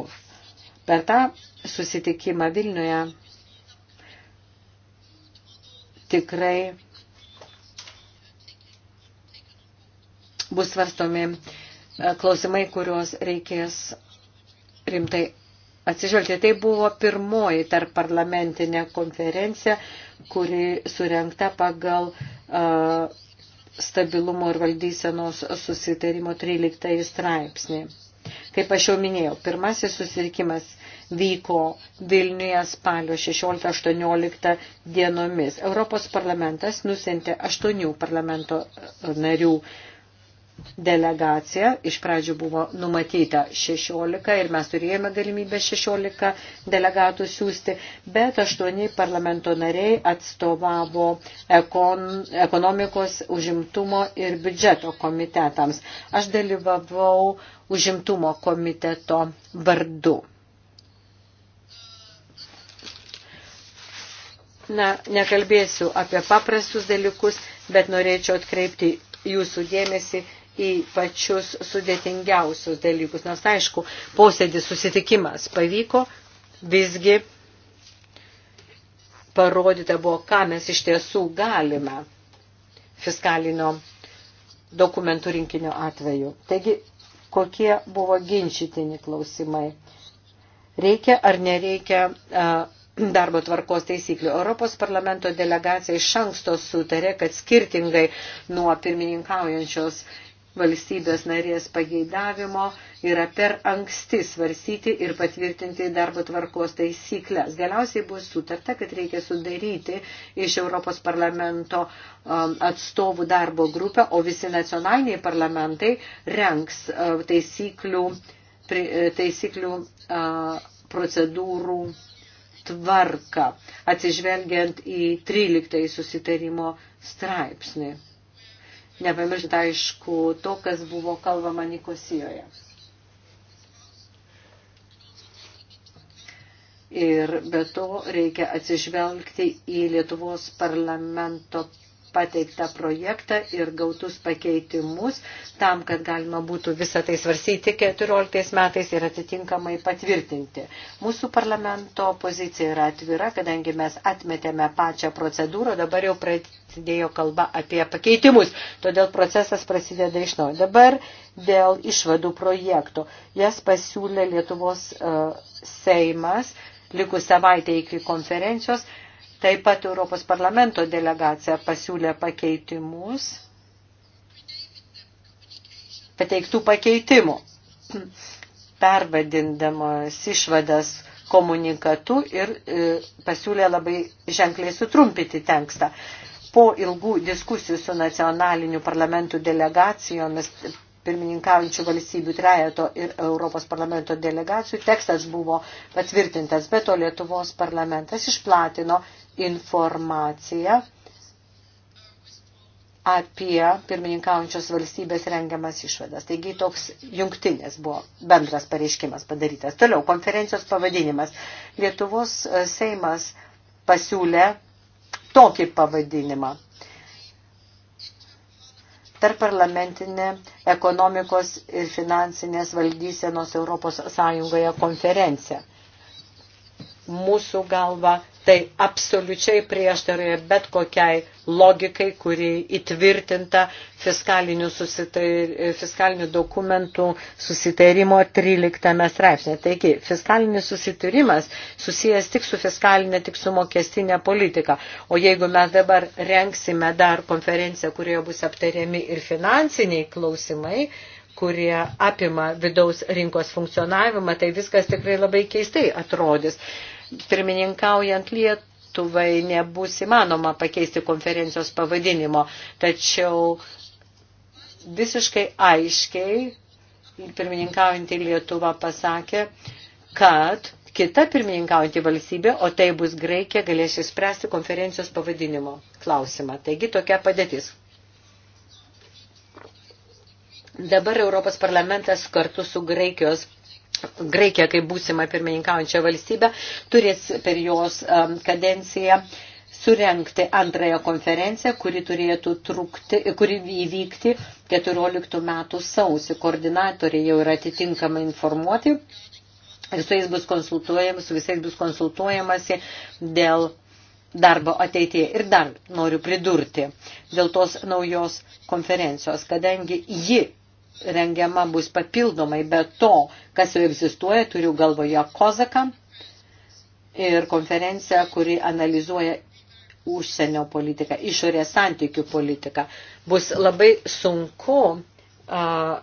Per tą susitikimą Vilniuje tikrai bus svarstomi klausimai, kuriuos reikės rimtai atsižvelgti. Tai buvo pirmoji tarp parlamentinė konferencija, kuri surenkta pagal uh, stabilumo ir valdysenos susitarimo 13 straipsnį. Kaip aš jau minėjau, pirmasis susitikimas vyko Vilniuje spalio 16-18 dienomis. Europos parlamentas nusintė aštuonių parlamento narių uh, delegacija. Iš pradžių buvo numatyta 16 ir mes turėjome galimybę 16 delegatų siūsti, bet 8 parlamento nariai atstovavo ekon, ekonomikos užimtumo ir biudžeto komitetams. Aš dalyvavau užimtumo komiteto vardu. Na, nekalbėsiu apie paprastus dalykus, bet norėčiau atkreipti jūsų dėmesį į pačius sudėtingiausius dalykus. Nors aišku, posėdis susitikimas pavyko, visgi parodyta buvo, ką mes iš tiesų galime fiskalinio dokumentų rinkinio atveju. Taigi, kokie buvo ginčytini klausimai? Reikia ar nereikia uh, darbo tvarkos taisyklių. Europos parlamento delegacija iš anksto sutarė, kad skirtingai nuo pirmininkaujančios valstybės narės pageidavimo yra per anksti svarstyti ir patvirtinti darbo tvarkos taisyklės. Galiausiai buvo sutarta, kad reikia sudaryti iš Europos parlamento um, atstovų darbo grupę, o visi nacionaliniai parlamentai renks uh, taisyklių, uh, taisyklių uh, procedūrų tvarką, atsižvelgiant į 13 susitarimo straipsnį nepamiršti aišku to, kas buvo kalbama Nikosijoje. Ir be to reikia atsižvelgti į Lietuvos parlamento pateiktą projektą ir gautus pakeitimus, tam, kad galima būtų visą tai svarsyti 14 metais ir atitinkamai patvirtinti. Mūsų parlamento pozicija yra atvira, kadangi mes atmetėme pačią procedūrą, dabar jau prasidėjo kalba apie pakeitimus, todėl procesas prasideda iš naujo. Dabar dėl išvadų projekto. Jas pasiūlė Lietuvos uh, Seimas, likus savaitę iki konferencijos, uh, Taip pat Europos parlamento delegacija pasiūlė pakeitimus, pateiktų pakeitimų, pervadindamas išvadas komunikatu ir e, pasiūlė labai ženkliai sutrumpyti tekstą. Po ilgų diskusijų su nacionaliniu parlamentų delegacijomis pirmininkaujančių valstybių trejato ir Europos parlamento delegacijų tekstas buvo patvirtintas, bet to Lietuvos parlamentas išplatino informaciją apie pirmininkaujančios valstybės rengiamas išvadas. Taigi toks jungtinės buvo bendras pareiškimas padarytas. Toliau, konferencijos pavadinimas. Lietuvos e, Seimas pasiūlė tokį pavadinimą tarp parlamentinė ekonomikos ir finansinės valdysenos Europos Sąjungoje konferencija mūsų galva tai absoliučiai prieštaroje bet kokiai logikai, kuri įtvirtinta fiskalinių, susitar, fiskalinių dokumentų susitarimo 13 straipsnė. Taigi, fiskalinis susitarimas susijęs tik su fiskalinė, tik su mokestinė politika. O jeigu mes dabar renksime dar konferenciją, kurioje bus aptariami ir finansiniai klausimai, kurie apima vidaus rinkos funkcionavimą, tai viskas tikrai labai keistai atrodys. Pirmininkaujant Lietuvą. Lietuvai nebus įmanoma pakeisti konferencijos pavadinimo, tačiau visiškai aiškiai pirmininkaujantį Lietuvą pasakė, kad kita pirmininkaujantį valstybė, o tai bus Graikija, galės išspręsti konferencijos pavadinimo klausimą. Taigi tokia padėtis. Dabar Europos parlamentas kartu su Graikijos Graikija kaip būsima pirmininkaujančia valstybė turės per jos um, kadenciją surenkti antrąją konferenciją, kuri turėtų trukti, kuri įvykti 14 metų sausį. Koordinatoriai jau yra atitinkamai informuoti ir su jais bus konsultuojamas, su visais bus konsultuojamasi dėl darbo ateityje. Ir dar noriu pridurti dėl tos naujos konferencijos, kadangi ji rengiama bus papildomai, bet to, kas jau egzistuoja, turiu galvoje Kozaką ir konferenciją, kuri analizuoja užsienio politiką, išorės santykių politiką. Bus labai sunku a,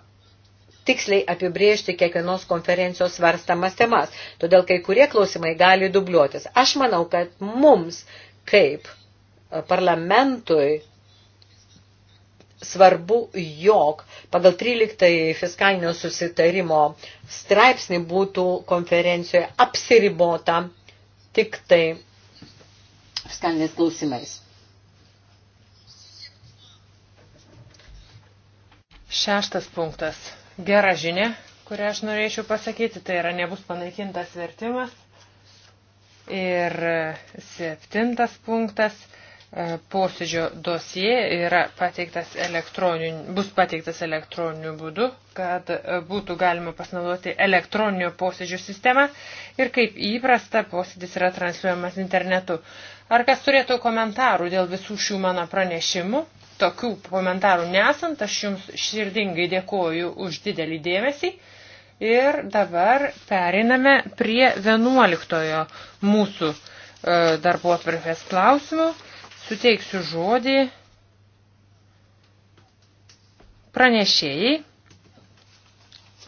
tiksliai apibriežti kiekvienos konferencijos svarstamas temas, todėl kai kurie klausimai gali dubliuotis. Aš manau, kad mums kaip parlamentui svarbu, jog pagal 13 fiskalinio susitarimo straipsnį būtų konferencijoje apsiribota tik tai fiskaliniais klausimais. Šeštas punktas. Gera žinia, kurią aš norėčiau pasakyti, tai yra nebus panaikintas vertimas. Ir septintas punktas – E, posėdžio dosie yra pateiktas elektroniniu, bus pateiktas elektroniniu būdu, kad e, būtų galima pasinaudoti elektroninio posėdžio sistemą ir kaip įprasta posėdis yra transliuojamas internetu. Ar kas turėtų komentarų dėl visų šių mano pranešimų? Tokių komentarų nesant, aš Jums širdingai dėkoju už didelį dėmesį. Ir dabar periname prie 11 mūsų e, darbo atvarkės klausimų. Suteiksiu žodį pranešėjai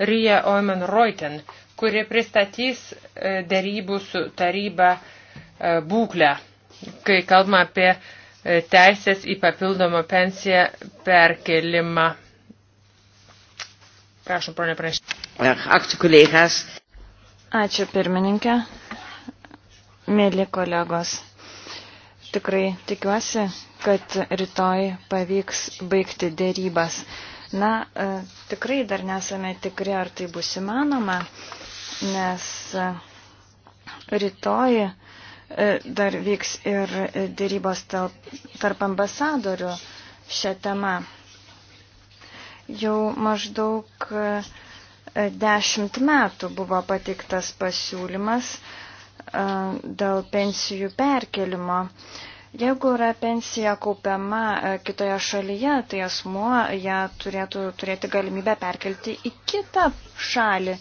Rija Oimen Reuten, kuri pristatys e, dėrybų su taryba e, būklę, kai kalbama apie e, teisės į papildomą pensiją perkelimą. Prašom, ponė pranešė. Ačiū, kolegas. Ačiū, pirmininkė. Mėly kolegos tikrai tikiuosi, kad rytoj pavyks baigti dėrybas. Na, e, tikrai dar nesame tikri, ar tai bus įmanoma, nes e, rytoj e, dar vyks ir dėrybos tarp ambasadorių šią temą. Jau maždaug dešimt metų buvo pateiktas pasiūlymas dėl pensijų perkelimo. Jeigu yra pensija kaupiama kitoje šalyje, tai asmuo ją turėtų turėti galimybę perkelti į kitą šalį.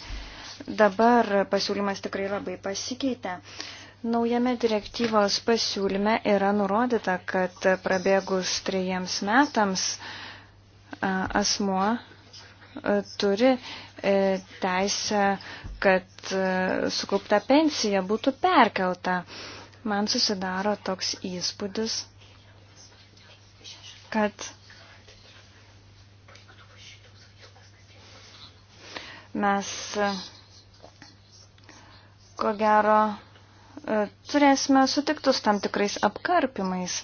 Dabar pasiūlymas tikrai labai pasikeitė. Naujame direktyvos pasiūlyme yra nurodyta, kad prabėgus trejiems metams asmuo turi e, teisę, kad e, sukaupta pensija būtų perkelta. Man susidaro toks įspūdis, kad mes ko gero e, turėsime sutiktus tam tikrais apkarpimais.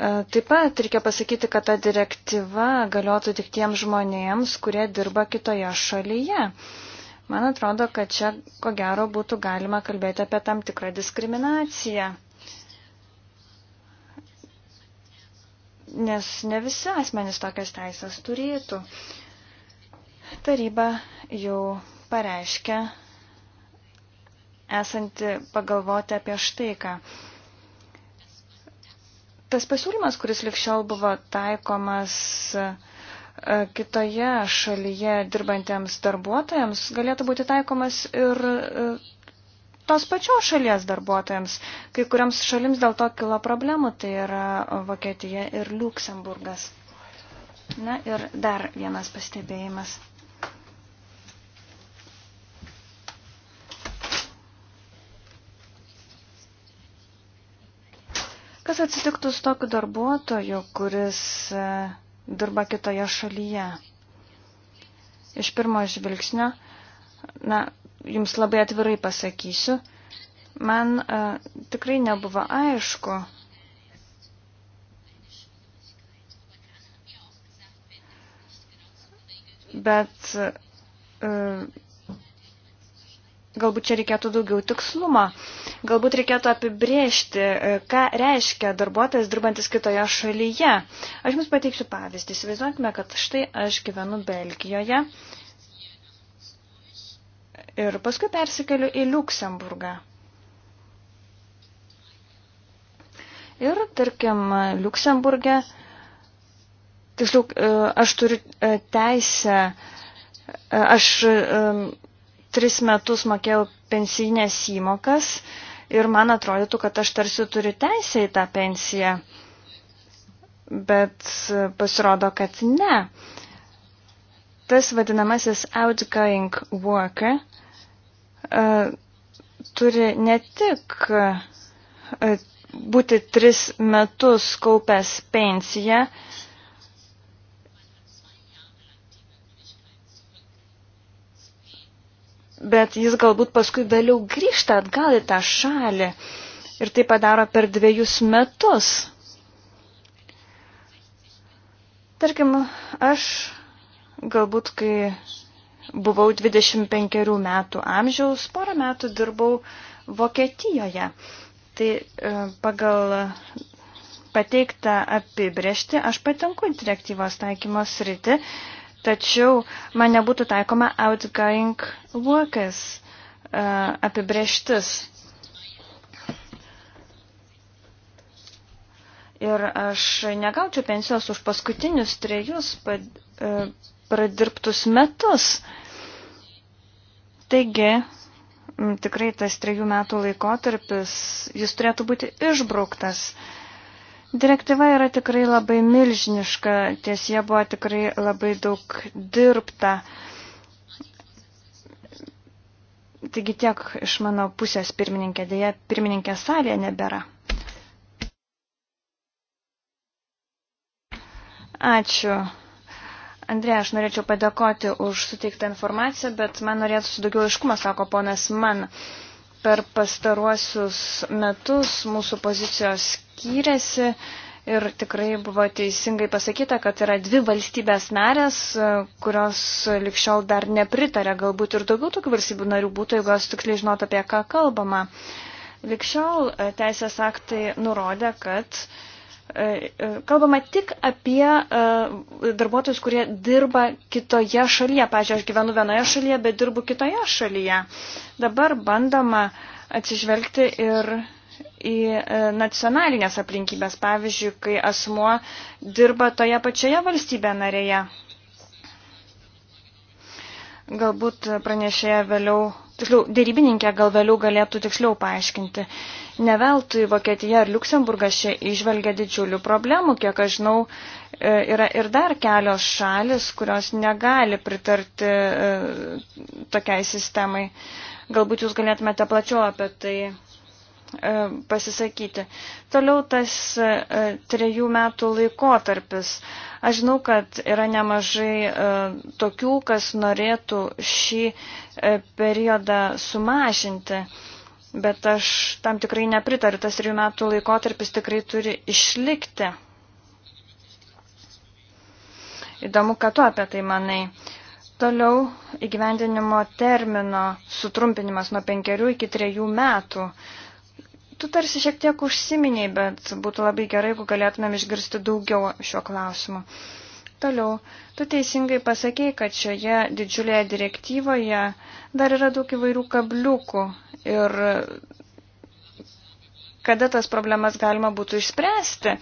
E, taip pat reikia pasakyti, kad ta direktyva galiotų tik tiems žmonėms, kurie dirba kitoje šalyje. Man atrodo, kad čia ko gero būtų galima kalbėti apie tam tikrą diskriminaciją. Nes ne visi asmenys tokias teisės turėtų. Taryba jau pareiškia esanti pagalvoti apie štai ką tas pasiūlymas, kuris likščiau buvo taikomas e, kitoje šalyje dirbantiems darbuotojams, galėtų būti taikomas ir e, tos pačios šalies darbuotojams. Kai kuriams šalims dėl to kilo problemų, tai yra Vokietija ir Luksemburgas. Na ir dar vienas pastebėjimas. Kas atsitiktų su tokiu darbuotoju, kuris e, dirba kitoje šalyje? Iš pirmo žvilgsnio, na, jums labai atvirai pasakysiu, man a, e, tikrai nebuvo aišku, bet e, galbūt čia reikėtų daugiau tikslumo. Galbūt reikėtų apibriežti, e, ką reiškia darbuotojas dirbantis kitoje šalyje. Aš jums pateiksiu pavyzdį. Įsivaizduokime, kad štai aš gyvenu Belgijoje ir paskui persikeliu į Luksemburgą. Ir, tarkim, Luksemburgė, tiksliau, e, aš turiu e, teisę, aš tris metus mokėjau pensijinės įmokas ir man atrodytų, kad aš tarsi turiu teisę į tą pensiją. Bet pasirodo, kad ne. Tas vadinamasis outgoing worker uh, turi ne tik uh, būti tris metus kaupęs pensiją, uh, bet jis galbūt paskui vėliau grįžta atgal į tą šalį ir tai padaro per dviejus metus. Tarkim, aš galbūt, kai buvau 25 metų amžiaus, porą metų dirbau Vokietijoje. Tai e, pagal pateiktą apibrėžti aš patenku į direktyvos taikymos rytį tačiau man nebūtų taikoma outgoing workers e, apibrieštis. Ir aš negaučiau pensijos už paskutinius trejus e, pradirbtus metus. Taigi, tikrai tas trejų metų laikotarpis, jis turėtų būti išbrauktas. Uh, Direktyva yra tikrai labai milžiniška, ties jie buvo tikrai labai daug dirbta. Taigi tiek iš mano pusės pirmininkė, dėja pirmininkė salėje nebėra. Ačiū. Andrė, aš norėčiau padėkoti už suteiktą informaciją, bet man norėtųsi daugiau iškumo, sako ponas man. Uh, per pastaruosius metus mūsų pozicijos skyrėsi ir tikrai buvo teisingai pasakyta, kad yra dvi valstybės narės, kurios likščiol dar nepritarė, galbūt ir daugiau tokių valstybių narių būtų, jeigu jos tiksliai žinotų, apie ką kalbama. Likščiol teisės aktai nurodė, kad uh, E, e, kalbama tik apie e, darbuotojus, kurie dirba kitoje šalyje. Pavyzdžiui, aš gyvenu vienoje šalyje, bet dirbu kitoje šalyje. Dabar bandoma atsižvelgti ir į nacionalinės aplinkybės, pavyzdžiui, kai asmuo dirba toje pačioje valstybė narėje. Galbūt pranešėja vėliau, tiksliau, dėrybininkė gal vėliau galėtų tiksliau paaiškinti Neveltui Vokietija ir Luksemburgas čia išvelgia didžiulių problemų, kiek aš žinau, e, yra ir dar kelios šalis, kurios negali pritarti e, tokiai sistemai. Galbūt jūs galėtumėte plačiau apie tai e, pasisakyti. Toliau tas trejų metų laikotarpis. Aš žinau, kad yra nemažai tokių, kas norėtų šį periodą sumažinti. Bet aš tam tikrai nepritariu, tas trijų metų laikotarpis tikrai turi išlikti. Įdomu, kad tu apie tai manai. Toliau įgyvendinimo termino sutrumpinimas nuo penkerių iki trejų metų. Tu tarsi šiek tiek užsiminiai, bet būtų labai gerai, jeigu galėtumėm išgirsti daugiau šiuo klausimu. Toliau, tu teisingai pasakėjai, kad šioje didžiulėje direktyvoje dar yra daug įvairių kabliukų ir kada tas problemas galima būtų išspręsti.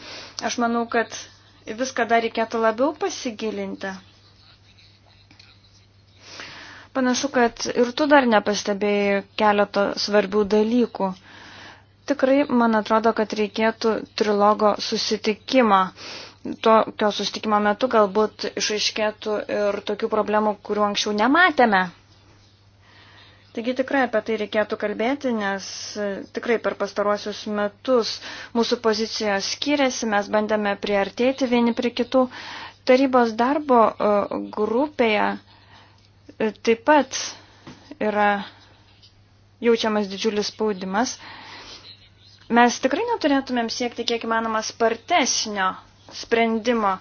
Aš manau, kad viską dar reikėtų labiau pasigilinti. Panašu, kad ir tu dar nepastebėjai keletą svarbių dalykų. Tikrai, man atrodo, kad reikėtų trilogo susitikimą tokio sustikimo metu galbūt išaiškėtų ir tokių problemų, kurių anksčiau nematėme. Taigi tikrai apie tai reikėtų kalbėti, nes tikrai per pastaruosius metus mūsų pozicijos skiriasi, mes bandėme priartėti vieni prie kitų. Tarybos darbo e, grupėje e, taip pat yra jaučiamas didžiulis spaudimas. Mes tikrai neturėtumėm siekti kiek įmanoma spartesnio sprendimo.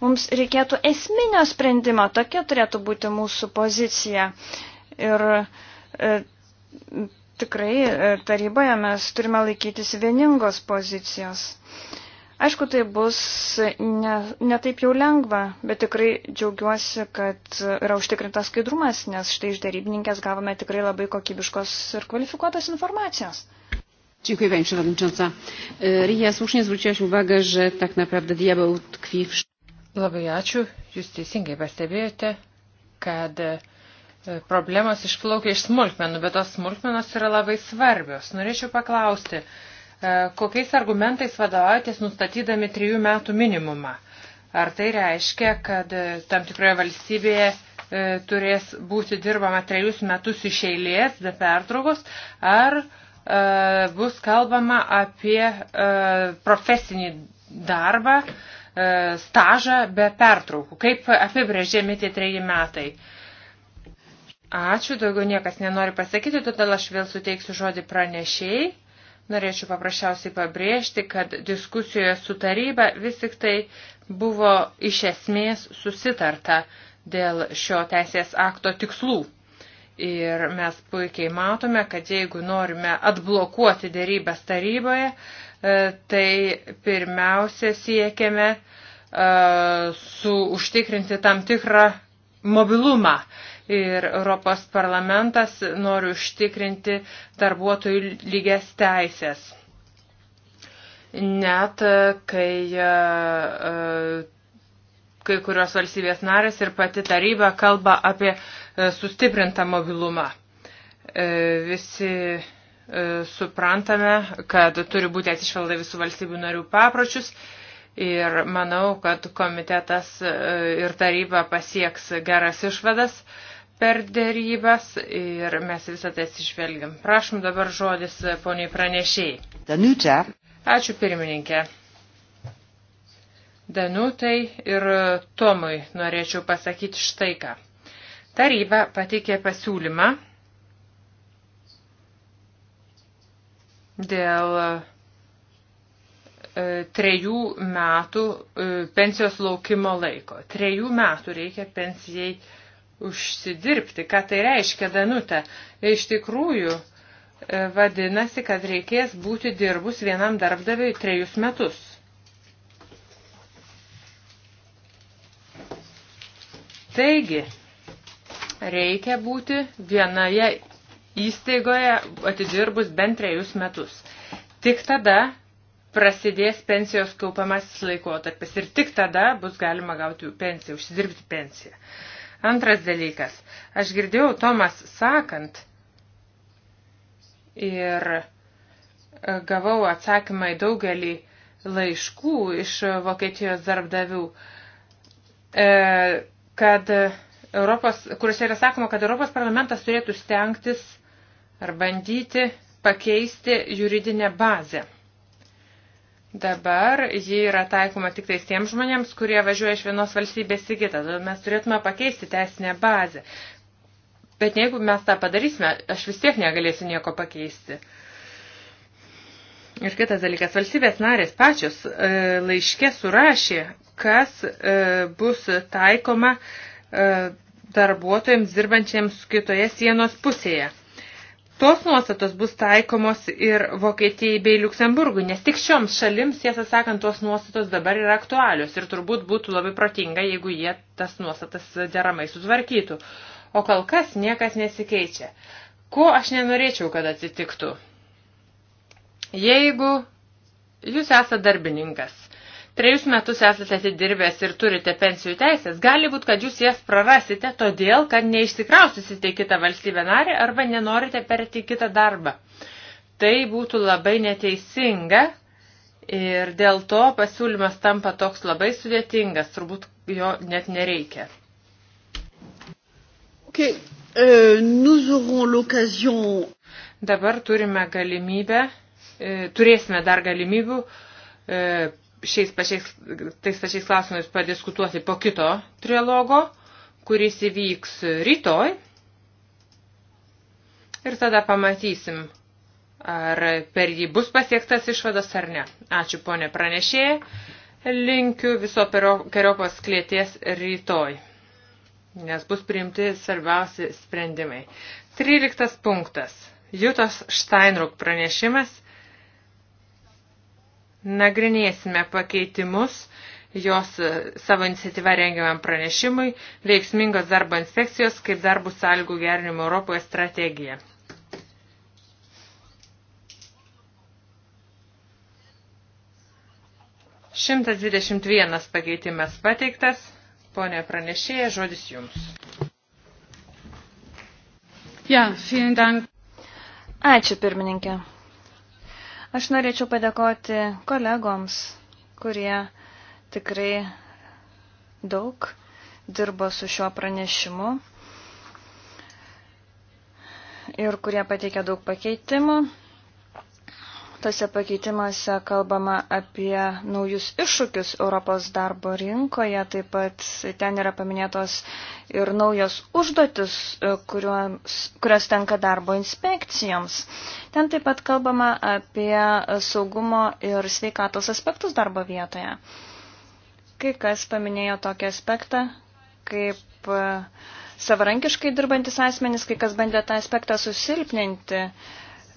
Mums reikėtų esminio sprendimo, tokia turėtų būti mūsų pozicija. Ir e, tikrai e, taryboje mes turime laikytis vieningos pozicijos. Aišku, tai bus netaip ne, ne jau lengva, bet tikrai džiaugiuosi, kad yra užtikrintas skaidrumas, nes štai iš darybininkės gavome tikrai labai kokybiškos ir kvalifikuotos informacijos pani przewodnicząca! E, rija słusznie zwróciłaś uwagę że tak naprawdę diabeł tkwi w. labai ačiū jūs teisingai pastebėjote kad e, problemos išplaukia iš smulkmenų bet tos smulkmenos yra labai svarbios. norėčiau paklausti e, kokiais argumentais vadovaujatės nustatydami trijų metų minimumą ar tai reiškia kad tam tikroje valstybėje turės būti dirbama trejus metus iš eilės be pertraukos ar E, bus kalbama apie e, profesinį darbą, e, stažą be pertraukų. Kaip apibrėžėmi tie treji metai? Ačiū, daugiau niekas nenori pasakyti, todėl aš vėl suteiksiu žodį pranešėjai. Norėčiau paprasčiausiai pabrėžti, kad diskusijoje su taryba vis tik tai buvo iš esmės susitarta dėl šio teisės akto tikslų. Ir mes puikiai matome, kad jeigu norime atblokuoti dėrybęs taryboje, e, tai pirmiausia siekiame e, su užtikrinti tam tikrą mobilumą. Ir Europos parlamentas nori užtikrinti darbuotojų lygias teisės. Net e, kai kai kurios valstybės narės ir pati taryba kalba apie e, sustiprintą mobilumą. E, visi e, suprantame, kad turi būti atsižvelgta visų valstybių narių papročius ir manau, kad komitetas ir taryba pasieks geras išvadas per dėrybas ir mes visą tai atsižvelgiam. Prašom dabar žodis poniai pranešėjai. Danučia. Ačiū pirmininkė. Danutai ir Tomui norėčiau pasakyti štai ką. Taryba pateikė pasiūlymą dėl e, trejų metų e, pensijos laukimo laiko. Trejų metų reikia pensijai užsidirbti. Ką tai reiškia, Danutė? Iš tikrųjų, e, vadinasi, kad reikės būti dirbus vienam darbdaviui trejus metus. Taigi, reikia būti vienoje įstaigoje atidirbus bent trejus metus. Tik tada prasidės pensijos kaupiamasis laikotarpis ir tik tada bus galima gauti pensiją, užsidirbti pensiją. Antras dalykas. Aš girdėjau Tomas sakant ir e, gavau atsakymą į daugelį laiškų iš Vokietijos darbdavių. E, kad e, Europos, kuriuose yra sakoma, kad Europos parlamentas turėtų stengtis ar bandyti pakeisti juridinę bazę. Dabar ji yra taikoma tik tais tiems žmonėms, kurie važiuoja iš vienos valstybės į kitą. Todėl mes turėtume pakeisti teisinę bazę. Bet jeigu mes tą padarysime, aš vis tiek negalėsiu nieko pakeisti. Ir kitas dalykas, valstybės narės pačios e, laiškė surašė, kas e, bus taikoma e, darbuotojams dirbančiams kitoje sienos pusėje. Tos nuostatos bus taikomos ir Vokietijai bei Luksemburgui, nes tik šioms šalims, tiesą sakant, tos nuostatos dabar yra aktualios ir turbūt būtų labai protinga, jeigu jie tas nuostatas deramai sutvarkytų. O kol kas niekas nesikeičia. Ko aš nenorėčiau, kad atsitiktų? Jeigu jūs esate darbininkas trejus metus esate atidirbęs ir turite pensijų teisės, gali būti, kad jūs jas prarasite todėl, kad neišsikrausysite į kitą valstybę narį arba nenorite perėti į kitą darbą. Tai būtų labai neteisinga ir dėl to pasiūlymas tampa toks labai sudėtingas, turbūt jo net nereikia. Okay. Uh, Dabar turime galimybę, uh, turėsime dar galimybių uh, šiais pačiais, tais pačiais klausimais padiskutuoti po kito trilogo, kuris įvyks rytoj. Ir tada pamatysim, ar per jį bus pasiektas išvadas ar ne. Ačiū ponė pranešėja. Linkiu viso keriopos klėties rytoj, nes bus priimti svarbiausi sprendimai. 13 punktas. Jutos Steinruk pranešimas Nagrinėsime pakeitimus jos e, savo iniciatyvą rengiamam pranešimui veiksmingos darbo inspekcijos kaip darbų sąlygų gerinimo Europoje strategija. Šimtas dvidešimt vienas pakeitimas pateiktas. Pone pranešėja, žodis jums. Ja, vielen Dank. Ačiū pirmininkė. Aš norėčiau padėkoti kolegoms, kurie tikrai daug dirbo su šiuo pranešimu ir kurie pateikė daug pakeitimų. Tose pakeitimuose kalbama apie naujus iššūkius Europos darbo rinkoje, taip pat ten yra paminėtos ir naujos užduotis, e, kurios, kurios tenka darbo inspekcijoms. Ten taip pat kalbama apie saugumo ir sveikatos aspektus darbo vietoje. Kai kas paminėjo tokį aspektą, kaip e, savarankiškai dirbantis asmenys, kai kas bandė tą aspektą susilpninti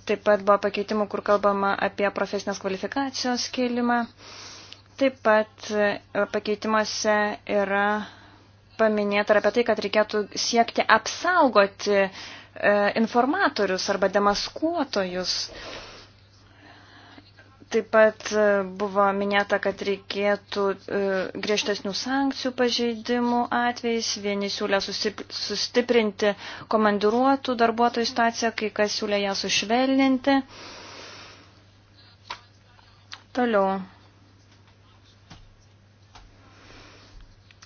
Taip pat buvo pakeitimų, kur kalbama apie profesinės kvalifikacijos kėlimą. Taip pat e, pakeitimuose yra paminėta apie tai, kad reikėtų siekti apsaugoti e, informatorius arba demaskuotojus. Taip pat e, buvo minėta, kad reikėtų e, griežtesnių sankcijų pažeidimų atvejais. Vieni siūlė sustiprinti komandiruotų darbuotojų situaciją, kai kas siūlė ją sušvelninti. Toliau.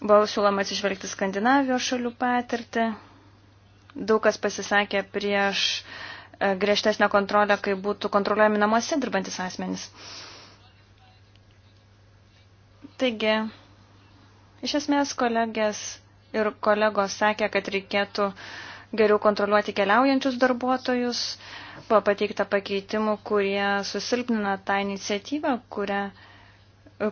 Buvo siūloma atsižvelgti Skandinavijos šalių patirtį. Daug kas pasisakė prieš uh, E, griežtesnę kontrolę, kai būtų kontroliuojami namuose dirbantis asmenys. Taigi, iš esmės kolegės ir kolegos sakė, kad reikėtų geriau kontroliuoti keliaujančius darbuotojus, buvo pateikta pakeitimų, kurie susilpnina tą iniciatyvą, kurią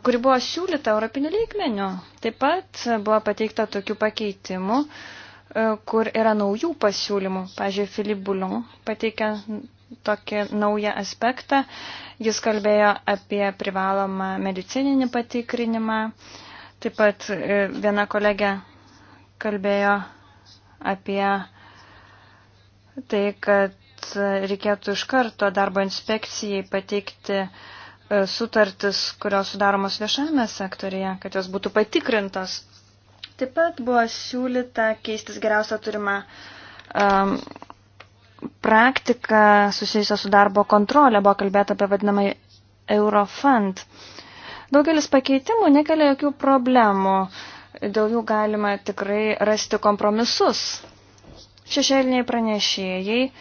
kuri buvo siūlyta europinių lygmenių. Taip pat buvo pateikta tokių pakeitimų, uh, E, kur yra naujų pasiūlymų. Pavyzdžiui, Filip Bulon pateikė tokį naują aspektą. Jis kalbėjo apie privalomą medicininį patikrinimą. Taip pat e, viena kolegė kalbėjo apie tai, kad reikėtų iš karto darbo inspekcijai pateikti e, sutartis, kurios sudaromos viešame sektorija, kad jos būtų patikrintos. Taip pat buvo siūlyta keistis geriausia turima um, praktika susijusia su darbo kontrolė, buvo kalbėta apie vadinamą Eurofund. Daugelis pakeitimų nekelia jokių problemų, dėl jų galima tikrai rasti kompromisus. Šešėliniai pranešėjai e,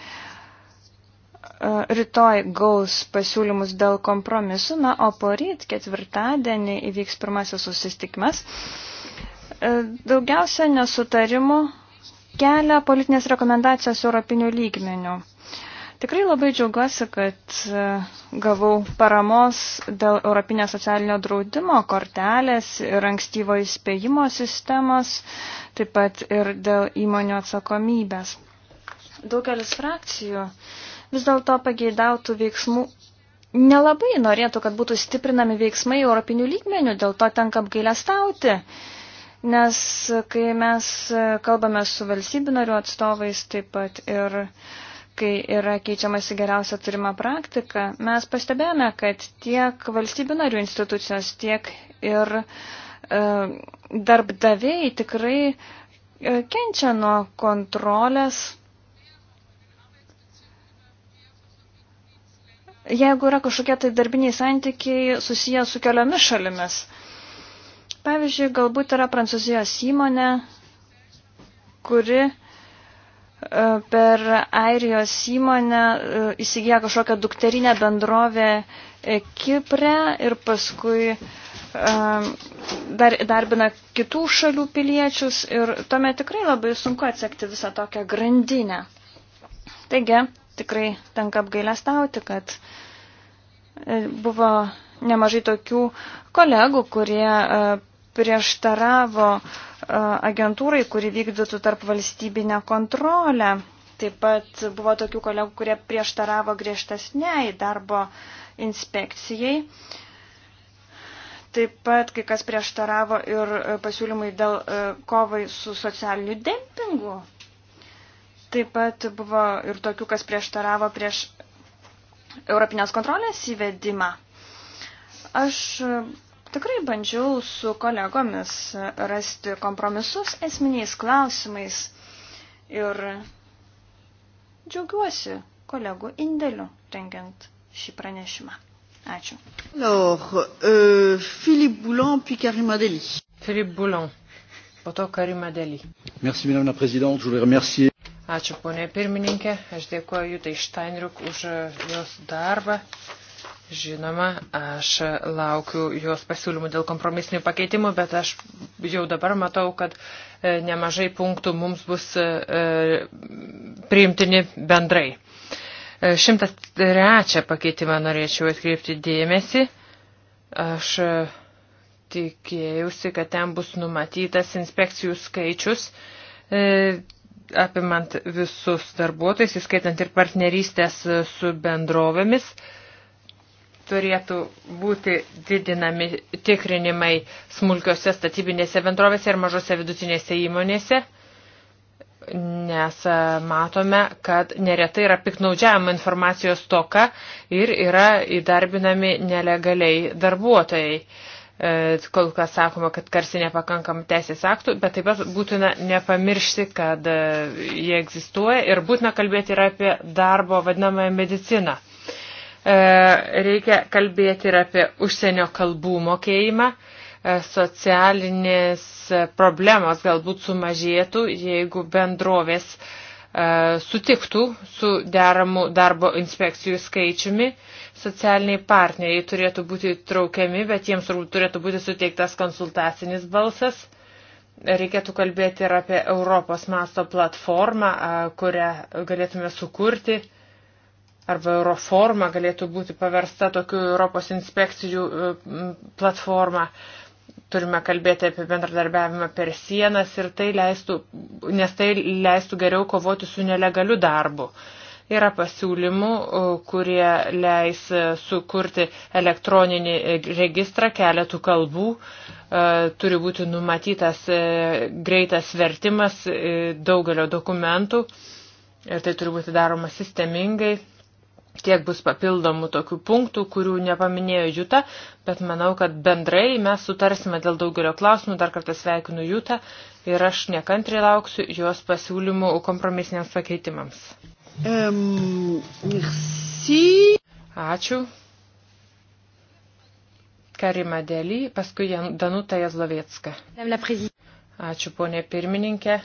rytoj gaus pasiūlymus dėl kompromisu, na, o poryt ketvirtadienį įvyks pirmasis susitikimas. Uh, E, daugiausia nesutarimų kelia politinės rekomendacijos europinių lygmenių. Tikrai labai džiaugiuosi, kad e, gavau paramos dėl Europinio socialinio draudimo kortelės ir ankstyvo įspėjimo sistemos, taip pat ir dėl įmonių atsakomybės. Daugelis frakcijų vis dėlto pageidautų veiksmų nelabai norėtų, kad būtų stiprinami veiksmai europinių lygmenių, dėl to tenka apgailestauti. stauti nes kai mes kalbame su valstybių narių atstovais, taip pat ir kai yra keičiamasi geriausia turima praktika, mes pastebėjome, kad tiek valstybių narių institucijos, tiek ir e, darbdaviai tikrai e, kenčia nuo kontrolės jeigu yra kažkokie tai darbiniai santykiai susiję su keliomis šalimis. Pavyzdžiui, galbūt yra prancūzijos įmonė, kuri e, per airijos įmonę e, įsigijo kažkokią dukterinę bendrovę e, Kiprę ir paskui dar, darbina kitų šalių piliečius ir tuomet tikrai labai sunku atsekti visą tokią grandinę. Taigi, tikrai tenka apgailestauti, kad buvo nemažai tokių kolegų, kurie prieštaravo e, agentūrai, kuri vykdytų tarp valstybinę kontrolę. Taip pat buvo tokių kolegų, kurie prieštaravo griežtesniai darbo inspekcijai. Taip pat kai kas prieštaravo ir e, pasiūlymai dėl e, kovai su socialiniu dempingu. Taip pat buvo ir tokių, kas prieštaravo prieš Europinės kontrolės įvedimą. Aš Tikrai bandžiau su kolegomis rasti kompromisus esminiais klausimais ir džiaugiuosi kolegų indėliu rengiant šį pranešimą. Ačiū. Alors, euh, Philippe Boulan, puis Karima Deli. Philippe Boulan, po to Karima Deli. Merci, Madame la Présidente, je voulais remercier. Ačiū, ponė pirmininkė, aš dėkuoju Jutai Štainriuk už e, jos darbą. Žinoma, aš laukiu jos pasiūlymų dėl kompromisinių pakeitimų, bet aš jau dabar matau, kad e, nemažai punktų mums bus e, e, priimtini bendrai. 103 pakeitimą norėčiau atkreipti dėmesį. Aš tikėjausi, kad ten bus numatytas inspekcijų skaičius apimant visus darbuotojus, įskaitant ir partnerystės su bendrovėmis turėtų būti didinami tikrinimai smulkiose statybinėse bendrovėse ir mažose vidutinėse įmonėse, nes e, matome, kad neretai yra piknaudžiavimo informacijos toka ir yra įdarbinami nelegaliai darbuotojai. E, kol kas sakoma, kad karsi nepakankam teisės aktų, bet taip pat būtina nepamiršti, kad e, jie egzistuoja ir būtina kalbėti ir apie darbo vadinamąją mediciną E, reikia kalbėti ir apie užsienio kalbų mokėjimą. E, socialinės problemos galbūt sumažėtų, jeigu bendrovės e, sutiktų su deramu darbo inspekcijų skaičiumi. Socialiniai partneriai turėtų būti traukiami, bet jiems turėtų būti suteiktas konsultacinis balsas. Reikėtų kalbėti ir apie Europos masto platformą, kurią galėtume sukurti arba Euroforma galėtų būti paversta tokiu Europos inspekcijų e, platforma. Turime kalbėti apie bendradarbiavimą per sienas ir tai leistų, nes tai leistų geriau kovoti su nelegaliu darbu. Yra pasiūlymų, e, kurie leis e, sukurti elektroninį registrą keletų kalbų, turi būti numatytas greitas vertimas daugelio dokumentų ir tai turi būti daroma sistemingai tiek bus papildomų tokių punktų, kurių nepaminėjo Jūta, bet manau, kad bendrai mes sutarsime dėl daugelio klausimų. Dar kartą sveikinu Jūtą ir aš nekantriai lauksiu jos pasiūlymų kompromisiniams pakeitimams. Um, merci. Ačiū. Karima Dėly, paskui Danuta Jazlovietska. Ačiū, ponė pirmininkė.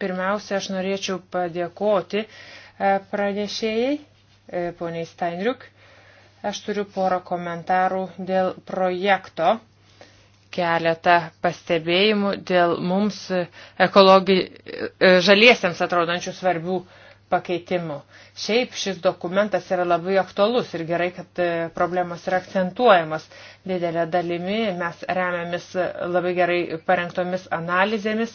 Pirmiausia, aš norėčiau padėkoti e, pranešėjai E, poniai Steinriuk. Aš turiu porą komentarų dėl projekto, keletą pastebėjimų dėl mums ekologi, e, žaliesiems atrodančių svarbių pakeitimų. Šiaip šis dokumentas yra labai aktualus ir gerai, kad e, problemos yra akcentuojamas. Didelė dalimi mes remiamis labai gerai parengtomis analizėmis.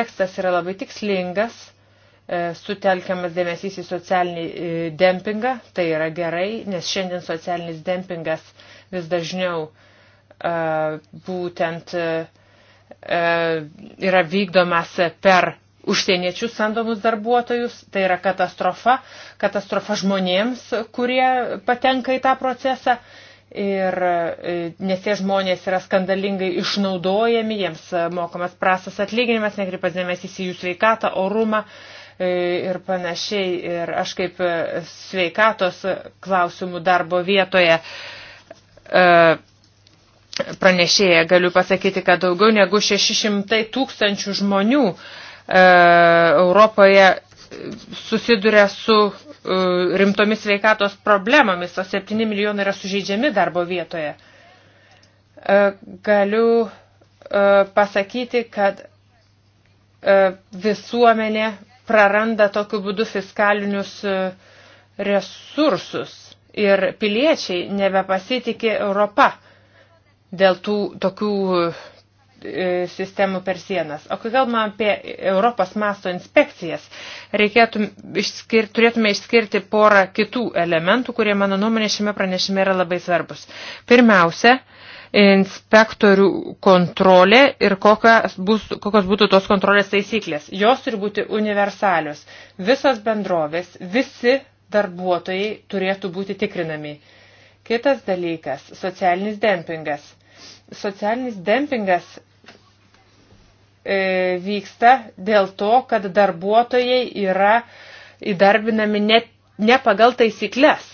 Tekstas yra labai tikslingas E, sutelkiamas dėmesys į socialinį e, dempingą, tai yra gerai, nes šiandien socialinis dempingas vis dažniau e, būtent yra vykdomas per užsieniečius samdomus darbuotojus, tai yra katastrofa, katastrofa žmonėms, kurie patenka į tą procesą. Ir nes tie žmonės yra skandalingai išnaudojami, jiems mokamas prastas atlyginimas, nekreipas dėmesys į jų sveikatą, orumą, E, ir panašiai. Ir aš kaip e, sveikatos klausimų darbo vietoje e, pranešėja galiu pasakyti, kad daugiau negu 600 tūkstančių žmonių Europoje susiduria su rimtomis sveikatos problemomis, o 7 milijonai yra sužeidžiami darbo vietoje. Galiu pasakyti, kad visuomenė praranda tokiu būdu fiskalinius e, resursus ir piliečiai nebepasitikė Europą dėl tų tokių e, sistemų per sienas. O kai kalbame apie Europos masto inspekcijas, reikėtų išskir, turėtume išskirti porą kitų elementų, kurie, mano nuomonė, šiame pranešime yra labai svarbus. Pirmiausia, inspektorių kontrolė ir kokios, bus, kokios būtų tos kontrolės taisyklės. Jos turi būti universalios. Visos bendrovės, visi darbuotojai turėtų būti tikrinami. Kitas dalykas – socialinis dempingas. Socialinis dempingas e, vyksta dėl to, kad darbuotojai yra įdarbinami ne, ne pagal taisyklės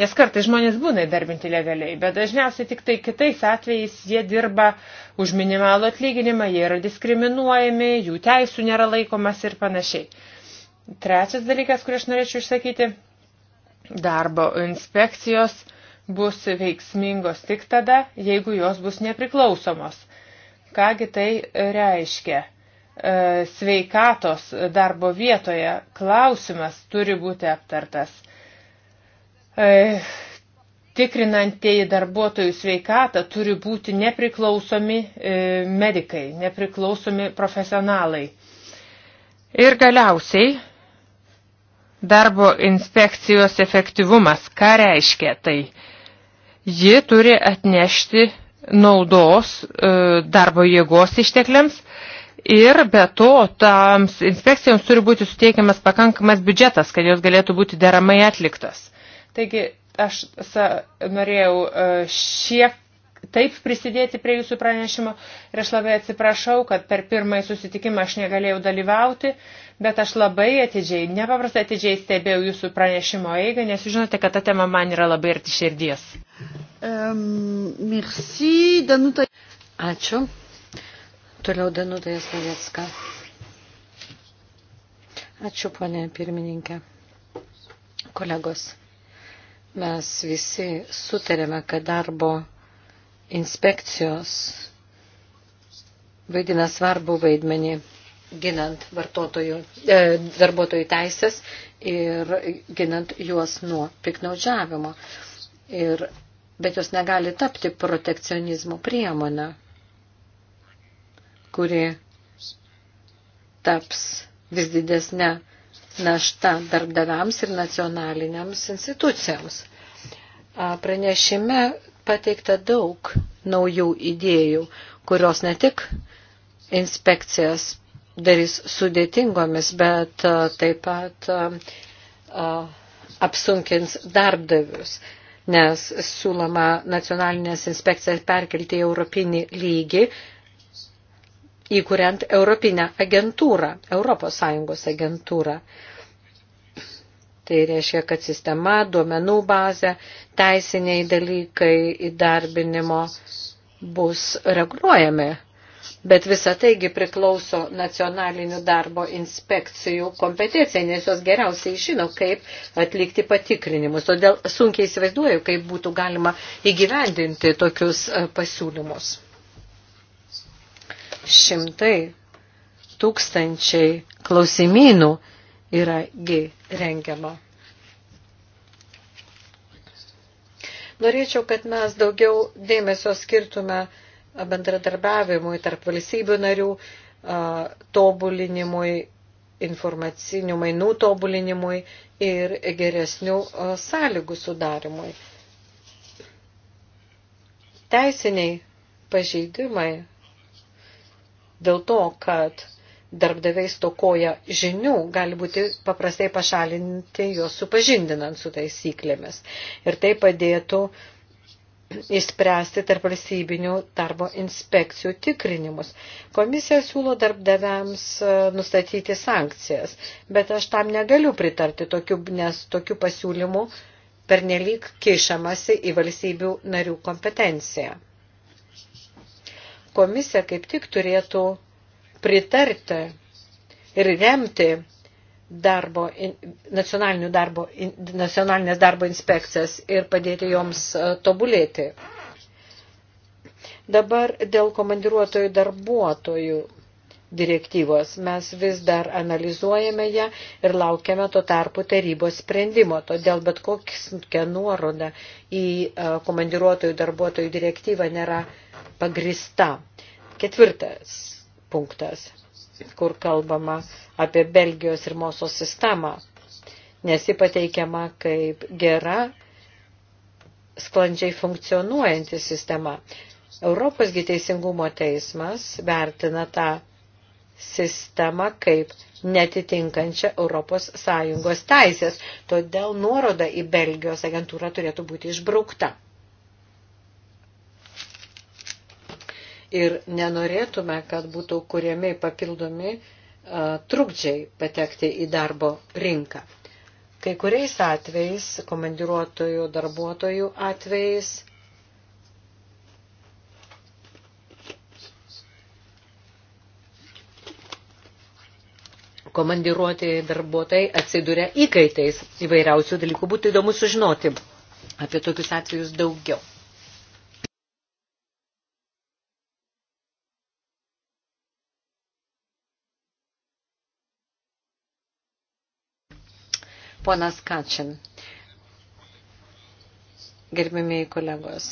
Nes kartai žmonės būna įdarbinti legaliai, bet dažniausiai tik tai kitais atvejais jie dirba už minimalų atlyginimą, jie yra diskriminuojami, jų teisų nėra laikomas ir panašiai. Trečias dalykas, kurį aš norėčiau išsakyti, darbo inspekcijos bus veiksmingos tik tada, jeigu jos bus nepriklausomos. Kągi tai reiškia? E, sveikatos darbo vietoje klausimas turi būti aptartas. E, tikrinantieji darbuotojų sveikatą turi būti nepriklausomi e, medikai, nepriklausomi profesionalai. Ir galiausiai darbo inspekcijos efektyvumas. Ką reiškia tai? Ji turi atnešti naudos e, darbo jėgos ištekliams ir be to tams inspekcijoms turi būti suteikiamas pakankamas biudžetas, kad jos galėtų būti deramai atliktas. Taigi aš sa, norėjau e, šiek taip prisidėti prie jūsų pranešimo ir aš labai atsiprašau, kad per pirmąjį susitikimą aš negalėjau dalyvauti, bet aš labai atidžiai, nepaprastai atidžiai stebėjau jūsų pranešimo eigą, nes jūs žinote, kad ta tema man yra labai arti širdies. Um, merci, Danuta. Ačiū. Toliau Danuta Jaslovėcka. Ačiū, ponė pirmininkė. Kolegos mes visi sutarėme, kad darbo inspekcijos vaidina svarbu vaidmenį ginant vartotojų, e, darbuotojų teisės ir ginant juos nuo piknaudžiavimo. Ir, bet jos negali tapti protekcionizmo priemonę, kuri taps vis didesnė našta darbdaviams ir nacionaliniams institucijams. Pranešime pateikta daug naujų idėjų, kurios ne tik inspekcijas darys sudėtingomis, bet taip pat apsunkins darbdavius, nes siūloma nacionalinės inspekcijas perkelti į europinį lygį, įkuriant Europinę agentūrą, ES agentūrą. Tai reiškia, kad sistema, duomenų bazė, teisiniai dalykai įdarbinimo bus reguliuojami. Bet visa taigi priklauso nacionalinių darbo inspekcijų kompetencijai, nes jos geriausiai žino, kaip atlikti patikrinimus. Todėl sunkiai įsivaizduoju, kaip būtų galima įgyvendinti tokius e, pasiūlymus šimtai tūkstančiai klausimynų yragi rengiama. Norėčiau, kad mes daugiau dėmesio skirtume bendradarbiavimui tarp valstybių narių, tobulinimui, informacinių mainų tobulinimui ir geresnių sąlygų sudarimui. Teisiniai pažeidimai dėl to, kad darbdaviai stokoja žinių, gali būti paprastai pašalinti juos supažindinant su taisyklėmis. Ir tai padėtų įspręsti tarp valstybinių darbo inspekcijų tikrinimus. Komisija siūlo darbdaviams e, nustatyti sankcijas, bet aš tam negaliu pritarti, tokiu, nes tokiu pasiūlymu pernelyg kišamasi į valstybių narių kompetenciją komisija kaip tik turėtų pritarti ir remti darbo, nacionalinių darbo, nacionalinės darbo inspekcijas ir padėti joms e, tobulėti. Dabar dėl komandiruotojų darbuotojų direktyvos. Mes vis dar analizuojame ją ir laukiame tuo tarpu tarybos sprendimo. Todėl bet kokia nuoroda į e, komandiruotojų darbuotojų direktyvą nėra pagrista. Ketvirtas punktas, kur kalbama apie Belgijos ir moso sistemą, nes ji pateikiama kaip gera, sklandžiai funkcionuojanti sistema. Europasgi teisingumo teismas vertina tą sistemą kaip netitinkančią ES teisės. Todėl nuoroda į Belgijos agentūrą turėtų būti išbraukta. Ir nenorėtume, kad būtų kuriami papildomi uh, trukdžiai patekti į darbo rinką. Kai kuriais atvejais, komandiruotojų darbuotojų atvejais, komandiruotėjai darbuotojai atsiduria įkaitais įvairiausių dalykų. Būtų įdomu sužinoti apie tokius atvejus daugiau. Ponas Kačin, gerbimiai kolegos,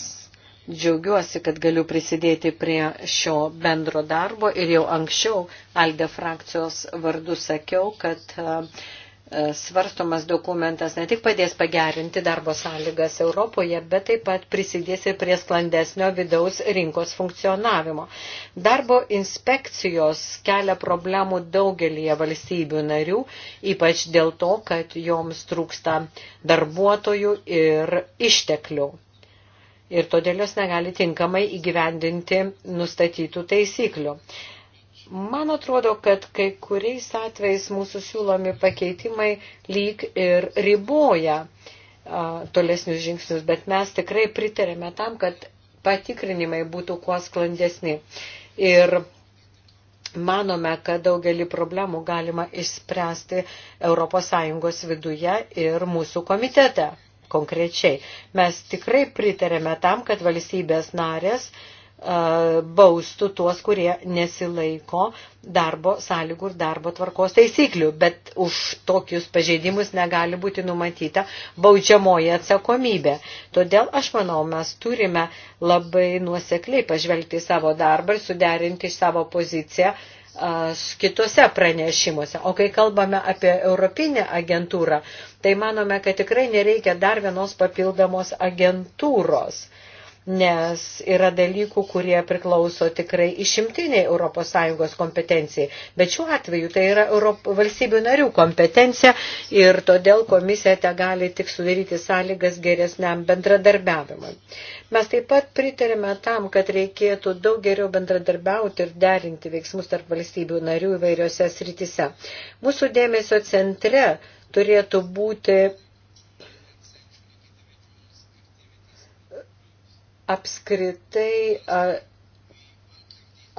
Džiaugiuosi, kad galiu prisidėti prie šio bendro darbo ir jau anksčiau Alde frakcijos vardu sakiau, kad e, e, svarstomas dokumentas ne tik padės pagerinti darbo sąlygas Europoje, bet taip pat prisidės ir prie sklandesnio vidaus rinkos funkcionavimo. Darbo inspekcijos kelia problemų daugelie valstybių narių, ypač dėl to, kad joms trūksta darbuotojų ir išteklių ir todėl jos negali tinkamai įgyvendinti nustatytų taisyklių. Man atrodo, kad kai kuriais atvejais mūsų siūlomi pakeitimai lyg ir riboja a, tolesnius žingsnius, bet mes tikrai pritarėme tam, kad patikrinimai būtų kuo sklandesni. Ir manome, kad daugelį problemų galima išspręsti ES viduje ir mūsų komitete konkrečiai. Mes tikrai pritarėme tam, kad valstybės narės e, baustų tuos, kurie nesilaiko darbo sąlygų ir darbo tvarkos taisyklių, bet už tokius pažeidimus negali būti numatyta baudžiamoji atsakomybė. Todėl aš manau, mes turime labai nuosekliai pažvelgti savo darbą ir suderinti savo poziciją kitose pranešimuose. O kai kalbame apie Europinę agentūrą, tai manome, kad tikrai nereikia dar vienos papildomos agentūros nes yra dalykų, kurie priklauso tikrai išimtiniai ES kompetencijai. Bet šiuo atveju tai yra Europo, valstybių narių kompetencija ir todėl komisija te gali tik sudaryti sąlygas geresniam bendradarbiavimui. Mes taip pat pritarėme tam, kad reikėtų daug geriau bendradarbiauti ir derinti veiksmus tarp valstybių narių įvairiose sritise. Mūsų dėmesio centre turėtų būti apskritai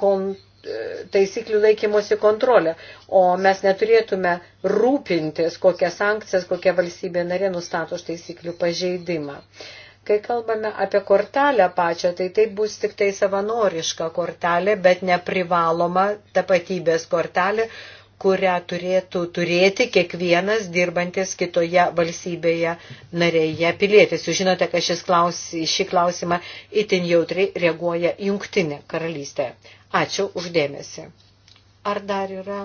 kon, e, taisyklių laikymosi kontrolę, o mes neturėtume rūpintis, kokias sankcijas, kokia valstybė narė nustato taisyklių pažeidimą. Kai kalbame apie kortelę pačią, tai tai bus tik tai savanoriška kortelė, bet neprivaloma tapatybės kortelė, kurią turėtų turėti kiekvienas dirbantis kitoje valstybėje narėje pilietis. Jūs žinote, kad šis klaus, šį klausimą itin jautriai reaguoja jungtinė karalystė. Ačiū uždėmesi. Ar dar yra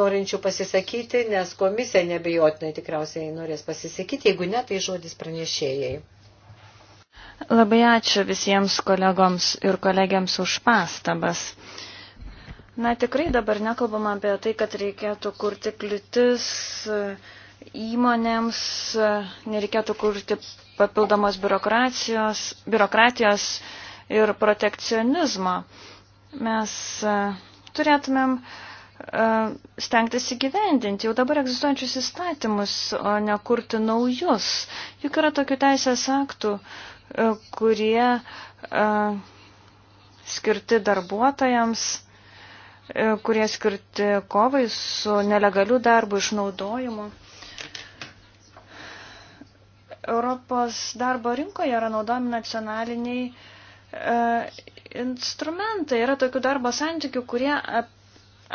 norinčių pasisakyti, nes komisija nebejotinai tikriausiai norės pasisakyti, jeigu ne, tai žodis pranešėjai. Labai ačiū visiems kolegoms ir kolegiams už pastabas. Na tikrai dabar nekalbam apie tai, kad reikėtų kurti kliūtis e, įmonėms, e, nereikėtų kurti papildomos biurokratijos, biurokratijos ir protekcionizmo. Mes e, turėtumėm stengtis įgyvendinti jau dabar egzistuojančius įstatymus, o ne kurti naujus. Juk yra tokių teisės aktų, kurie skirti darbuotojams E, kurie skirti kovai su nelegaliu darbu išnaudojimu. Europos darbo rinkoje yra naudojami nacionaliniai e, instrumentai. Yra tokių darbo santykių, kurie ap,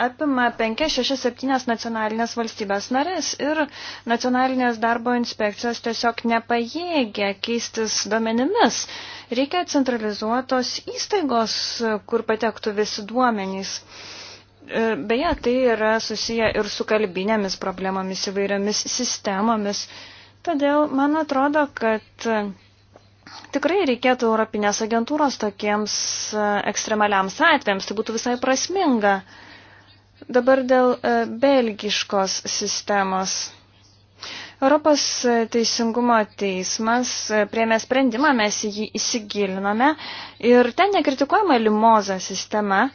apima 5, 6, 7 nacionalinės valstybės narės ir nacionalinės darbo inspekcijos tiesiog nepajėgia keistis duomenimis. Reikia centralizuotos įstaigos, kur patektų visi duomenys. E, E, beje, tai yra susiję ir su kalbinėmis problemomis įvairiomis sistemomis. Todėl man atrodo, kad e, tikrai reikėtų Europinės agentūros tokiems e, ekstremaliams atvejams. Tai būtų visai prasminga. Dabar dėl belgiškos sistemos. Europos teisingumo teismas priemė sprendimą, mes jį įsigilinome ir ten nekritikuojama limoza sistema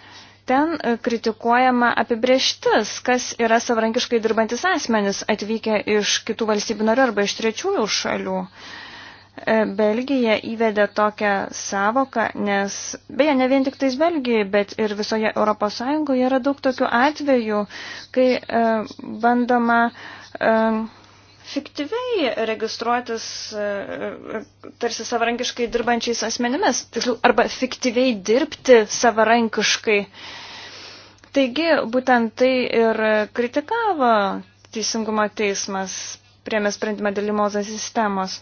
ten e, kritikuojama apibrieštis, kas yra savarankiškai dirbantis asmenis atvykę iš kitų valstybių narių arba iš trečiųjų šalių. E, Belgija įvedė tokią savoką, nes beje, ne vien tik tais Belgijai, bet ir visoje Europos Sąjungoje yra daug tokių atvejų, kai e, bandoma e, fiktyviai registruotis e, e, tarsi savarankiškai dirbančiais asmenimis, tiksliau, arba fiktyviai dirbti savarankiškai. Taigi, būtent tai ir kritikavo Teisingumo teismas priemė sprendimą dėl limozos sistemos.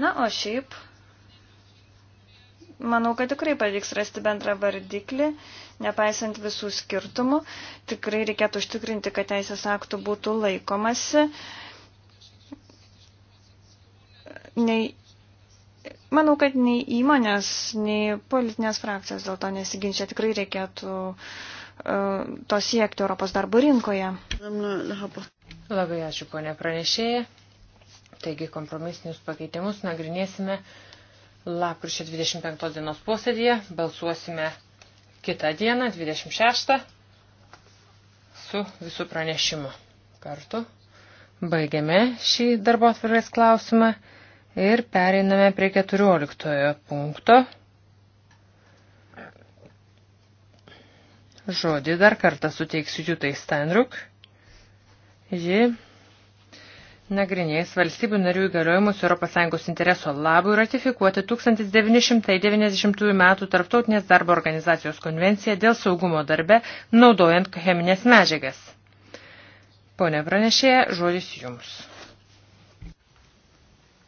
Na, o šiaip, manau, kad tikrai pavyks rasti bendrą vardiklį, nepaisant visų skirtumų. Tikrai reikėtų užtikrinti, kad teisės aktų būtų laikomasi. Uh, nei, manau, kad nei įmonės, nei politinės frakcijos dėl to nesiginčia. Tikrai reikėtų uh, to siekti Europos darbo rinkoje. Labai ačiū, ponė pranešėja. Taigi kompromisinius pakeitimus nagrinėsime lapkričio 25 dienos posėdėje, balsuosime kitą dieną, 26, su visų pranešimu. Kartu baigiame šį darbo atvirės klausimą. Ir pereiname prie 14 punkto. Žodį dar kartą suteiksiu Jutai Steinruk. Ji nagrinės valstybių narių įgaliojimus ES intereso labui ratifikuoti 1990 m. Tarptautinės darbo organizacijos konvenciją dėl saugumo darbe, naudojant cheminės medžiagas. Pone pranešėja, žodis jums.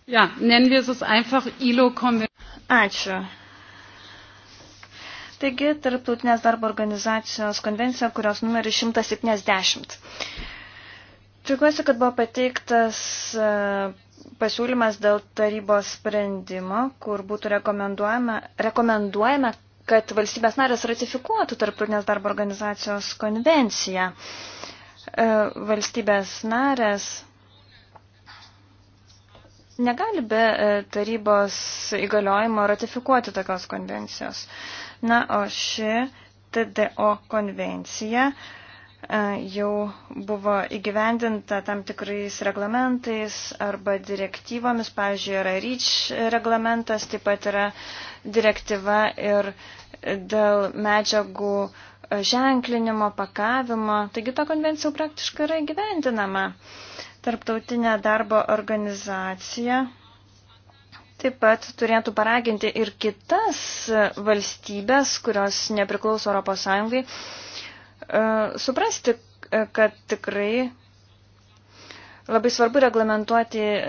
Ja, nennen wir es einfach ILO konvencija. Ačiū. Taigi, Tarptautinės darbo organizacijos konvencija, kurios numeris 170. Džiugiuosi, kad buvo pateiktas e, pasiūlymas dėl tarybos sprendimo, kur būtų rekomenduojama, rekomenduojama kad valstybės narės ratifikuotų Tarptautinės darbo organizacijos konvenciją. E, valstybės narės negali be e, tarybos įgaliojimo ratifikuoti tokios konvencijos. Na, o ši TDO konvencija e, jau buvo įgyvendinta tam tikrais reglamentais arba direktyvomis, pavyzdžiui, yra REACH reglamentas, taip pat yra direktyva ir dėl medžiagų e, ženklinimo, pakavimo, taigi ta konvencija praktiškai yra įgyvendinama. Tarptautinė darbo organizacija taip pat turėtų paraginti ir kitas valstybės, kurios nepriklauso Europos Sąjungai, e, suprasti, e, kad tikrai labai svarbu reglamentuoti e,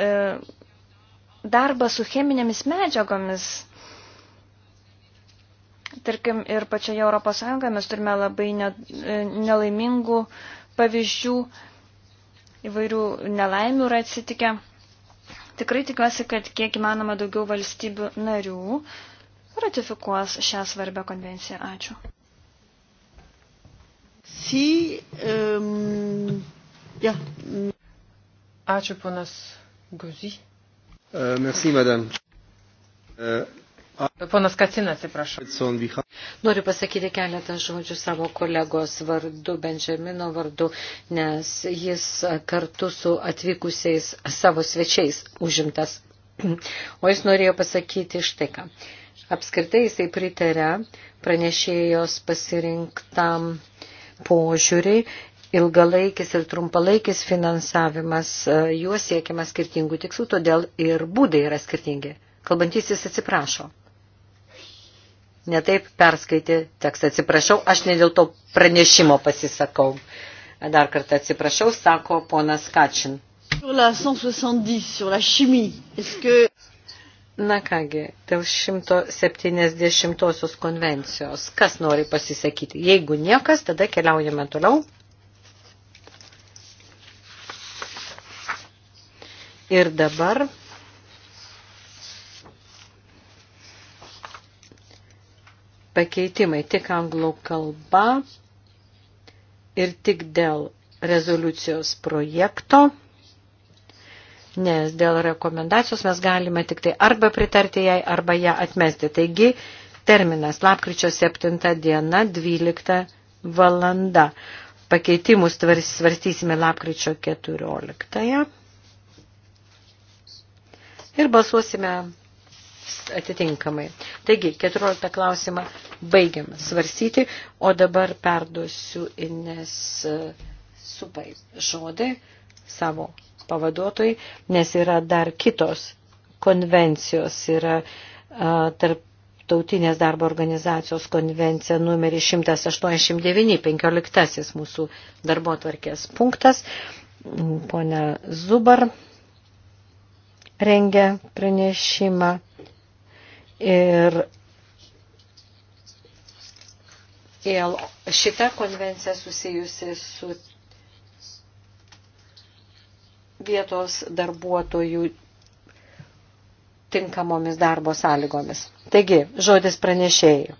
darbą su cheminėmis medžiagomis. Tarkim, ir pačioje Europos Sąjungoje mes turime labai nelaimingų pavyzdžių, įvairių nelaimių yra atsitikę. Tikrai tikiuosi, kad kiek įmanoma daugiau valstybių narių ratifikuos šią svarbę konvenciją. Ačiū. Si, um, ja. Ačiū, ponas Gozy. Uh, e, merci, madame. Uh, Ponas Kacinas, atsiprašau. Noriu pasakyti keletą žodžių savo kolegos vardu, Benžamino vardu, nes jis kartu su atvykusiais savo svečiais užimtas. [CLEARS THROAT] O jis norėjo pasakyti štai ką. Apskritai jisai pritarė pranešėjos pasirinktam požiūriai ilgalaikis ir trumpalaikis finansavimas, e, juos siekiama skirtingų tikslų, todėl ir būdai yra skirtingi. Kalbantysis atsiprašo netaip perskaitė tekstą. Atsiprašau, aš ne dėl to pranešimo pasisakau. Dar kartą atsiprašau, sako ponas Kačin. Na kągi, dėl 170 konvencijos, kas nori pasisakyti? Jeigu niekas, tada keliaujame toliau. Ir dabar pakeitimai tik anglų kalba ir tik dėl rezoliucijos projekto, nes dėl rekomendacijos mes galime tik tai arba pritarti jai, arba ją atmesti. Taigi, terminas lapkričio 7 diena 12 valanda. Pakeitimus svarstysime lapkričio 14 ir balsuosime atitinkamai. Taigi, 14 klausimą baigiam svarstyti, o dabar perduosiu Ines e, Supai žodį savo pavaduotojai, nes yra dar kitos konvencijos, yra a, e, tarp Tautinės darbo organizacijos konvencija numeris 189, 15 mūsų darbo tvarkės punktas. Pone Zubar rengia pranešimą ir Ir šita konvencija susijusi su vietos darbuotojų tinkamomis darbo sąlygomis. Taigi, žodis pranešėjai.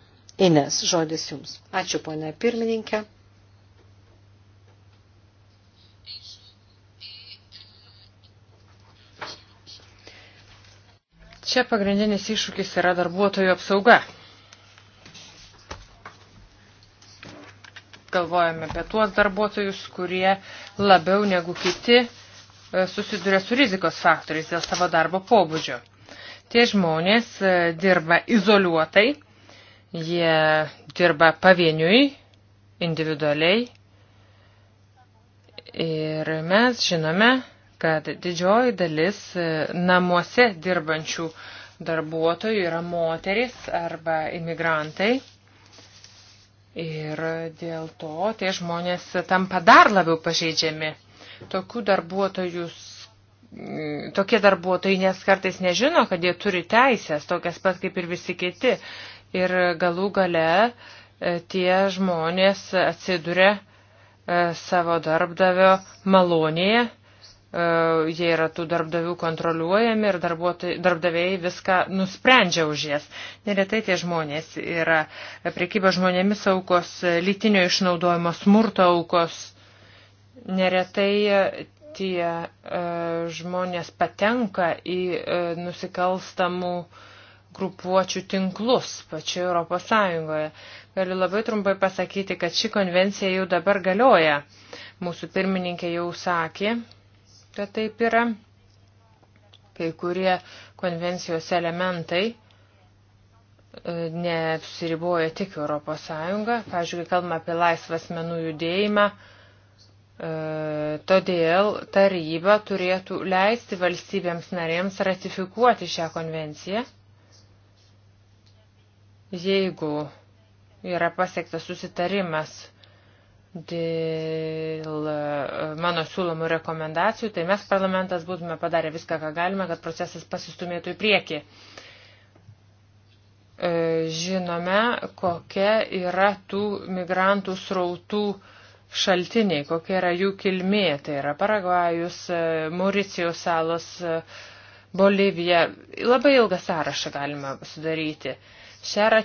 Ines, žodis jums. Ačiū, ponė pirmininkė. Čia pagrindinis iššūkis yra darbuotojų apsauga. galvojame apie tuos darbuotojus, kurie labiau negu kiti e, susiduria su rizikos faktoriais dėl savo darbo pobūdžio. Tie žmonės e, dirba izoliuotai, jie dirba pavieniui, individualiai. Ir mes žinome, kad didžioji dalis e, namuose dirbančių darbuotojų yra moteris arba imigrantai. Ir dėl to tie žmonės tampa dar labiau pažeidžiami. Tokių darbuotojų, tokie darbuotojai nes kartais nežino, kad jie turi teisės, tokias pat kaip ir visi kiti. Ir galų gale e, tie žmonės atsiduria e, savo darbdavio malonėje E, jie yra tų darbdavių kontroliuojami ir darbdaviai viską nusprendžia už jas. Neretai tie žmonės yra priekyba žmonėmis aukos, lytinio išnaudojimo smurto aukos. Neretai tie e, žmonės patenka į e, nusikalstamų grupuočių tinklus pačioje Europos Sąjungoje. Galiu labai trumpai pasakyti, kad ši konvencija jau dabar galioja. Mūsų pirmininkė jau sakė, kad taip yra. Kai kurie konvencijos elementai e, neapsiriboja tik Europos Sąjunga. Pavyzdžiui, kai kalbame apie laisvas menų judėjimą, e, todėl taryba turėtų leisti valstybėms narėms ratifikuoti šią konvenciją, jeigu yra pasiektas susitarimas dėl e, mano siūlomų rekomendacijų, tai mes parlamentas būtume padarę viską, ką galime, kad procesas pasistumėtų į priekį. E, žinome, kokia yra tų migrantų srautų šaltiniai, kokia yra jų kilmė. Tai yra Paragvajus, e, Mauricijos salos, Bolivija. Labai ilgą sąrašą galima sudaryti. Šią e,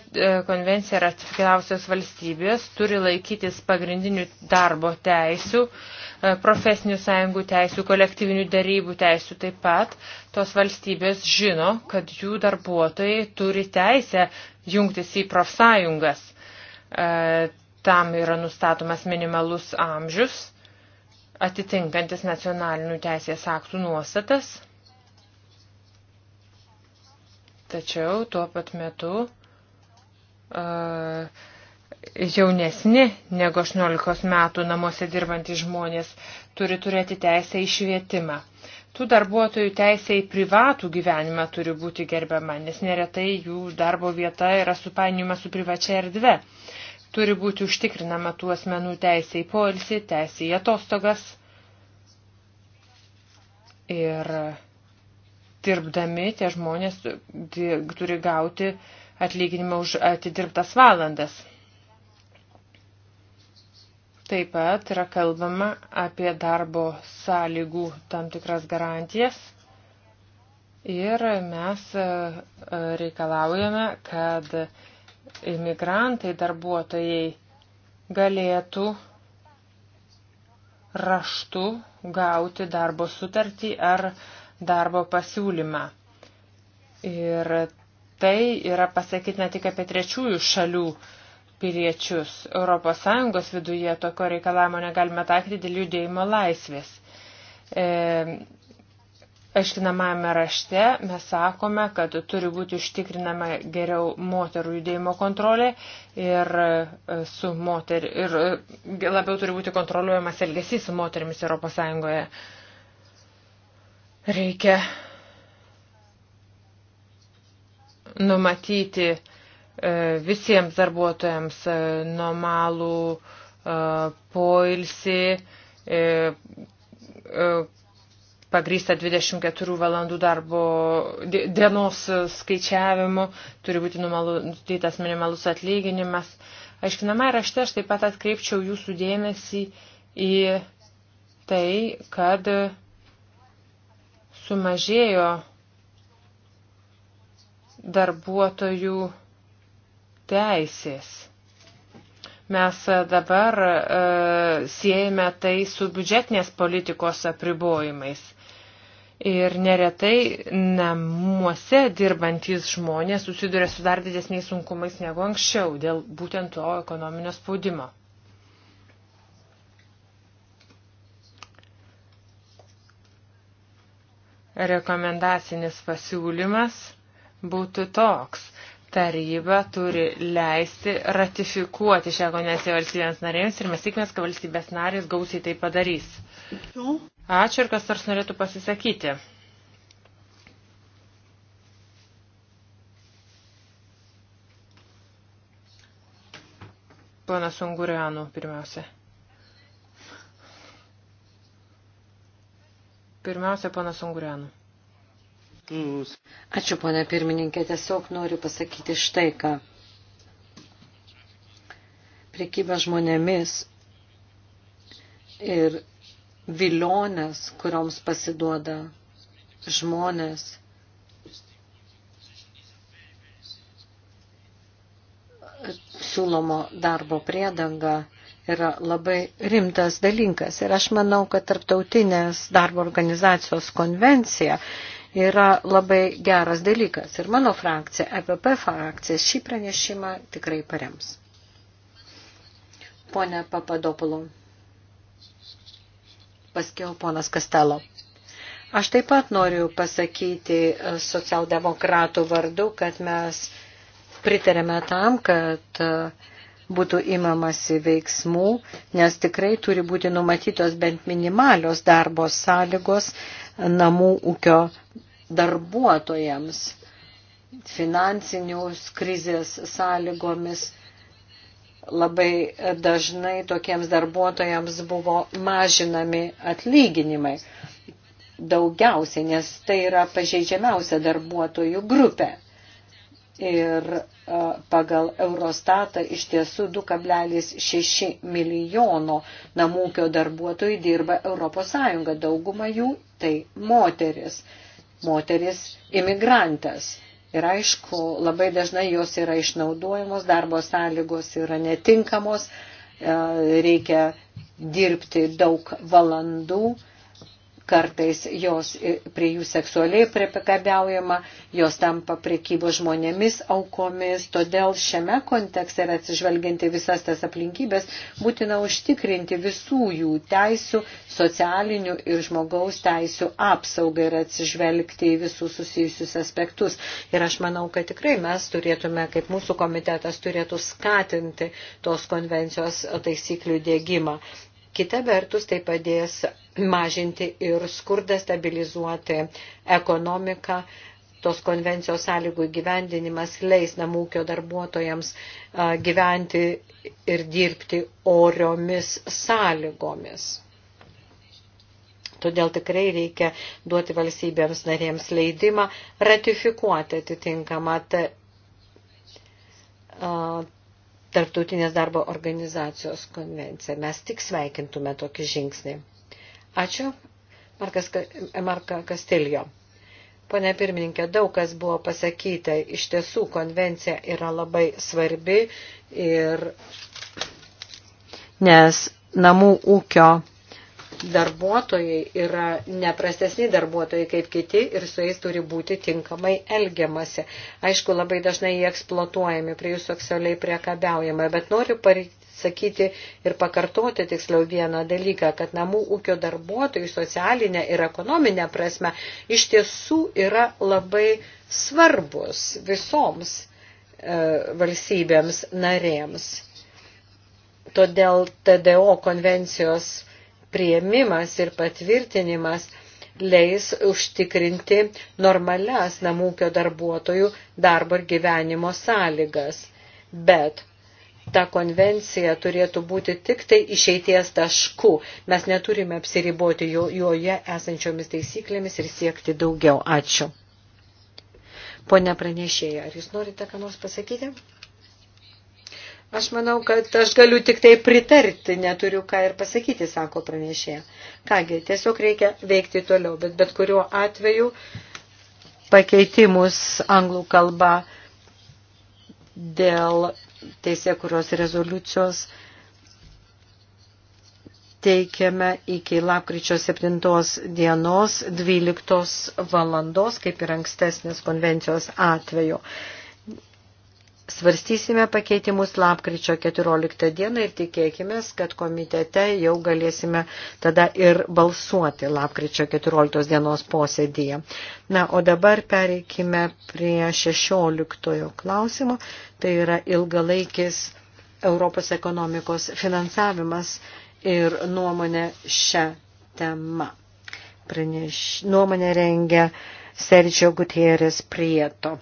konvenciją ratifikavusios valstybės turi laikytis pagrindinių darbo teisių, e, profesinių sąjungų teisių, kolektyvinių darybų teisių taip pat. Tos valstybės žino, kad jų darbuotojai turi teisę jungtis į profsąjungas. E, tam yra nustatomas minimalus amžius, atitinkantis nacionalinių teisės aktų nuostatas. Tačiau tuo pat metu E, jaunesni negu 18 metų namuose dirbantys žmonės turi turėti teisę į švietimą. Tų darbuotojų teisė į privatų gyvenimą turi būti gerbiama, nes neretai jų darbo vieta yra supainiuma su privačia erdve. Turi būti užtikrinama tų asmenų teisė į poilsį, teisė į atostogas. Ir dirbdami tie žmonės turi gauti uh, atlyginimą už atidirbtas valandas. Taip pat yra kalbama apie darbo sąlygų tam tikras garantijas ir mes e, e, reikalaujame, kad imigrantai darbuotojai galėtų raštu gauti darbo sutartį ar darbo pasiūlymą. Ir tai yra pasakyti ne tik apie trečiųjų šalių piliečius. ES viduje tokio reikalavimo negalime taikyti dėl judėjimo laisvės. E, aiškinamame rašte mes sakome, kad turi būti užtikrinama geriau moterų judėjimo kontrolė ir, e, su moter, ir e, labiau turi būti kontroliuojamas elgesys su moterimis ES. Reikia numatyti e, visiems darbuotojams e, normalų e, poilsį, pagrįsta 24 valandų darbo dienos skaičiavimu, turi būti numatytas minimalus atlyginimas. Aiškinama rašte aš taip pat atkreipčiau jūsų dėmesį į tai, kad sumažėjo darbuotojų teisės. Mes dabar e, siejame tai su biudžetinės politikos apribojimais. Ir neretai namuose dirbantis žmonės susiduria su dar didesniais sunkumais negu anksčiau dėl būtent to ekonominio spaudimo. Rekomendacinis pasiūlymas būtų toks. Taryba turi leisti ratifikuoti šią konvenciją valstybėms narėms ir mes tikimės, kad valstybės narės gausiai tai padarys. Ačiū ir kas nors norėtų pasisakyti. Ponas Ungurianų pirmiausia. Pirmiausia, ponas Ungurianų. Ačiū, ponė pirmininkė, tiesiog noriu pasakyti štai ką. Prekyba žmonėmis ir vilionės, kurioms pasiduoda žmonės. Siūlomo darbo priedanga yra labai rimtas dalykas. Ir aš manau, kad tarptautinės darbo organizacijos konvencija yra labai geras dalykas. Ir mano frakcija, EPP frakcija, šį pranešimą tikrai parems. Pone Papadopulu. Paskiau ponas Kastelo. Aš taip pat noriu pasakyti e, socialdemokratų vardu, kad mes pritarėme tam, kad uh, būtų imamasi veiksmų, nes tikrai turi būti numatytos bent minimalios darbo sąlygos namų ūkio darbuotojams finansinius krizės sąlygomis labai dažnai tokiems darbuotojams buvo mažinami atlyginimai daugiausiai, nes tai yra pažeidžiamiausia darbuotojų grupė. Ir e, pagal Eurostatą iš tiesų 2,6 milijono namūkio darbuotojų dirba ES, dauguma jų tai moteris, moteris imigrantas. Ir aišku, labai dažnai jos yra išnaudojamos, darbo sąlygos yra netinkamos, e, reikia dirbti daug valandų kartais jos e, prie jų seksualiai priekabiaujama, jos tampa priekybo žmonėmis aukomis, todėl šiame kontekste ir atsižvelginti visas tas aplinkybės būtina užtikrinti visų jų teisų, socialinių ir žmogaus teisų apsaugą ir atsižvelgti į visus susijusius aspektus. Ir aš manau, kad tikrai mes turėtume, kaip mūsų komitetas turėtų skatinti tos konvencijos taisyklių dėgymą. Kita vertus, tai padės mažinti ir skurdą, stabilizuoti ekonomiką. Tos konvencijos sąlygų gyvendinimas leis namūkio darbuotojams gyventi ir dirbti oriomis sąlygomis. Todėl tikrai reikia duoti valstybėms narėms leidimą ratifikuoti atitinkamą Tarptautinės darbo organizacijos konvenciją. Mes tik sveikintume tokį žingsnį. Ačiū, Markas, Marka Kastiljo. Pone pirmininkė, daug kas buvo pasakyta. Iš tiesų, konvencija yra labai svarbi ir nes namų ūkio darbuotojai yra neprastesni darbuotojai kaip kiti ir su jais turi būti tinkamai elgiamasi. Aišku, labai dažnai jie eksploatuojami, prie jų seksualiai priekabiaujama, bet noriu sakyti ir pakartoti tiksliau vieną dalyką, kad namų ūkio darbuotojų socialinė ir ekonominė prasme iš tiesų yra labai svarbus visoms e, valstybėms narėms. Todėl TDO konvencijos prieimimas ir patvirtinimas leis užtikrinti normalias namūkio darbuotojų darbo ir gyvenimo sąlygas. Bet ta konvencija turėtų būti tik tai išeities tašku. Mes neturime apsiriboti jo, joje esančiomis taisyklėmis ir siekti daugiau. Ačiū. Pone pranešėja, ar jūs norite ką nors pasakyti? Aš manau, kad aš galiu tik tai pritarti, neturiu ką ir pasakyti, sako pranešėja. Kągi, tiesiog reikia veikti toliau, bet bet kuriuo atveju pakeitimus anglų kalba dėl teisėkuros rezoliucijos teikiame iki lapkričio 7 dienos 12 valandos, kaip ir ankstesnės konvencijos atveju. Svarstysime pakeitimus lapkričio 14 dieną ir tikėkime, kad komitete jau galėsime tada ir balsuoti lapkričio 14 dienos posėdėje. Na, o dabar pereikime prie 16 klausimo. Tai yra ilgalaikis Europos ekonomikos finansavimas ir nuomonė šią temą. Praneš, nuomonė rengia Sergio Gutierrez Prieto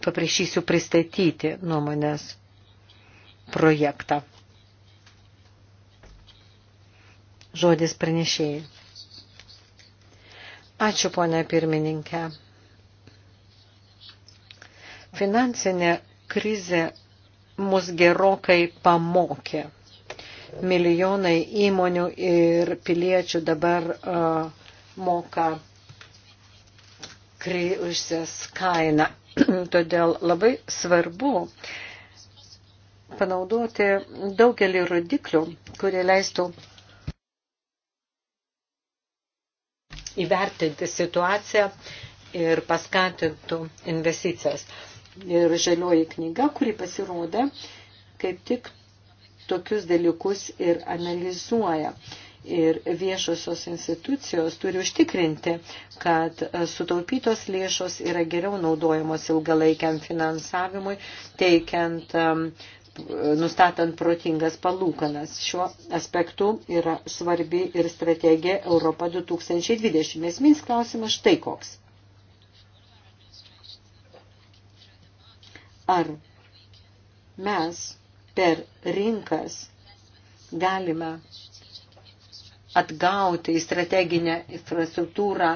paprašysiu pristatyti nuomonės projektą. Žodis pranešėjai. Ačiū, ponia pirmininkė. Finansinė krizė mus gerokai pamokė. Milijonai įmonių ir piliečių dabar uh, moka kriušės kainą [CLEARS THROAT] Todėl labai svarbu panaudoti daugelį rodiklių, kurie leistų įvertinti situaciją ir paskatintų investicijas. Ir žalioji knyga, kuri pasirodė, kaip tik tokius dalykus ir analizuoja ir viešosios institucijos turi užtikrinti, kad sutaupytos lėšos yra geriau naudojamos ilgalaikiam finansavimui, teikiant um, nustatant protingas palūkanas. Šiuo aspektu yra svarbi ir strategija Europa 2020. Mes mins klausimas štai koks. Ar mes per rinkas galime atgauti į strateginę infrastruktūrą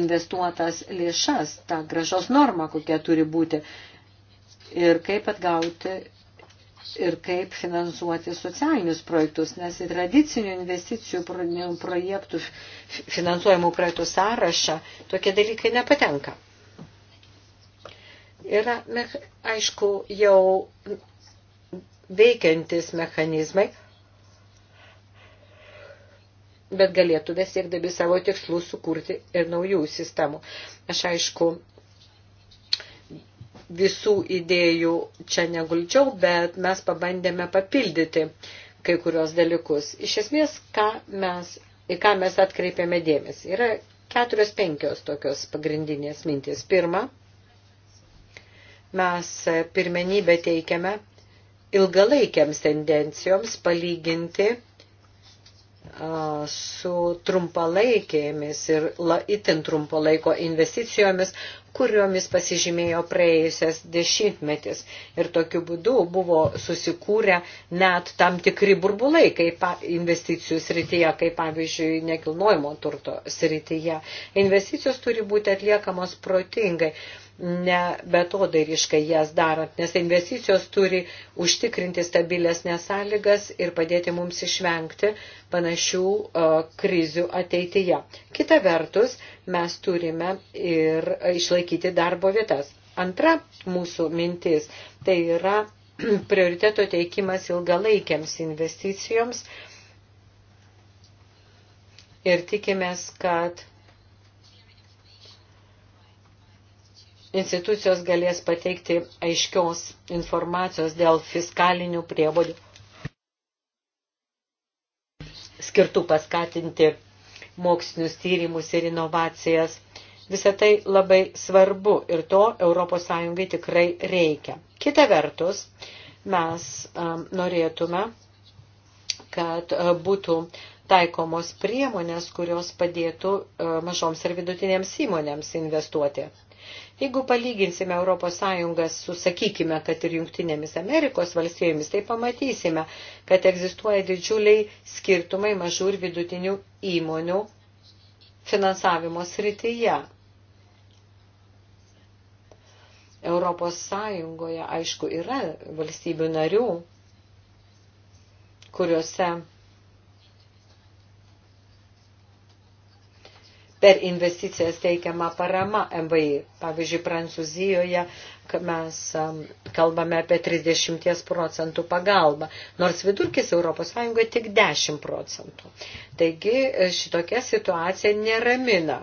investuotas lėšas, tą gražos normą, kokia turi būti, ir kaip atgauti ir kaip finansuoti socialinius projektus, nes į tradicinių investicijų projektų, finansuojamų projektų sąrašą tokie dalykai nepatenka. Yra, aišku, jau veikiantis mechanizmai, bet galėtume siekdami savo tikslų sukurti ir naujų sistemų. Aš aišku, visų idėjų čia negulčiau, bet mes pabandėme papildyti kai kurios dalykus. Iš esmės, ką mes, į ką mes atkreipėme dėmesį. Yra keturios penkios tokios pagrindinės mintis. Pirma, mes pirmenybę teikiame ilgalaikiams tendencijoms palyginti su trumpalaikėmis ir la, itin trumpo laiko investicijomis, kuriomis pasižymėjo praėjusias dešimtmetis. Ir tokiu būdu buvo susikūrę net tam tikri burbulai kaip investicijų srityje, kaip pavyzdžiui nekilnojimo turto srityje. Investicijos turi būti atliekamos protingai ne betodairiškai jas darant, nes investicijos turi užtikrinti stabilesnės sąlygas ir padėti mums išvengti panašių e, krizių ateityje. Kita vertus, mes turime ir išlaikyti darbo vietas. Antra mūsų mintis tai yra [CLEARS THROAT] prioriteto teikimas ilgalaikiams investicijoms ir tikimės, kad institucijos galės pateikti aiškios informacijos dėl fiskalinių prievolių skirtų paskatinti mokslinius tyrimus ir inovacijas. Visą tai labai svarbu ir to ES tikrai reikia. Kita vertus, mes um, norėtume, kad uh, būtų taikomos priemonės, kurios padėtų uh, mažoms ir vidutinėms įmonėms investuoti. Jeigu palyginsime ES su, sakykime, kad ir Junktinėmis Amerikos valstybėmis, tai pamatysime, kad egzistuoja didžiuliai skirtumai mažų ir vidutinių įmonių finansavimo srityje. Europos Sąjungoje, aišku, yra valstybių narių, kuriuose per investicijas teikiama parama MVI. Pavyzdžiui, Prancūzijoje mes um, kalbame apie 30 procentų pagalbą, nors vidurkis ES tik 10 procentų. Taigi šitokia situacija neramina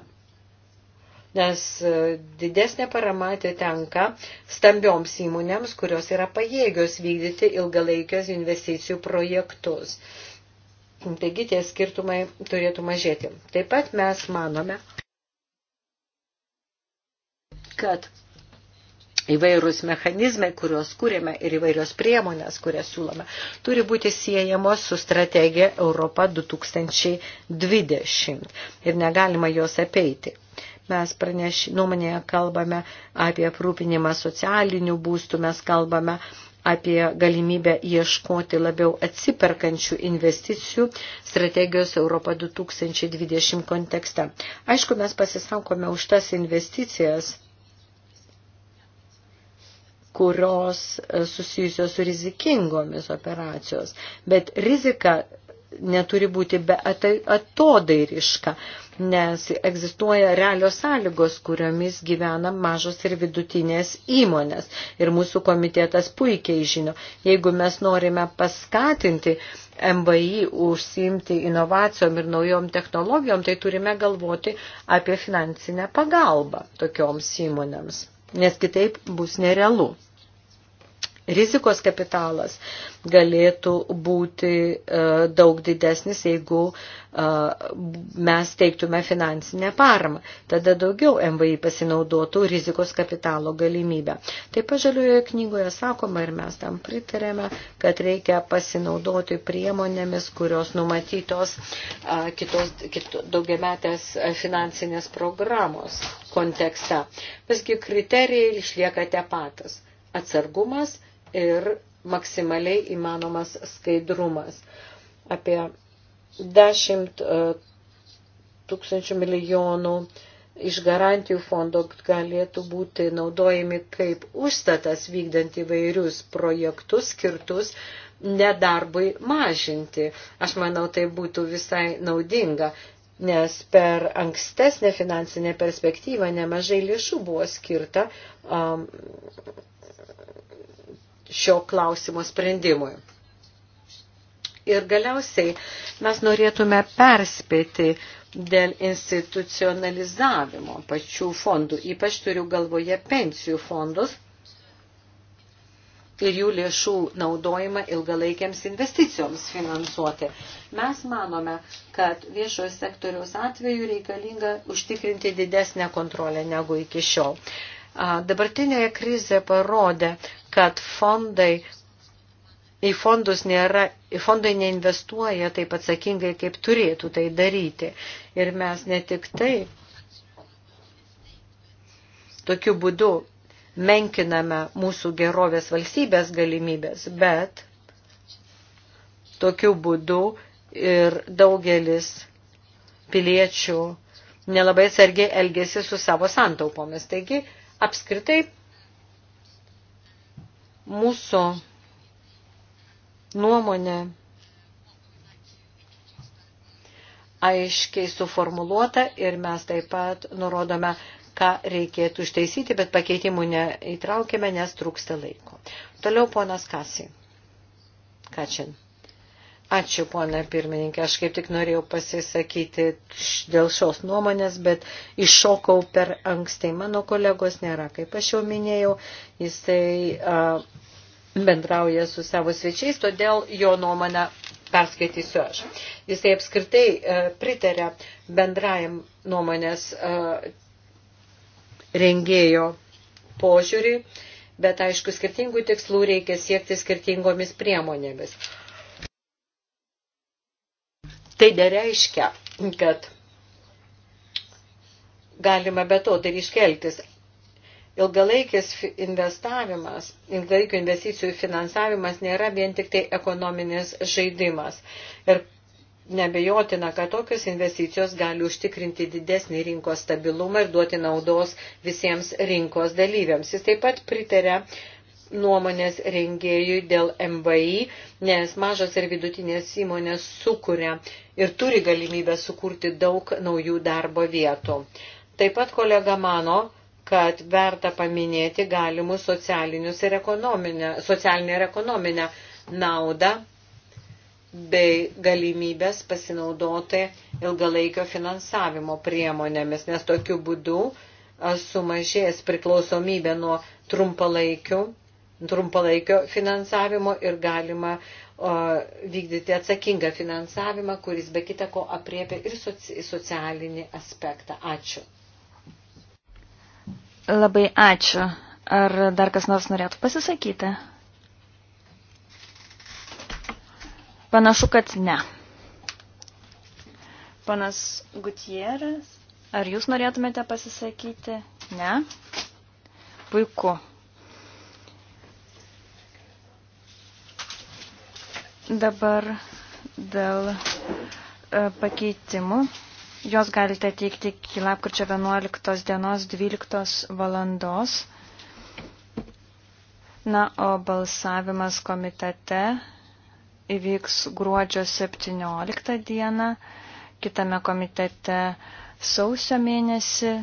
nes e, didesnė parama atitenka stambioms įmonėms, kurios yra pajėgios vykdyti ilgalaikios investicijų projektus. Taigi tie skirtumai turėtų mažėti. Taip pat mes manome, kad įvairūs mechanizmai, kuriuos kūrėme ir įvairios priemonės, kurias siūlome, turi būti siejamos su strategija Europa 2020 ir negalima jos apeiti. Mes praneš, nuomonėje kalbame apie aprūpinimą socialinių būstų, mes kalbame uh, apie galimybę ieškoti labiau atsiperkančių investicijų strategijos Europa 2020 kontekste. Aišku, mes pasisakome už tas investicijas, kurios e, susijusios su rizikingomis operacijos, bet rizika neturi būti be atodairiška. At nes egzistuoja realios sąlygos, kuriomis gyvena mažos ir vidutinės įmonės. Ir mūsų komitetas puikiai žino, jeigu mes norime paskatinti MVI užsiimti inovacijom ir naujom technologijom, tai turime galvoti apie finansinę pagalbą tokioms įmonėms, nes kitaip bus nerealu rizikos kapitalas galėtų būti e, daug didesnis, jeigu e, mes teiktume finansinę paramą. Tada daugiau MVI pasinaudotų rizikos kapitalo galimybę. Taip pat žaliojoje knygoje sakoma ir mes tam pritarėme, kad reikia pasinaudoti priemonėmis, kurios numatytos e, kitos, kitos daugiametės finansinės programos kontekste. Visgi kriterijai išlieka tie patas atsargumas, ir maksimaliai įmanomas skaidrumas. Apie 10 e, tūkstančių milijonų iš garantijų fondo galėtų būti naudojami kaip užstatas vykdant įvairius projektus skirtus nedarbui mažinti. Aš manau, tai būtų visai naudinga, nes per ankstesnę finansinę perspektyvą nemažai lėšų buvo skirta um, šio klausimo sprendimui. Ir galiausiai mes norėtume perspėti dėl institucionalizavimo pačių fondų, ypač turiu galvoje pensijų fondus ir jų lėšų naudojimą ilgalaikiams investicijoms finansuoti. Mes manome, kad viešojo sektoriaus atveju reikalinga užtikrinti didesnę kontrolę negu iki šiol. Dabartinėje krizė parodė, kad fondai į fondus nėra, į fondai neinvestuoja taip atsakingai, kaip turėtų tai daryti. Ir mes ne tik tai tokiu būdu menkiname mūsų gerovės valstybės galimybės, bet tokiu būdu ir daugelis piliečių nelabai sargiai elgėsi su savo santaupomis. Taigi, apskritai mūsų nuomonė aiškiai suformuluota ir mes taip pat nurodome, ką reikėtų išteisyti, bet pakeitimų neįtraukėme, nes trūksta laiko. Toliau ponas Kasi. Kačin. Ačiū, ponė pirmininkė. Aš kaip tik norėjau pasisakyti dėl šios nuomonės, bet iššokau per ankstai. Mano kolegos nėra, kaip aš jau minėjau, jisai a, bendrauja su savo svečiais, todėl jo nuomonę perskaitysiu aš. Jisai apskritai a, pritarė bendrajam nuomonės a, rengėjo požiūriui, bet aišku, skirtingų tikslų reikia siekti skirtingomis priemonėmis. A, Tai nereiškia, kad galima be to dariškai elgtis. Ilgalaikis investavimas, ilgalaikio investicijų finansavimas nėra vien tik tai ekonominis žaidimas. Ir nebejotina, kad tokios investicijos gali užtikrinti didesnį rinkos stabilumą ir duoti naudos visiems rinkos dalyviams. Jis taip pat pritarė uh, nuomonės rengėjui dėl MVI, nes mažos ir vidutinės įmonės sukuria ir turi galimybę sukurti daug naujų darbo vietų. Taip pat kolega mano, kad verta paminėti galimus socialinius ir ekonominę, socialinę ir ekonominę naudą bei galimybės pasinaudoti ilgalaikio finansavimo priemonėmis, nes tokiu būdu sumažės priklausomybė nuo trumpalaikių trumpalaikio finansavimo ir galima o, vykdyti atsakingą finansavimą, kuris be kita ko apriepia ir socialinį aspektą. Ačiū. Labai ačiū. Ar dar kas nors norėtų pasisakyti? Panašu, kad ne. Panas Gutieras, ar jūs norėtumėte pasisakyti? Ne. Puiku. Dabar dėl e, pakeitimų. Jos galite teikti iki lapkričio 11 dienos 12 valandos. Na, o balsavimas komitete įvyks gruodžio 17 dieną, kitame komitete sausio mėnesį,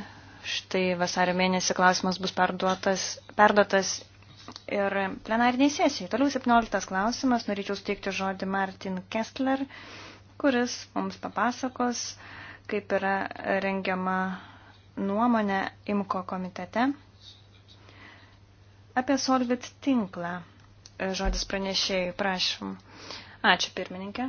štai vasario mėnesį klausimas bus perduotas, perduotas ir plenariniai sesijai. Toliau 17 klausimas, norėčiau steikti žodį Martin Kessler, kuris mums papasakos, kaip yra rengiama nuomonė IMKO komitete apie Solvit tinklą. Žodis pranešėjai, prašom. Ačiū pirmininkė.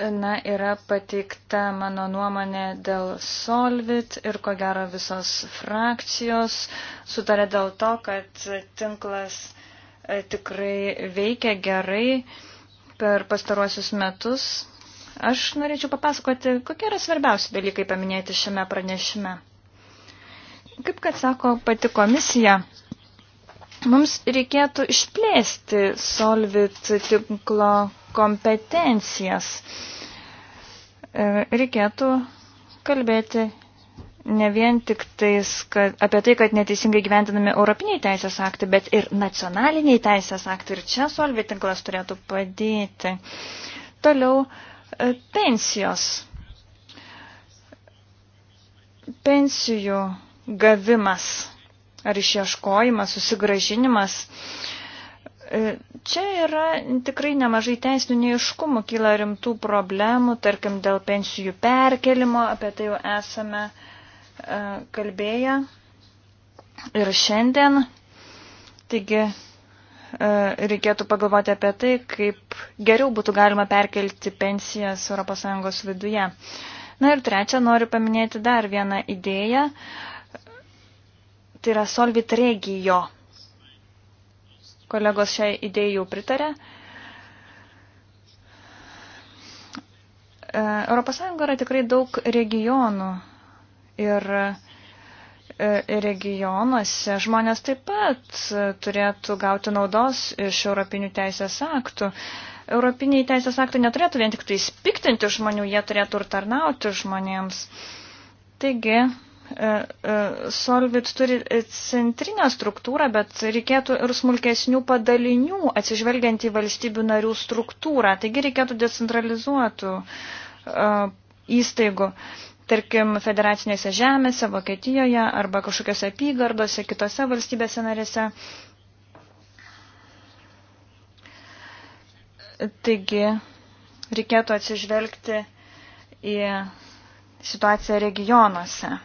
Na, yra pateikta mano nuomonė dėl Solvit ir ko gero visos frakcijos sutarė dėl to, kad tinklas e, tikrai veikia gerai per pastaruosius metus. Aš norėčiau papasakoti, kokie yra svarbiausi dalykai paminėti šiame pranešime. Kaip kad sako pati komisija, mums reikėtų išplėsti Solvit tinklo kompetencijas. E, reikėtų kalbėti ne vien tik tais, kad, apie tai, kad neteisingai gyventinami europiniai teisės aktai, bet ir nacionaliniai teisės aktai. Ir čia solvi tinklas turėtų padėti. Toliau e, pensijos. Pensijų gavimas ar išieškojimas, susigražinimas. Uh, Čia yra tikrai nemažai teisinių neiškumų, kyla rimtų problemų, tarkim, dėl pensijų perkelimo, apie tai jau esame e, kalbėję ir šiandien. Taigi e, reikėtų pagalvoti apie tai, kaip geriau būtų galima perkelti pensijas ES viduje. Na ir trečia, noriu paminėti dar vieną idėją. Tai yra Solvit regijo Kolegos šiai idėjai jau pritarė. E, Europos Sąjunga yra tikrai daug regionų ir e, regionuose žmonės taip pat turėtų gauti naudos iš europinių teisės aktų. Europiniai teisės aktai neturėtų vien tik tai spiktinti žmonių, jie turėtų ir tarnauti žmonėms. Taigi, E, e, Solvit turi centrinę struktūrą, bet reikėtų ir smulkesnių padalinių atsižvelgiant į valstybių narių struktūrą. Taigi reikėtų decentralizuotų e, įstaigų, tarkim, federacinėse žemėse, Vokietijoje arba kažkokiose apygardose, kitose valstybėse narėse. Taigi reikėtų atsižvelgti į situaciją regionuose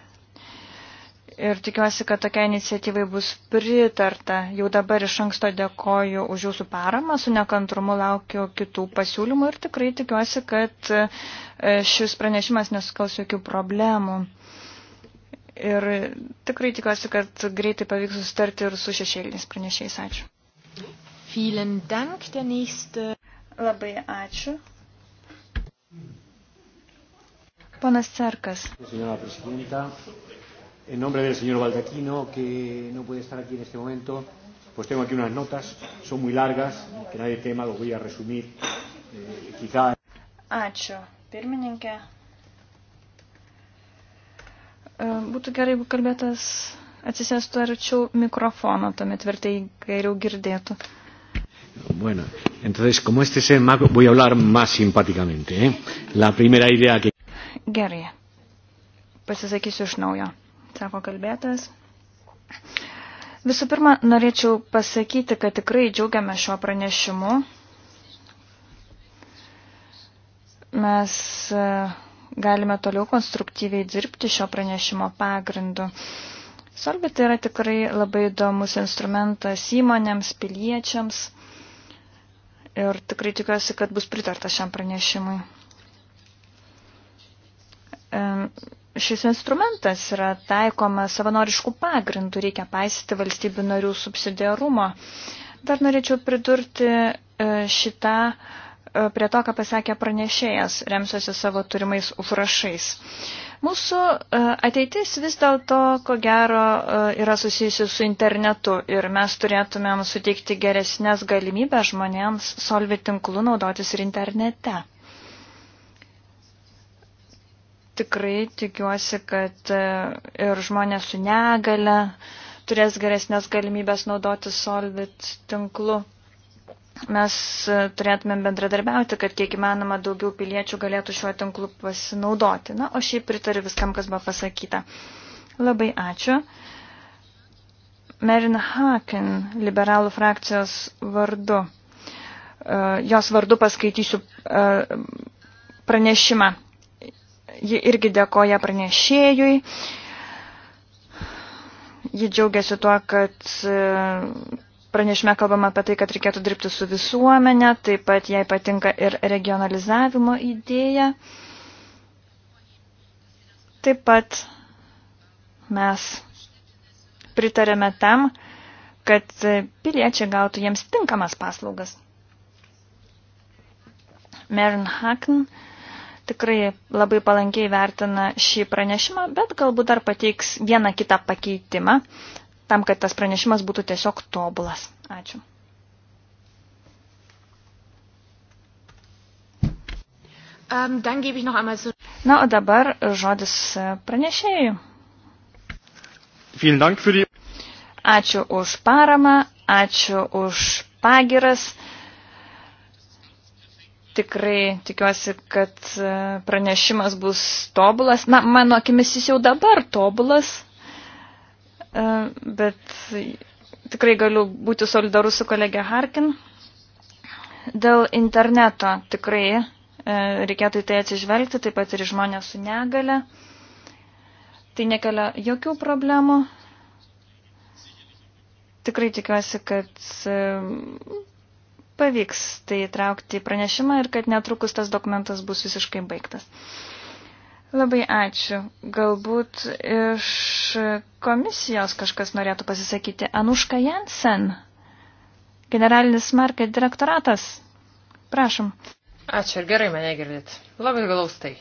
ir tikiuosi, kad tokia iniciatyvai bus pritarta. Jau dabar iš anksto dėkoju už jūsų paramą, su nekantrumu laukiu kitų pasiūlymų ir tikrai tikiuosi, kad e, šis pranešimas nesukels jokių problemų. Ir tikrai tikiuosi, kad greitai pavyks sustarti ir su šešėliniais pranešiais. Ačiū. Vielen Dank, der nächste. Labai ačiū. Ponas Cerkas. Senora prezidenta, en nombre del señor Baldaquino, que no puede estar aquí en este momento, pues tengo aquí unas notas, son muy largas, que nadie tema, lo voy a resumir. Eh, quizá... Ačiū, pirmininkė. E, būtų gerai, jeigu kalbėtas atsisėstų arčiau mikrofono, tuomet vertai geriau girdėtų. Bueno, entonces, como este es el macro, voy a hablar más simpáticamente. ¿eh? La primera idea que... Gerai. Pasisakysiu iš naujo sako kalbėtas. Visų pirma, norėčiau pasakyti, kad tikrai džiaugiame šio pranešimu. Mes e, galime toliau konstruktyviai dirbti šio pranešimo pagrindu. Solbit yra tikrai labai įdomus instrumentas įmonėms, piliečiams ir tikrai tikiuosi, kad bus pritarta šiam pranešimui šis instrumentas yra taikomas savanoriškų pagrindų, reikia paisyti valstybių narių subsidiarumo. Dar norėčiau pridurti e, šitą e, prie to, ką pasakė pranešėjas, remsiuosi savo turimais užrašais. Mūsų e, ateitis vis dėlto, ko gero, yra susijusi su internetu ir mes turėtumėm suteikti geresnės galimybę žmonėms solvi tinklų naudotis ir internete tikrai tikiuosi, kad e, ir žmonės su negale turės geresnės galimybės naudoti Solvit tinklu. Mes e, turėtumėm bendradarbiauti, kad kiek įmanoma daugiau piliečių galėtų šiuo tinklu pasinaudoti. Na, o šiaip pritariu viskam, kas buvo pasakyta. Labai ačiū. Merin Haken, liberalų frakcijos vardu. E, jos vardu paskaitysiu pranešimą ji irgi dėkoja pranešėjui. Ji džiaugiasi tuo, kad e, pranešime kalbama apie tai, kad reikėtų dirbti su visuomenė, taip pat jai patinka ir regionalizavimo idėja. Taip pat mes pritarėme tam, kad piliečiai gautų jiems tinkamas paslaugas. Merin Haken uh, tikrai labai palankiai vertina šį pranešimą, bet galbūt dar pateiks vieną kitą pakeitimą, tam, kad tas pranešimas būtų tiesiog tobulas. Ačiū. Ähm, Na, o dabar žodis pranešėjų. Ačiū už paramą, ačiū už pagiras. Tikrai tikiuosi, kad e, pranešimas bus tobulas. Na, mano akimis jis jau dabar tobulas, e, bet tikrai galiu būti solidarus su kolegė Harkin. Dėl interneto tikrai e, reikėtų į tai atsižvelgti, taip pat ir žmonės su negale. Tai nekelia jokių problemų. Tikrai tikiuosi, kad pavyks tai traukti į pranešimą ir kad netrukus tas dokumentas bus visiškai baigtas. Labai ačiū. Galbūt iš komisijos kažkas norėtų pasisakyti. Anuška Jansen, generalinis market direktoratas. Prašom. Ačiū ir gerai mane girdit. Labai glaustai.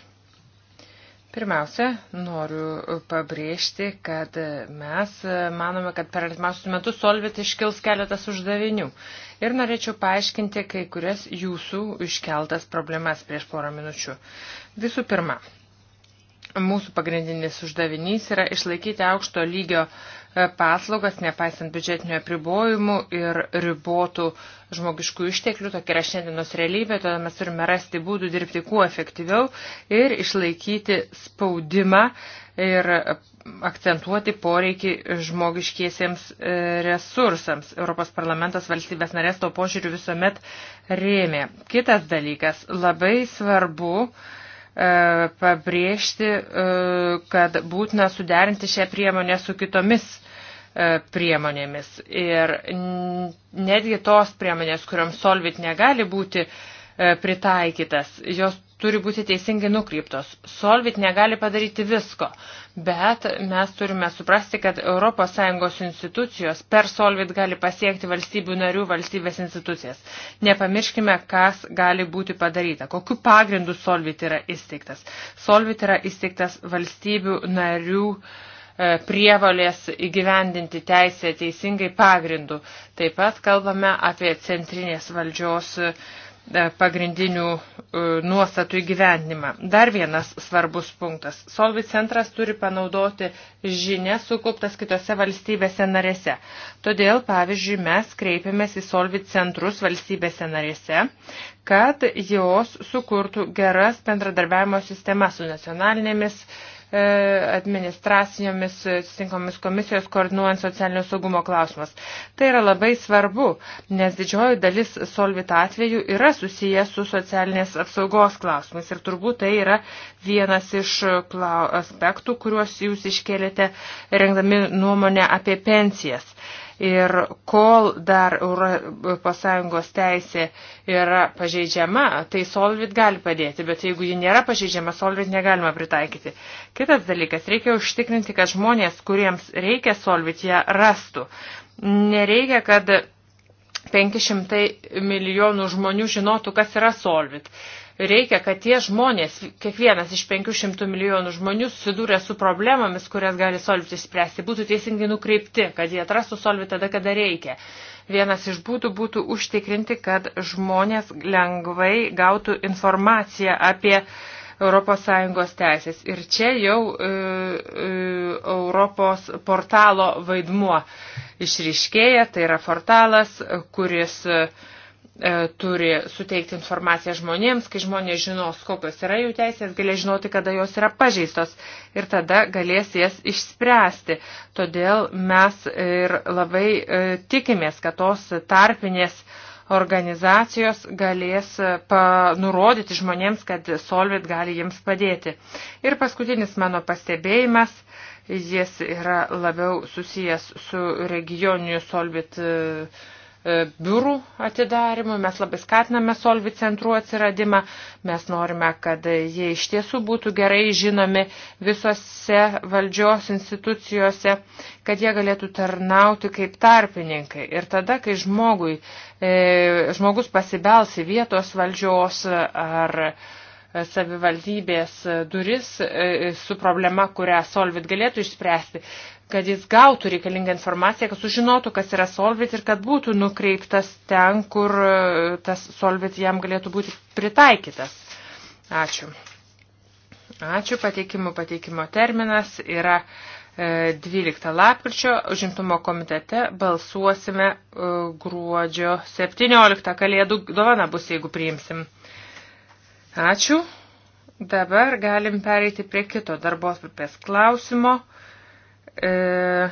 Pirmiausia, noriu pabrėžti, kad mes manome, kad per artimiausius metus Solvit iškils keletas uždavinių. Ir norėčiau paaiškinti kai kurias jūsų iškeltas problemas prieš porą minučių. Visų pirma, mūsų pagrindinis uždavinys yra išlaikyti aukšto lygio paslaugas, nepaisant biudžetinių apribojimų ir ribotų žmogiškų išteklių, tokia yra šiandienos realybė, todėl mes turime rasti būdų dirbti kuo efektyviau ir išlaikyti spaudimą ir akcentuoti poreikį žmogiškiesiems e, resursams. Europos parlamentas valstybės narės to požiūriu visuomet rėmė. Kitas dalykas, labai svarbu, e, pabrėžti, e, kad būtina suderinti šią priemonę su kitomis E, priemonėmis. Ir netgi tos priemonės, kuriuoms Solvit negali būti e, pritaikytas, jos turi būti teisingai nukryptos. Solvit negali padaryti visko, bet mes turime suprasti, kad ES institucijos per Solvit gali pasiekti valstybių narių valstybės institucijas. Nepamirškime, kas gali būti padaryta, kokiu pagrindu Solvit yra įsteigtas. Solvit yra įsteigtas valstybių narių uh, E, prievalės įgyvendinti teisę teisingai pagrindų. Taip pat kalbame apie centrinės valdžios e, pagrindinių e, nuostatų įgyvendinimą. Dar vienas svarbus punktas. Solvit centras turi panaudoti žinias sukauptas kitose valstybėse narėse. Todėl, pavyzdžiui, mes kreipiamės į Solvit centrus valstybėse narėse, kad jos sukurtų geras bendradarbiavimo sistemas su nacionalinėmis uh, E, administracijomis e, atitinkomis komisijos koordinuojant socialinio saugumo klausimus. Tai yra labai svarbu, nes didžioji dalis solvit atvejų yra susijęs su socialinės apsaugos klausimais ir turbūt tai yra vienas iš e, aspektų, kuriuos jūs iškėlėte rengdami nuomonę apie pensijas. Ir kol dar ES teisė yra pažeidžiama, tai Solvit gali padėti, bet jeigu ji nėra pažeidžiama, Solvit negalima pritaikyti. Kitas dalykas, reikia užtikrinti, kad žmonės, kuriems reikia Solvit, ją rastų. Nereikia, kad 500 milijonų žmonių žinotų, kas yra Solvit. Reikia, kad tie žmonės, kiekvienas iš 500 milijonų žmonių susidūrė su problemomis, kurias gali Solvit išspręsti, būtų teisingai nukreipti, kad jie atrastų Solvit tada, kada reikia. Vienas iš būtų būtų užtikrinti, kad žmonės lengvai gautų informaciją apie ES teisės. Ir čia jau e, e, Europos portalo vaidmuo išriškėja, tai yra portalas, kuris e, E, turi suteikti informaciją žmonėms, kai žmonės žinos, kokios yra jų teisės, galės žinoti, kada jos yra pažeistos ir tada galės jas išspręsti. Todėl mes ir labai e, tikimės, kad tos tarpinės organizacijos galės e, nurodyti žmonėms, kad Solvit gali jiems padėti. Ir paskutinis mano pastebėjimas, jis yra labiau susijęs su regioniniu Solvit uh, E, biurų atidarimui, mes labai skatiname Solvi centrų atsiradimą, mes norime, kad jie iš tiesų būtų gerai žinomi visose valdžios institucijose, kad jie galėtų tarnauti kaip tarpininkai. Ir tada, kai žmogui, e, žmogus pasibelsi vietos valdžios ar savivaldybės duris e, su problema, kurią Solvit galėtų išspręsti, kad jis gautų reikalingą informaciją, kad sužinotų, kas yra Solvit ir kad būtų nukreiptas ten, kur e, tas Solvit jam galėtų būti pritaikytas. Ačiū. Ačiū. Pateikimo pateikimo terminas yra 12 e, lapkričio. Užimtumo komitete balsuosime e, gruodžio 17. Kalėdų dovana bus, jeigu priimsim. Ačiū. Dabar galim pereiti prie kito darbos klausimo. E,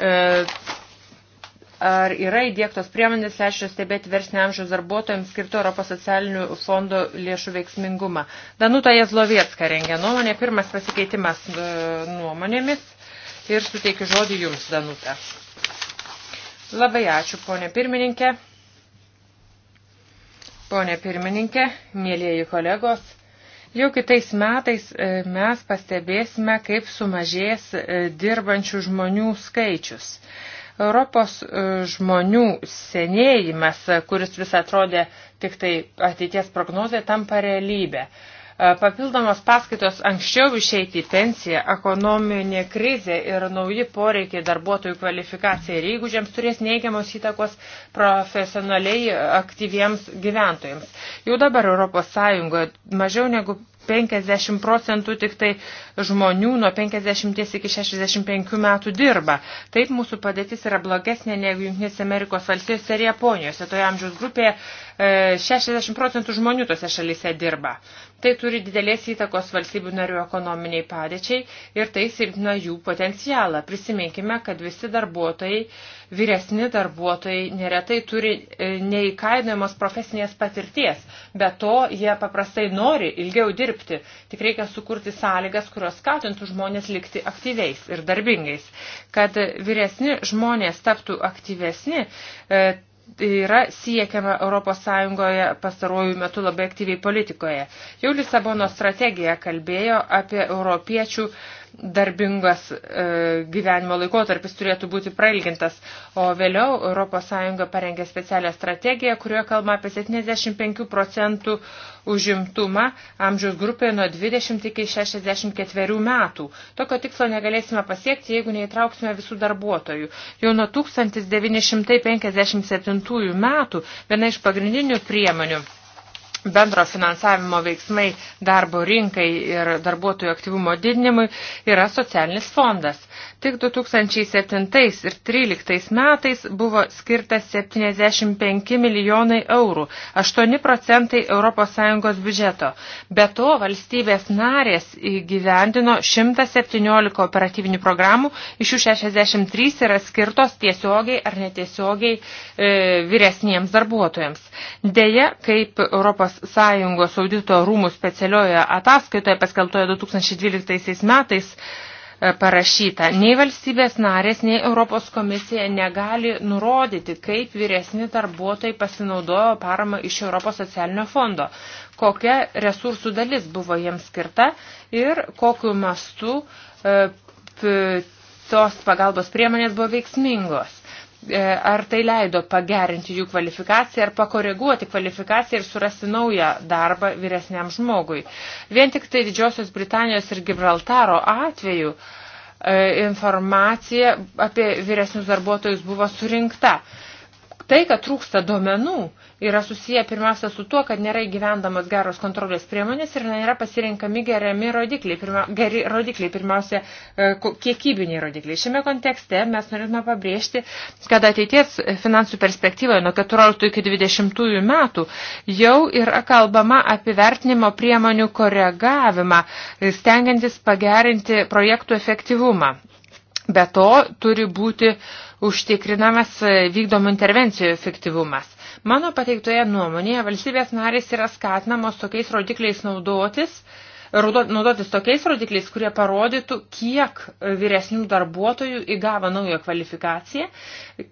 e, Ar yra įdėktos priemonės leidžia stebėti versnio amžiaus darbuotojams skirto Europos socialinių fondų lėšų veiksmingumą? Danuta Jezlovietska rengia nuomonę, pirmas pasikeitimas e, nuomonėmis ir suteikiu žodį Jums, Danuta. Labai ačiū, ponė pirmininkė. Ponė pirmininkė, mėlėjai kolegos, Jau kitais metais e, mes pastebėsime, kaip sumažės e, dirbančių žmonių skaičius. Europos e, žmonių senėjimas, kuris vis atrodė tik tai ateities prognozė, tampa realybė. E, papildomos paskaitos anksčiau išeiti į pensiją, ekonominė krizė ir nauji poreikiai darbuotojų kvalifikacijai ir įgūdžiams turės neigiamos įtakos profesionaliai aktyviems gyventojams. Jau dabar ES mažiau negu 50 procentų tik tai žmonių nuo 50 iki 65 metų dirba. Taip mūsų padėtis yra blogesnė negu Junktinėse Amerikos valstijose ir Japonijose. Toje amžiaus grupėje 60 e, procentų žmonių tose šalyse dirba. Tai turi didelės įtakos valstybių narių ekonominiai padėčiai ir tai silpna jų potencialą. Prisiminkime, kad visi darbuotojai, vyresni darbuotojai neretai turi e, neįkainojamos profesinės patirties, bet to jie paprastai nori ilgiau dirbti. Tik reikia sukurti sąlygas, kurios skatintų žmonės likti aktyviais ir darbingais. Kad vyresni žmonės taptų aktyvesni, e, yra siekiama ES pastaruoju metu labai aktyviai politikoje. Jau Lisabono strategija kalbėjo apie europiečių darbingas e, gyvenimo laikotarpis turėtų būti prailgintas, o vėliau ES parengė specialią strategiją, kurioje kalba apie 75 procentų užimtumą amžiaus grupėje nuo 20 iki 64 metų. Tokio tikslo negalėsime pasiekti, jeigu neįtrauksime visų darbuotojų. Jau nuo 1957 metų viena iš pagrindinių priemonių bendro finansavimo veiksmai darbo rinkai ir darbuotojų aktyvumo didinimui yra socialinis fondas. Tik 2007 ir 2013 metais buvo skirta 75 milijonai eurų, 8 procentai ES biudžeto. Be to, valstybės narės įgyvendino 117 operatyvinių programų, iš jų 63 yra skirtos tiesiogiai ar netiesiogiai e, vyresniems darbuotojams. Deja, kaip ES Sąjungos audito rūmų specialioje ataskaitoje paskeltoje 2012 metais e, parašyta, nei valstybės narės, nei Europos komisija negali nurodyti, kaip vyresni darbuotojai pasinaudojo paramą iš Europos socialinio fondo, kokia resursų dalis buvo jiems skirta ir kokiu mastu e, tos pagalbos priemonės buvo veiksmingos. E, ar tai leido pagerinti jų kvalifikaciją ar pakoreguoti kvalifikaciją ir surasti naują darbą vyresniam žmogui. Vien tik tai Didžiosios Britanijos ir Gibraltaro atveju e, informacija apie vyresnius darbuotojus buvo surinkta. Tai, kad trūksta duomenų, yra susiję pirmiausia su tuo, kad nėra įgyvendamas geros kontrolės priemonės ir nėra pasirinkami geriami rodikliai, pirma, geri rodikliai, pirmiausia e, kiekybiniai rodikliai. Šiame kontekste mes norėtume pabrėžti, kad ateities finansų perspektyvoje nuo 14 iki 20 metų jau yra kalbama apie vertinimo priemonių koregavimą, stengiantis pagerinti projektų efektyvumą. Be to turi būti užtikrinamas e, vykdomų intervencijų efektyvumas. Mano pateiktoje nuomonėje valstybės narės yra skatinamos tokiais rodikliais naudotis, naudotis tokiais rodikliais, kurie parodytų, kiek vyresnių darbuotojų įgavo naują kvalifikaciją,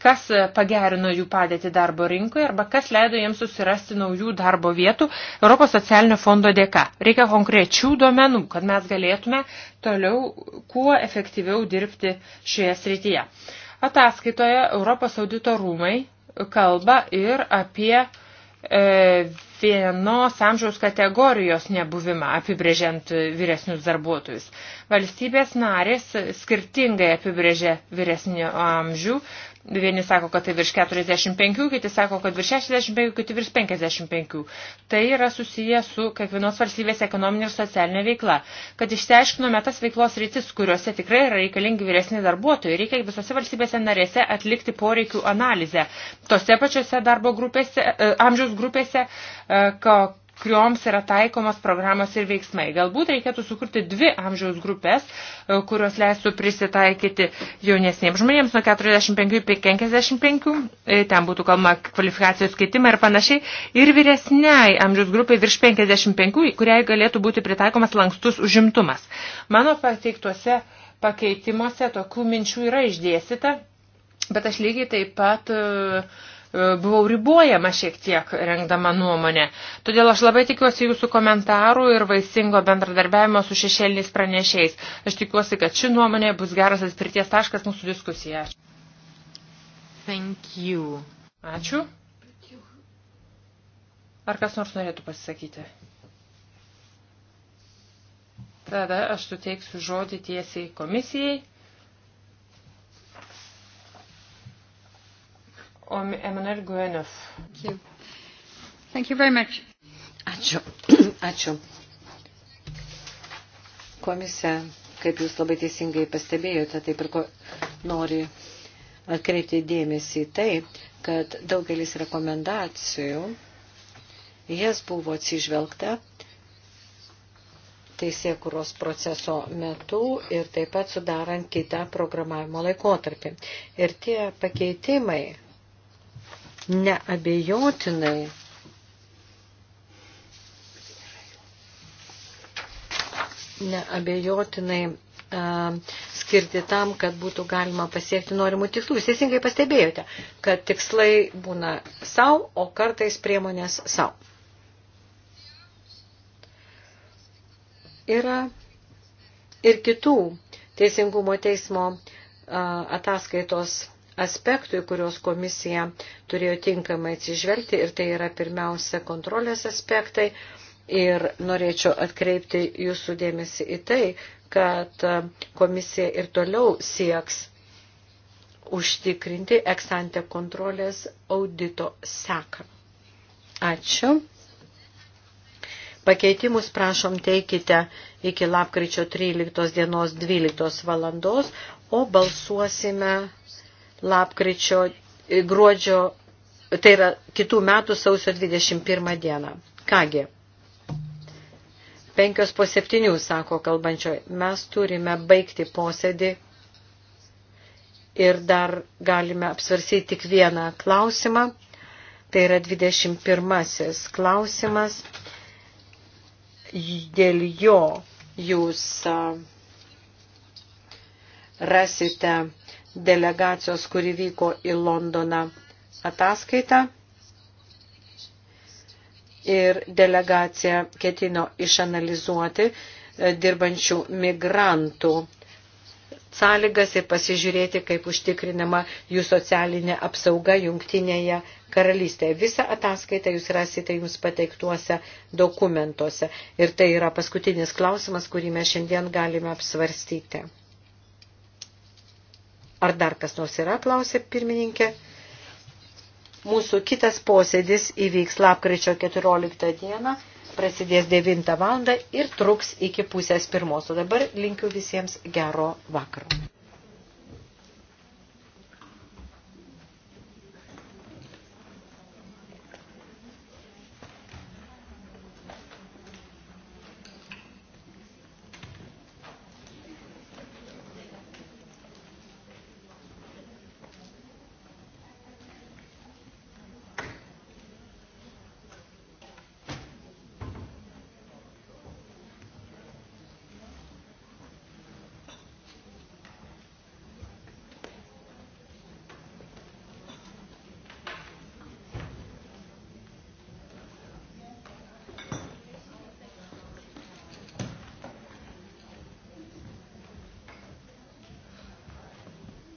kas pagerino jų padėtį darbo rinkoje arba kas leido jiems susirasti naujų darbo vietų Europos socialinio fondo dėka. Reikia konkrečių duomenų, kad mes galėtume toliau kuo efektyviau dirbti šioje srityje. Ataskaitoje Europos audito rūmai kalba ir apie e, vienos amžiaus kategorijos nebuvimą apibrėžiant vyresnius darbuotojus. Valstybės narės skirtingai apibrėžia vyresnį amžių, Vieni sako, kad tai virš 45, kiti sako, kad virš 65, kiti virš 55. Tai yra susiję su kiekvienos valstybės ekonominė ir socialinė veikla. Kad išsiaiškinome tas veiklos rytis, kuriuose tikrai yra reikalingi vyresni darbuotojai, reikia visose valstybėse narėse atlikti poreikių analizę. Tose pačiose darbo grupėse, e, amžiaus grupėse, e, kurioms yra taikomos programos ir veiksmai. Galbūt reikėtų sukurti dvi amžiaus grupės, e, kurios leistų prisitaikyti jaunesniems žmonėms nuo 45 iki 55, e, ten būtų kalba kvalifikacijos keitimą ir panašiai, ir vyresniai amžiaus grupiai virš 55, kuriai galėtų būti pritaikomas lankstus užimtumas. Mano pateiktuose pakeitimuose tokių minčių yra išdėsita, bet aš lygiai taip pat uh, E, buvau ribojama šiek tiek rengdama nuomonę. Todėl aš labai tikiuosi jūsų komentarų ir vaisingo bendradarbiavimo su šešėliniais pranešiais. Aš tikiuosi, kad ši nuomonė bus geras atspirties taškas mūsų diskusija. Thank you. Ačiū. Ar kas nors norėtų pasisakyti? Tada aš suteiksiu žodį tiesiai komisijai. Emanuel Guenov. Ačiū. Thank you very much. Ačiū. [CLEARS THROAT] Ačiū. Komisija, kaip jūs labai teisingai pastebėjote, taip ir ko nori atkreipti dėmesį į tai, kad daugelis rekomendacijų, jas buvo atsižvelgta teisėkuros proceso metu ir taip pat sudarant kitą programavimo laikotarpį. Ir tie pakeitimai neabejotinai neabejotinai skirti tam, kad būtų galima pasiekti norimų tikslų. Jūs teisingai pastebėjote, kad tikslai būna savo, o kartais priemonės savo. Yra ir kitų teisingumo teismo ataskaitos aspektų, į kuriuos komisija turėjo tinkamai atsižvelgti ir tai yra pirmiausia kontrolės aspektai. Ir norėčiau atkreipti jūsų dėmesį į tai, kad komisija ir toliau sieks užtikrinti eksantę kontrolės audito seką. Ačiū. Pakeitimus prašom teikite iki lapkričio 13 dienos 12 valandos, o balsuosime lapkričio, gruodžio, tai yra kitų metų sausio 21 dieną. Kągi, penkios po septynių, sako kalbančioji, mes turime baigti posėdį ir dar galime apsvarsyti tik vieną klausimą. Tai yra 21 klausimas. Dėl jo jūs rasite delegacijos, kuri vyko į Londoną ataskaitą. Ir delegacija ketino išanalizuoti e, dirbančių migrantų sąlygas ir pasižiūrėti, kaip užtikrinama jų socialinė apsauga jungtinėje karalystėje. Visą ataskaitą jūs rasite jums pateiktuose dokumentuose. Ir tai yra paskutinis klausimas, kurį mes šiandien galime apsvarstyti. Ar dar kas nors yra, klausė pirmininkė. Mūsų kitas posėdis įvyks lapkričio 14 dieną, prasidės 9 valandą ir truks iki pusės pirmos. O dabar linkiu visiems gero vakaro.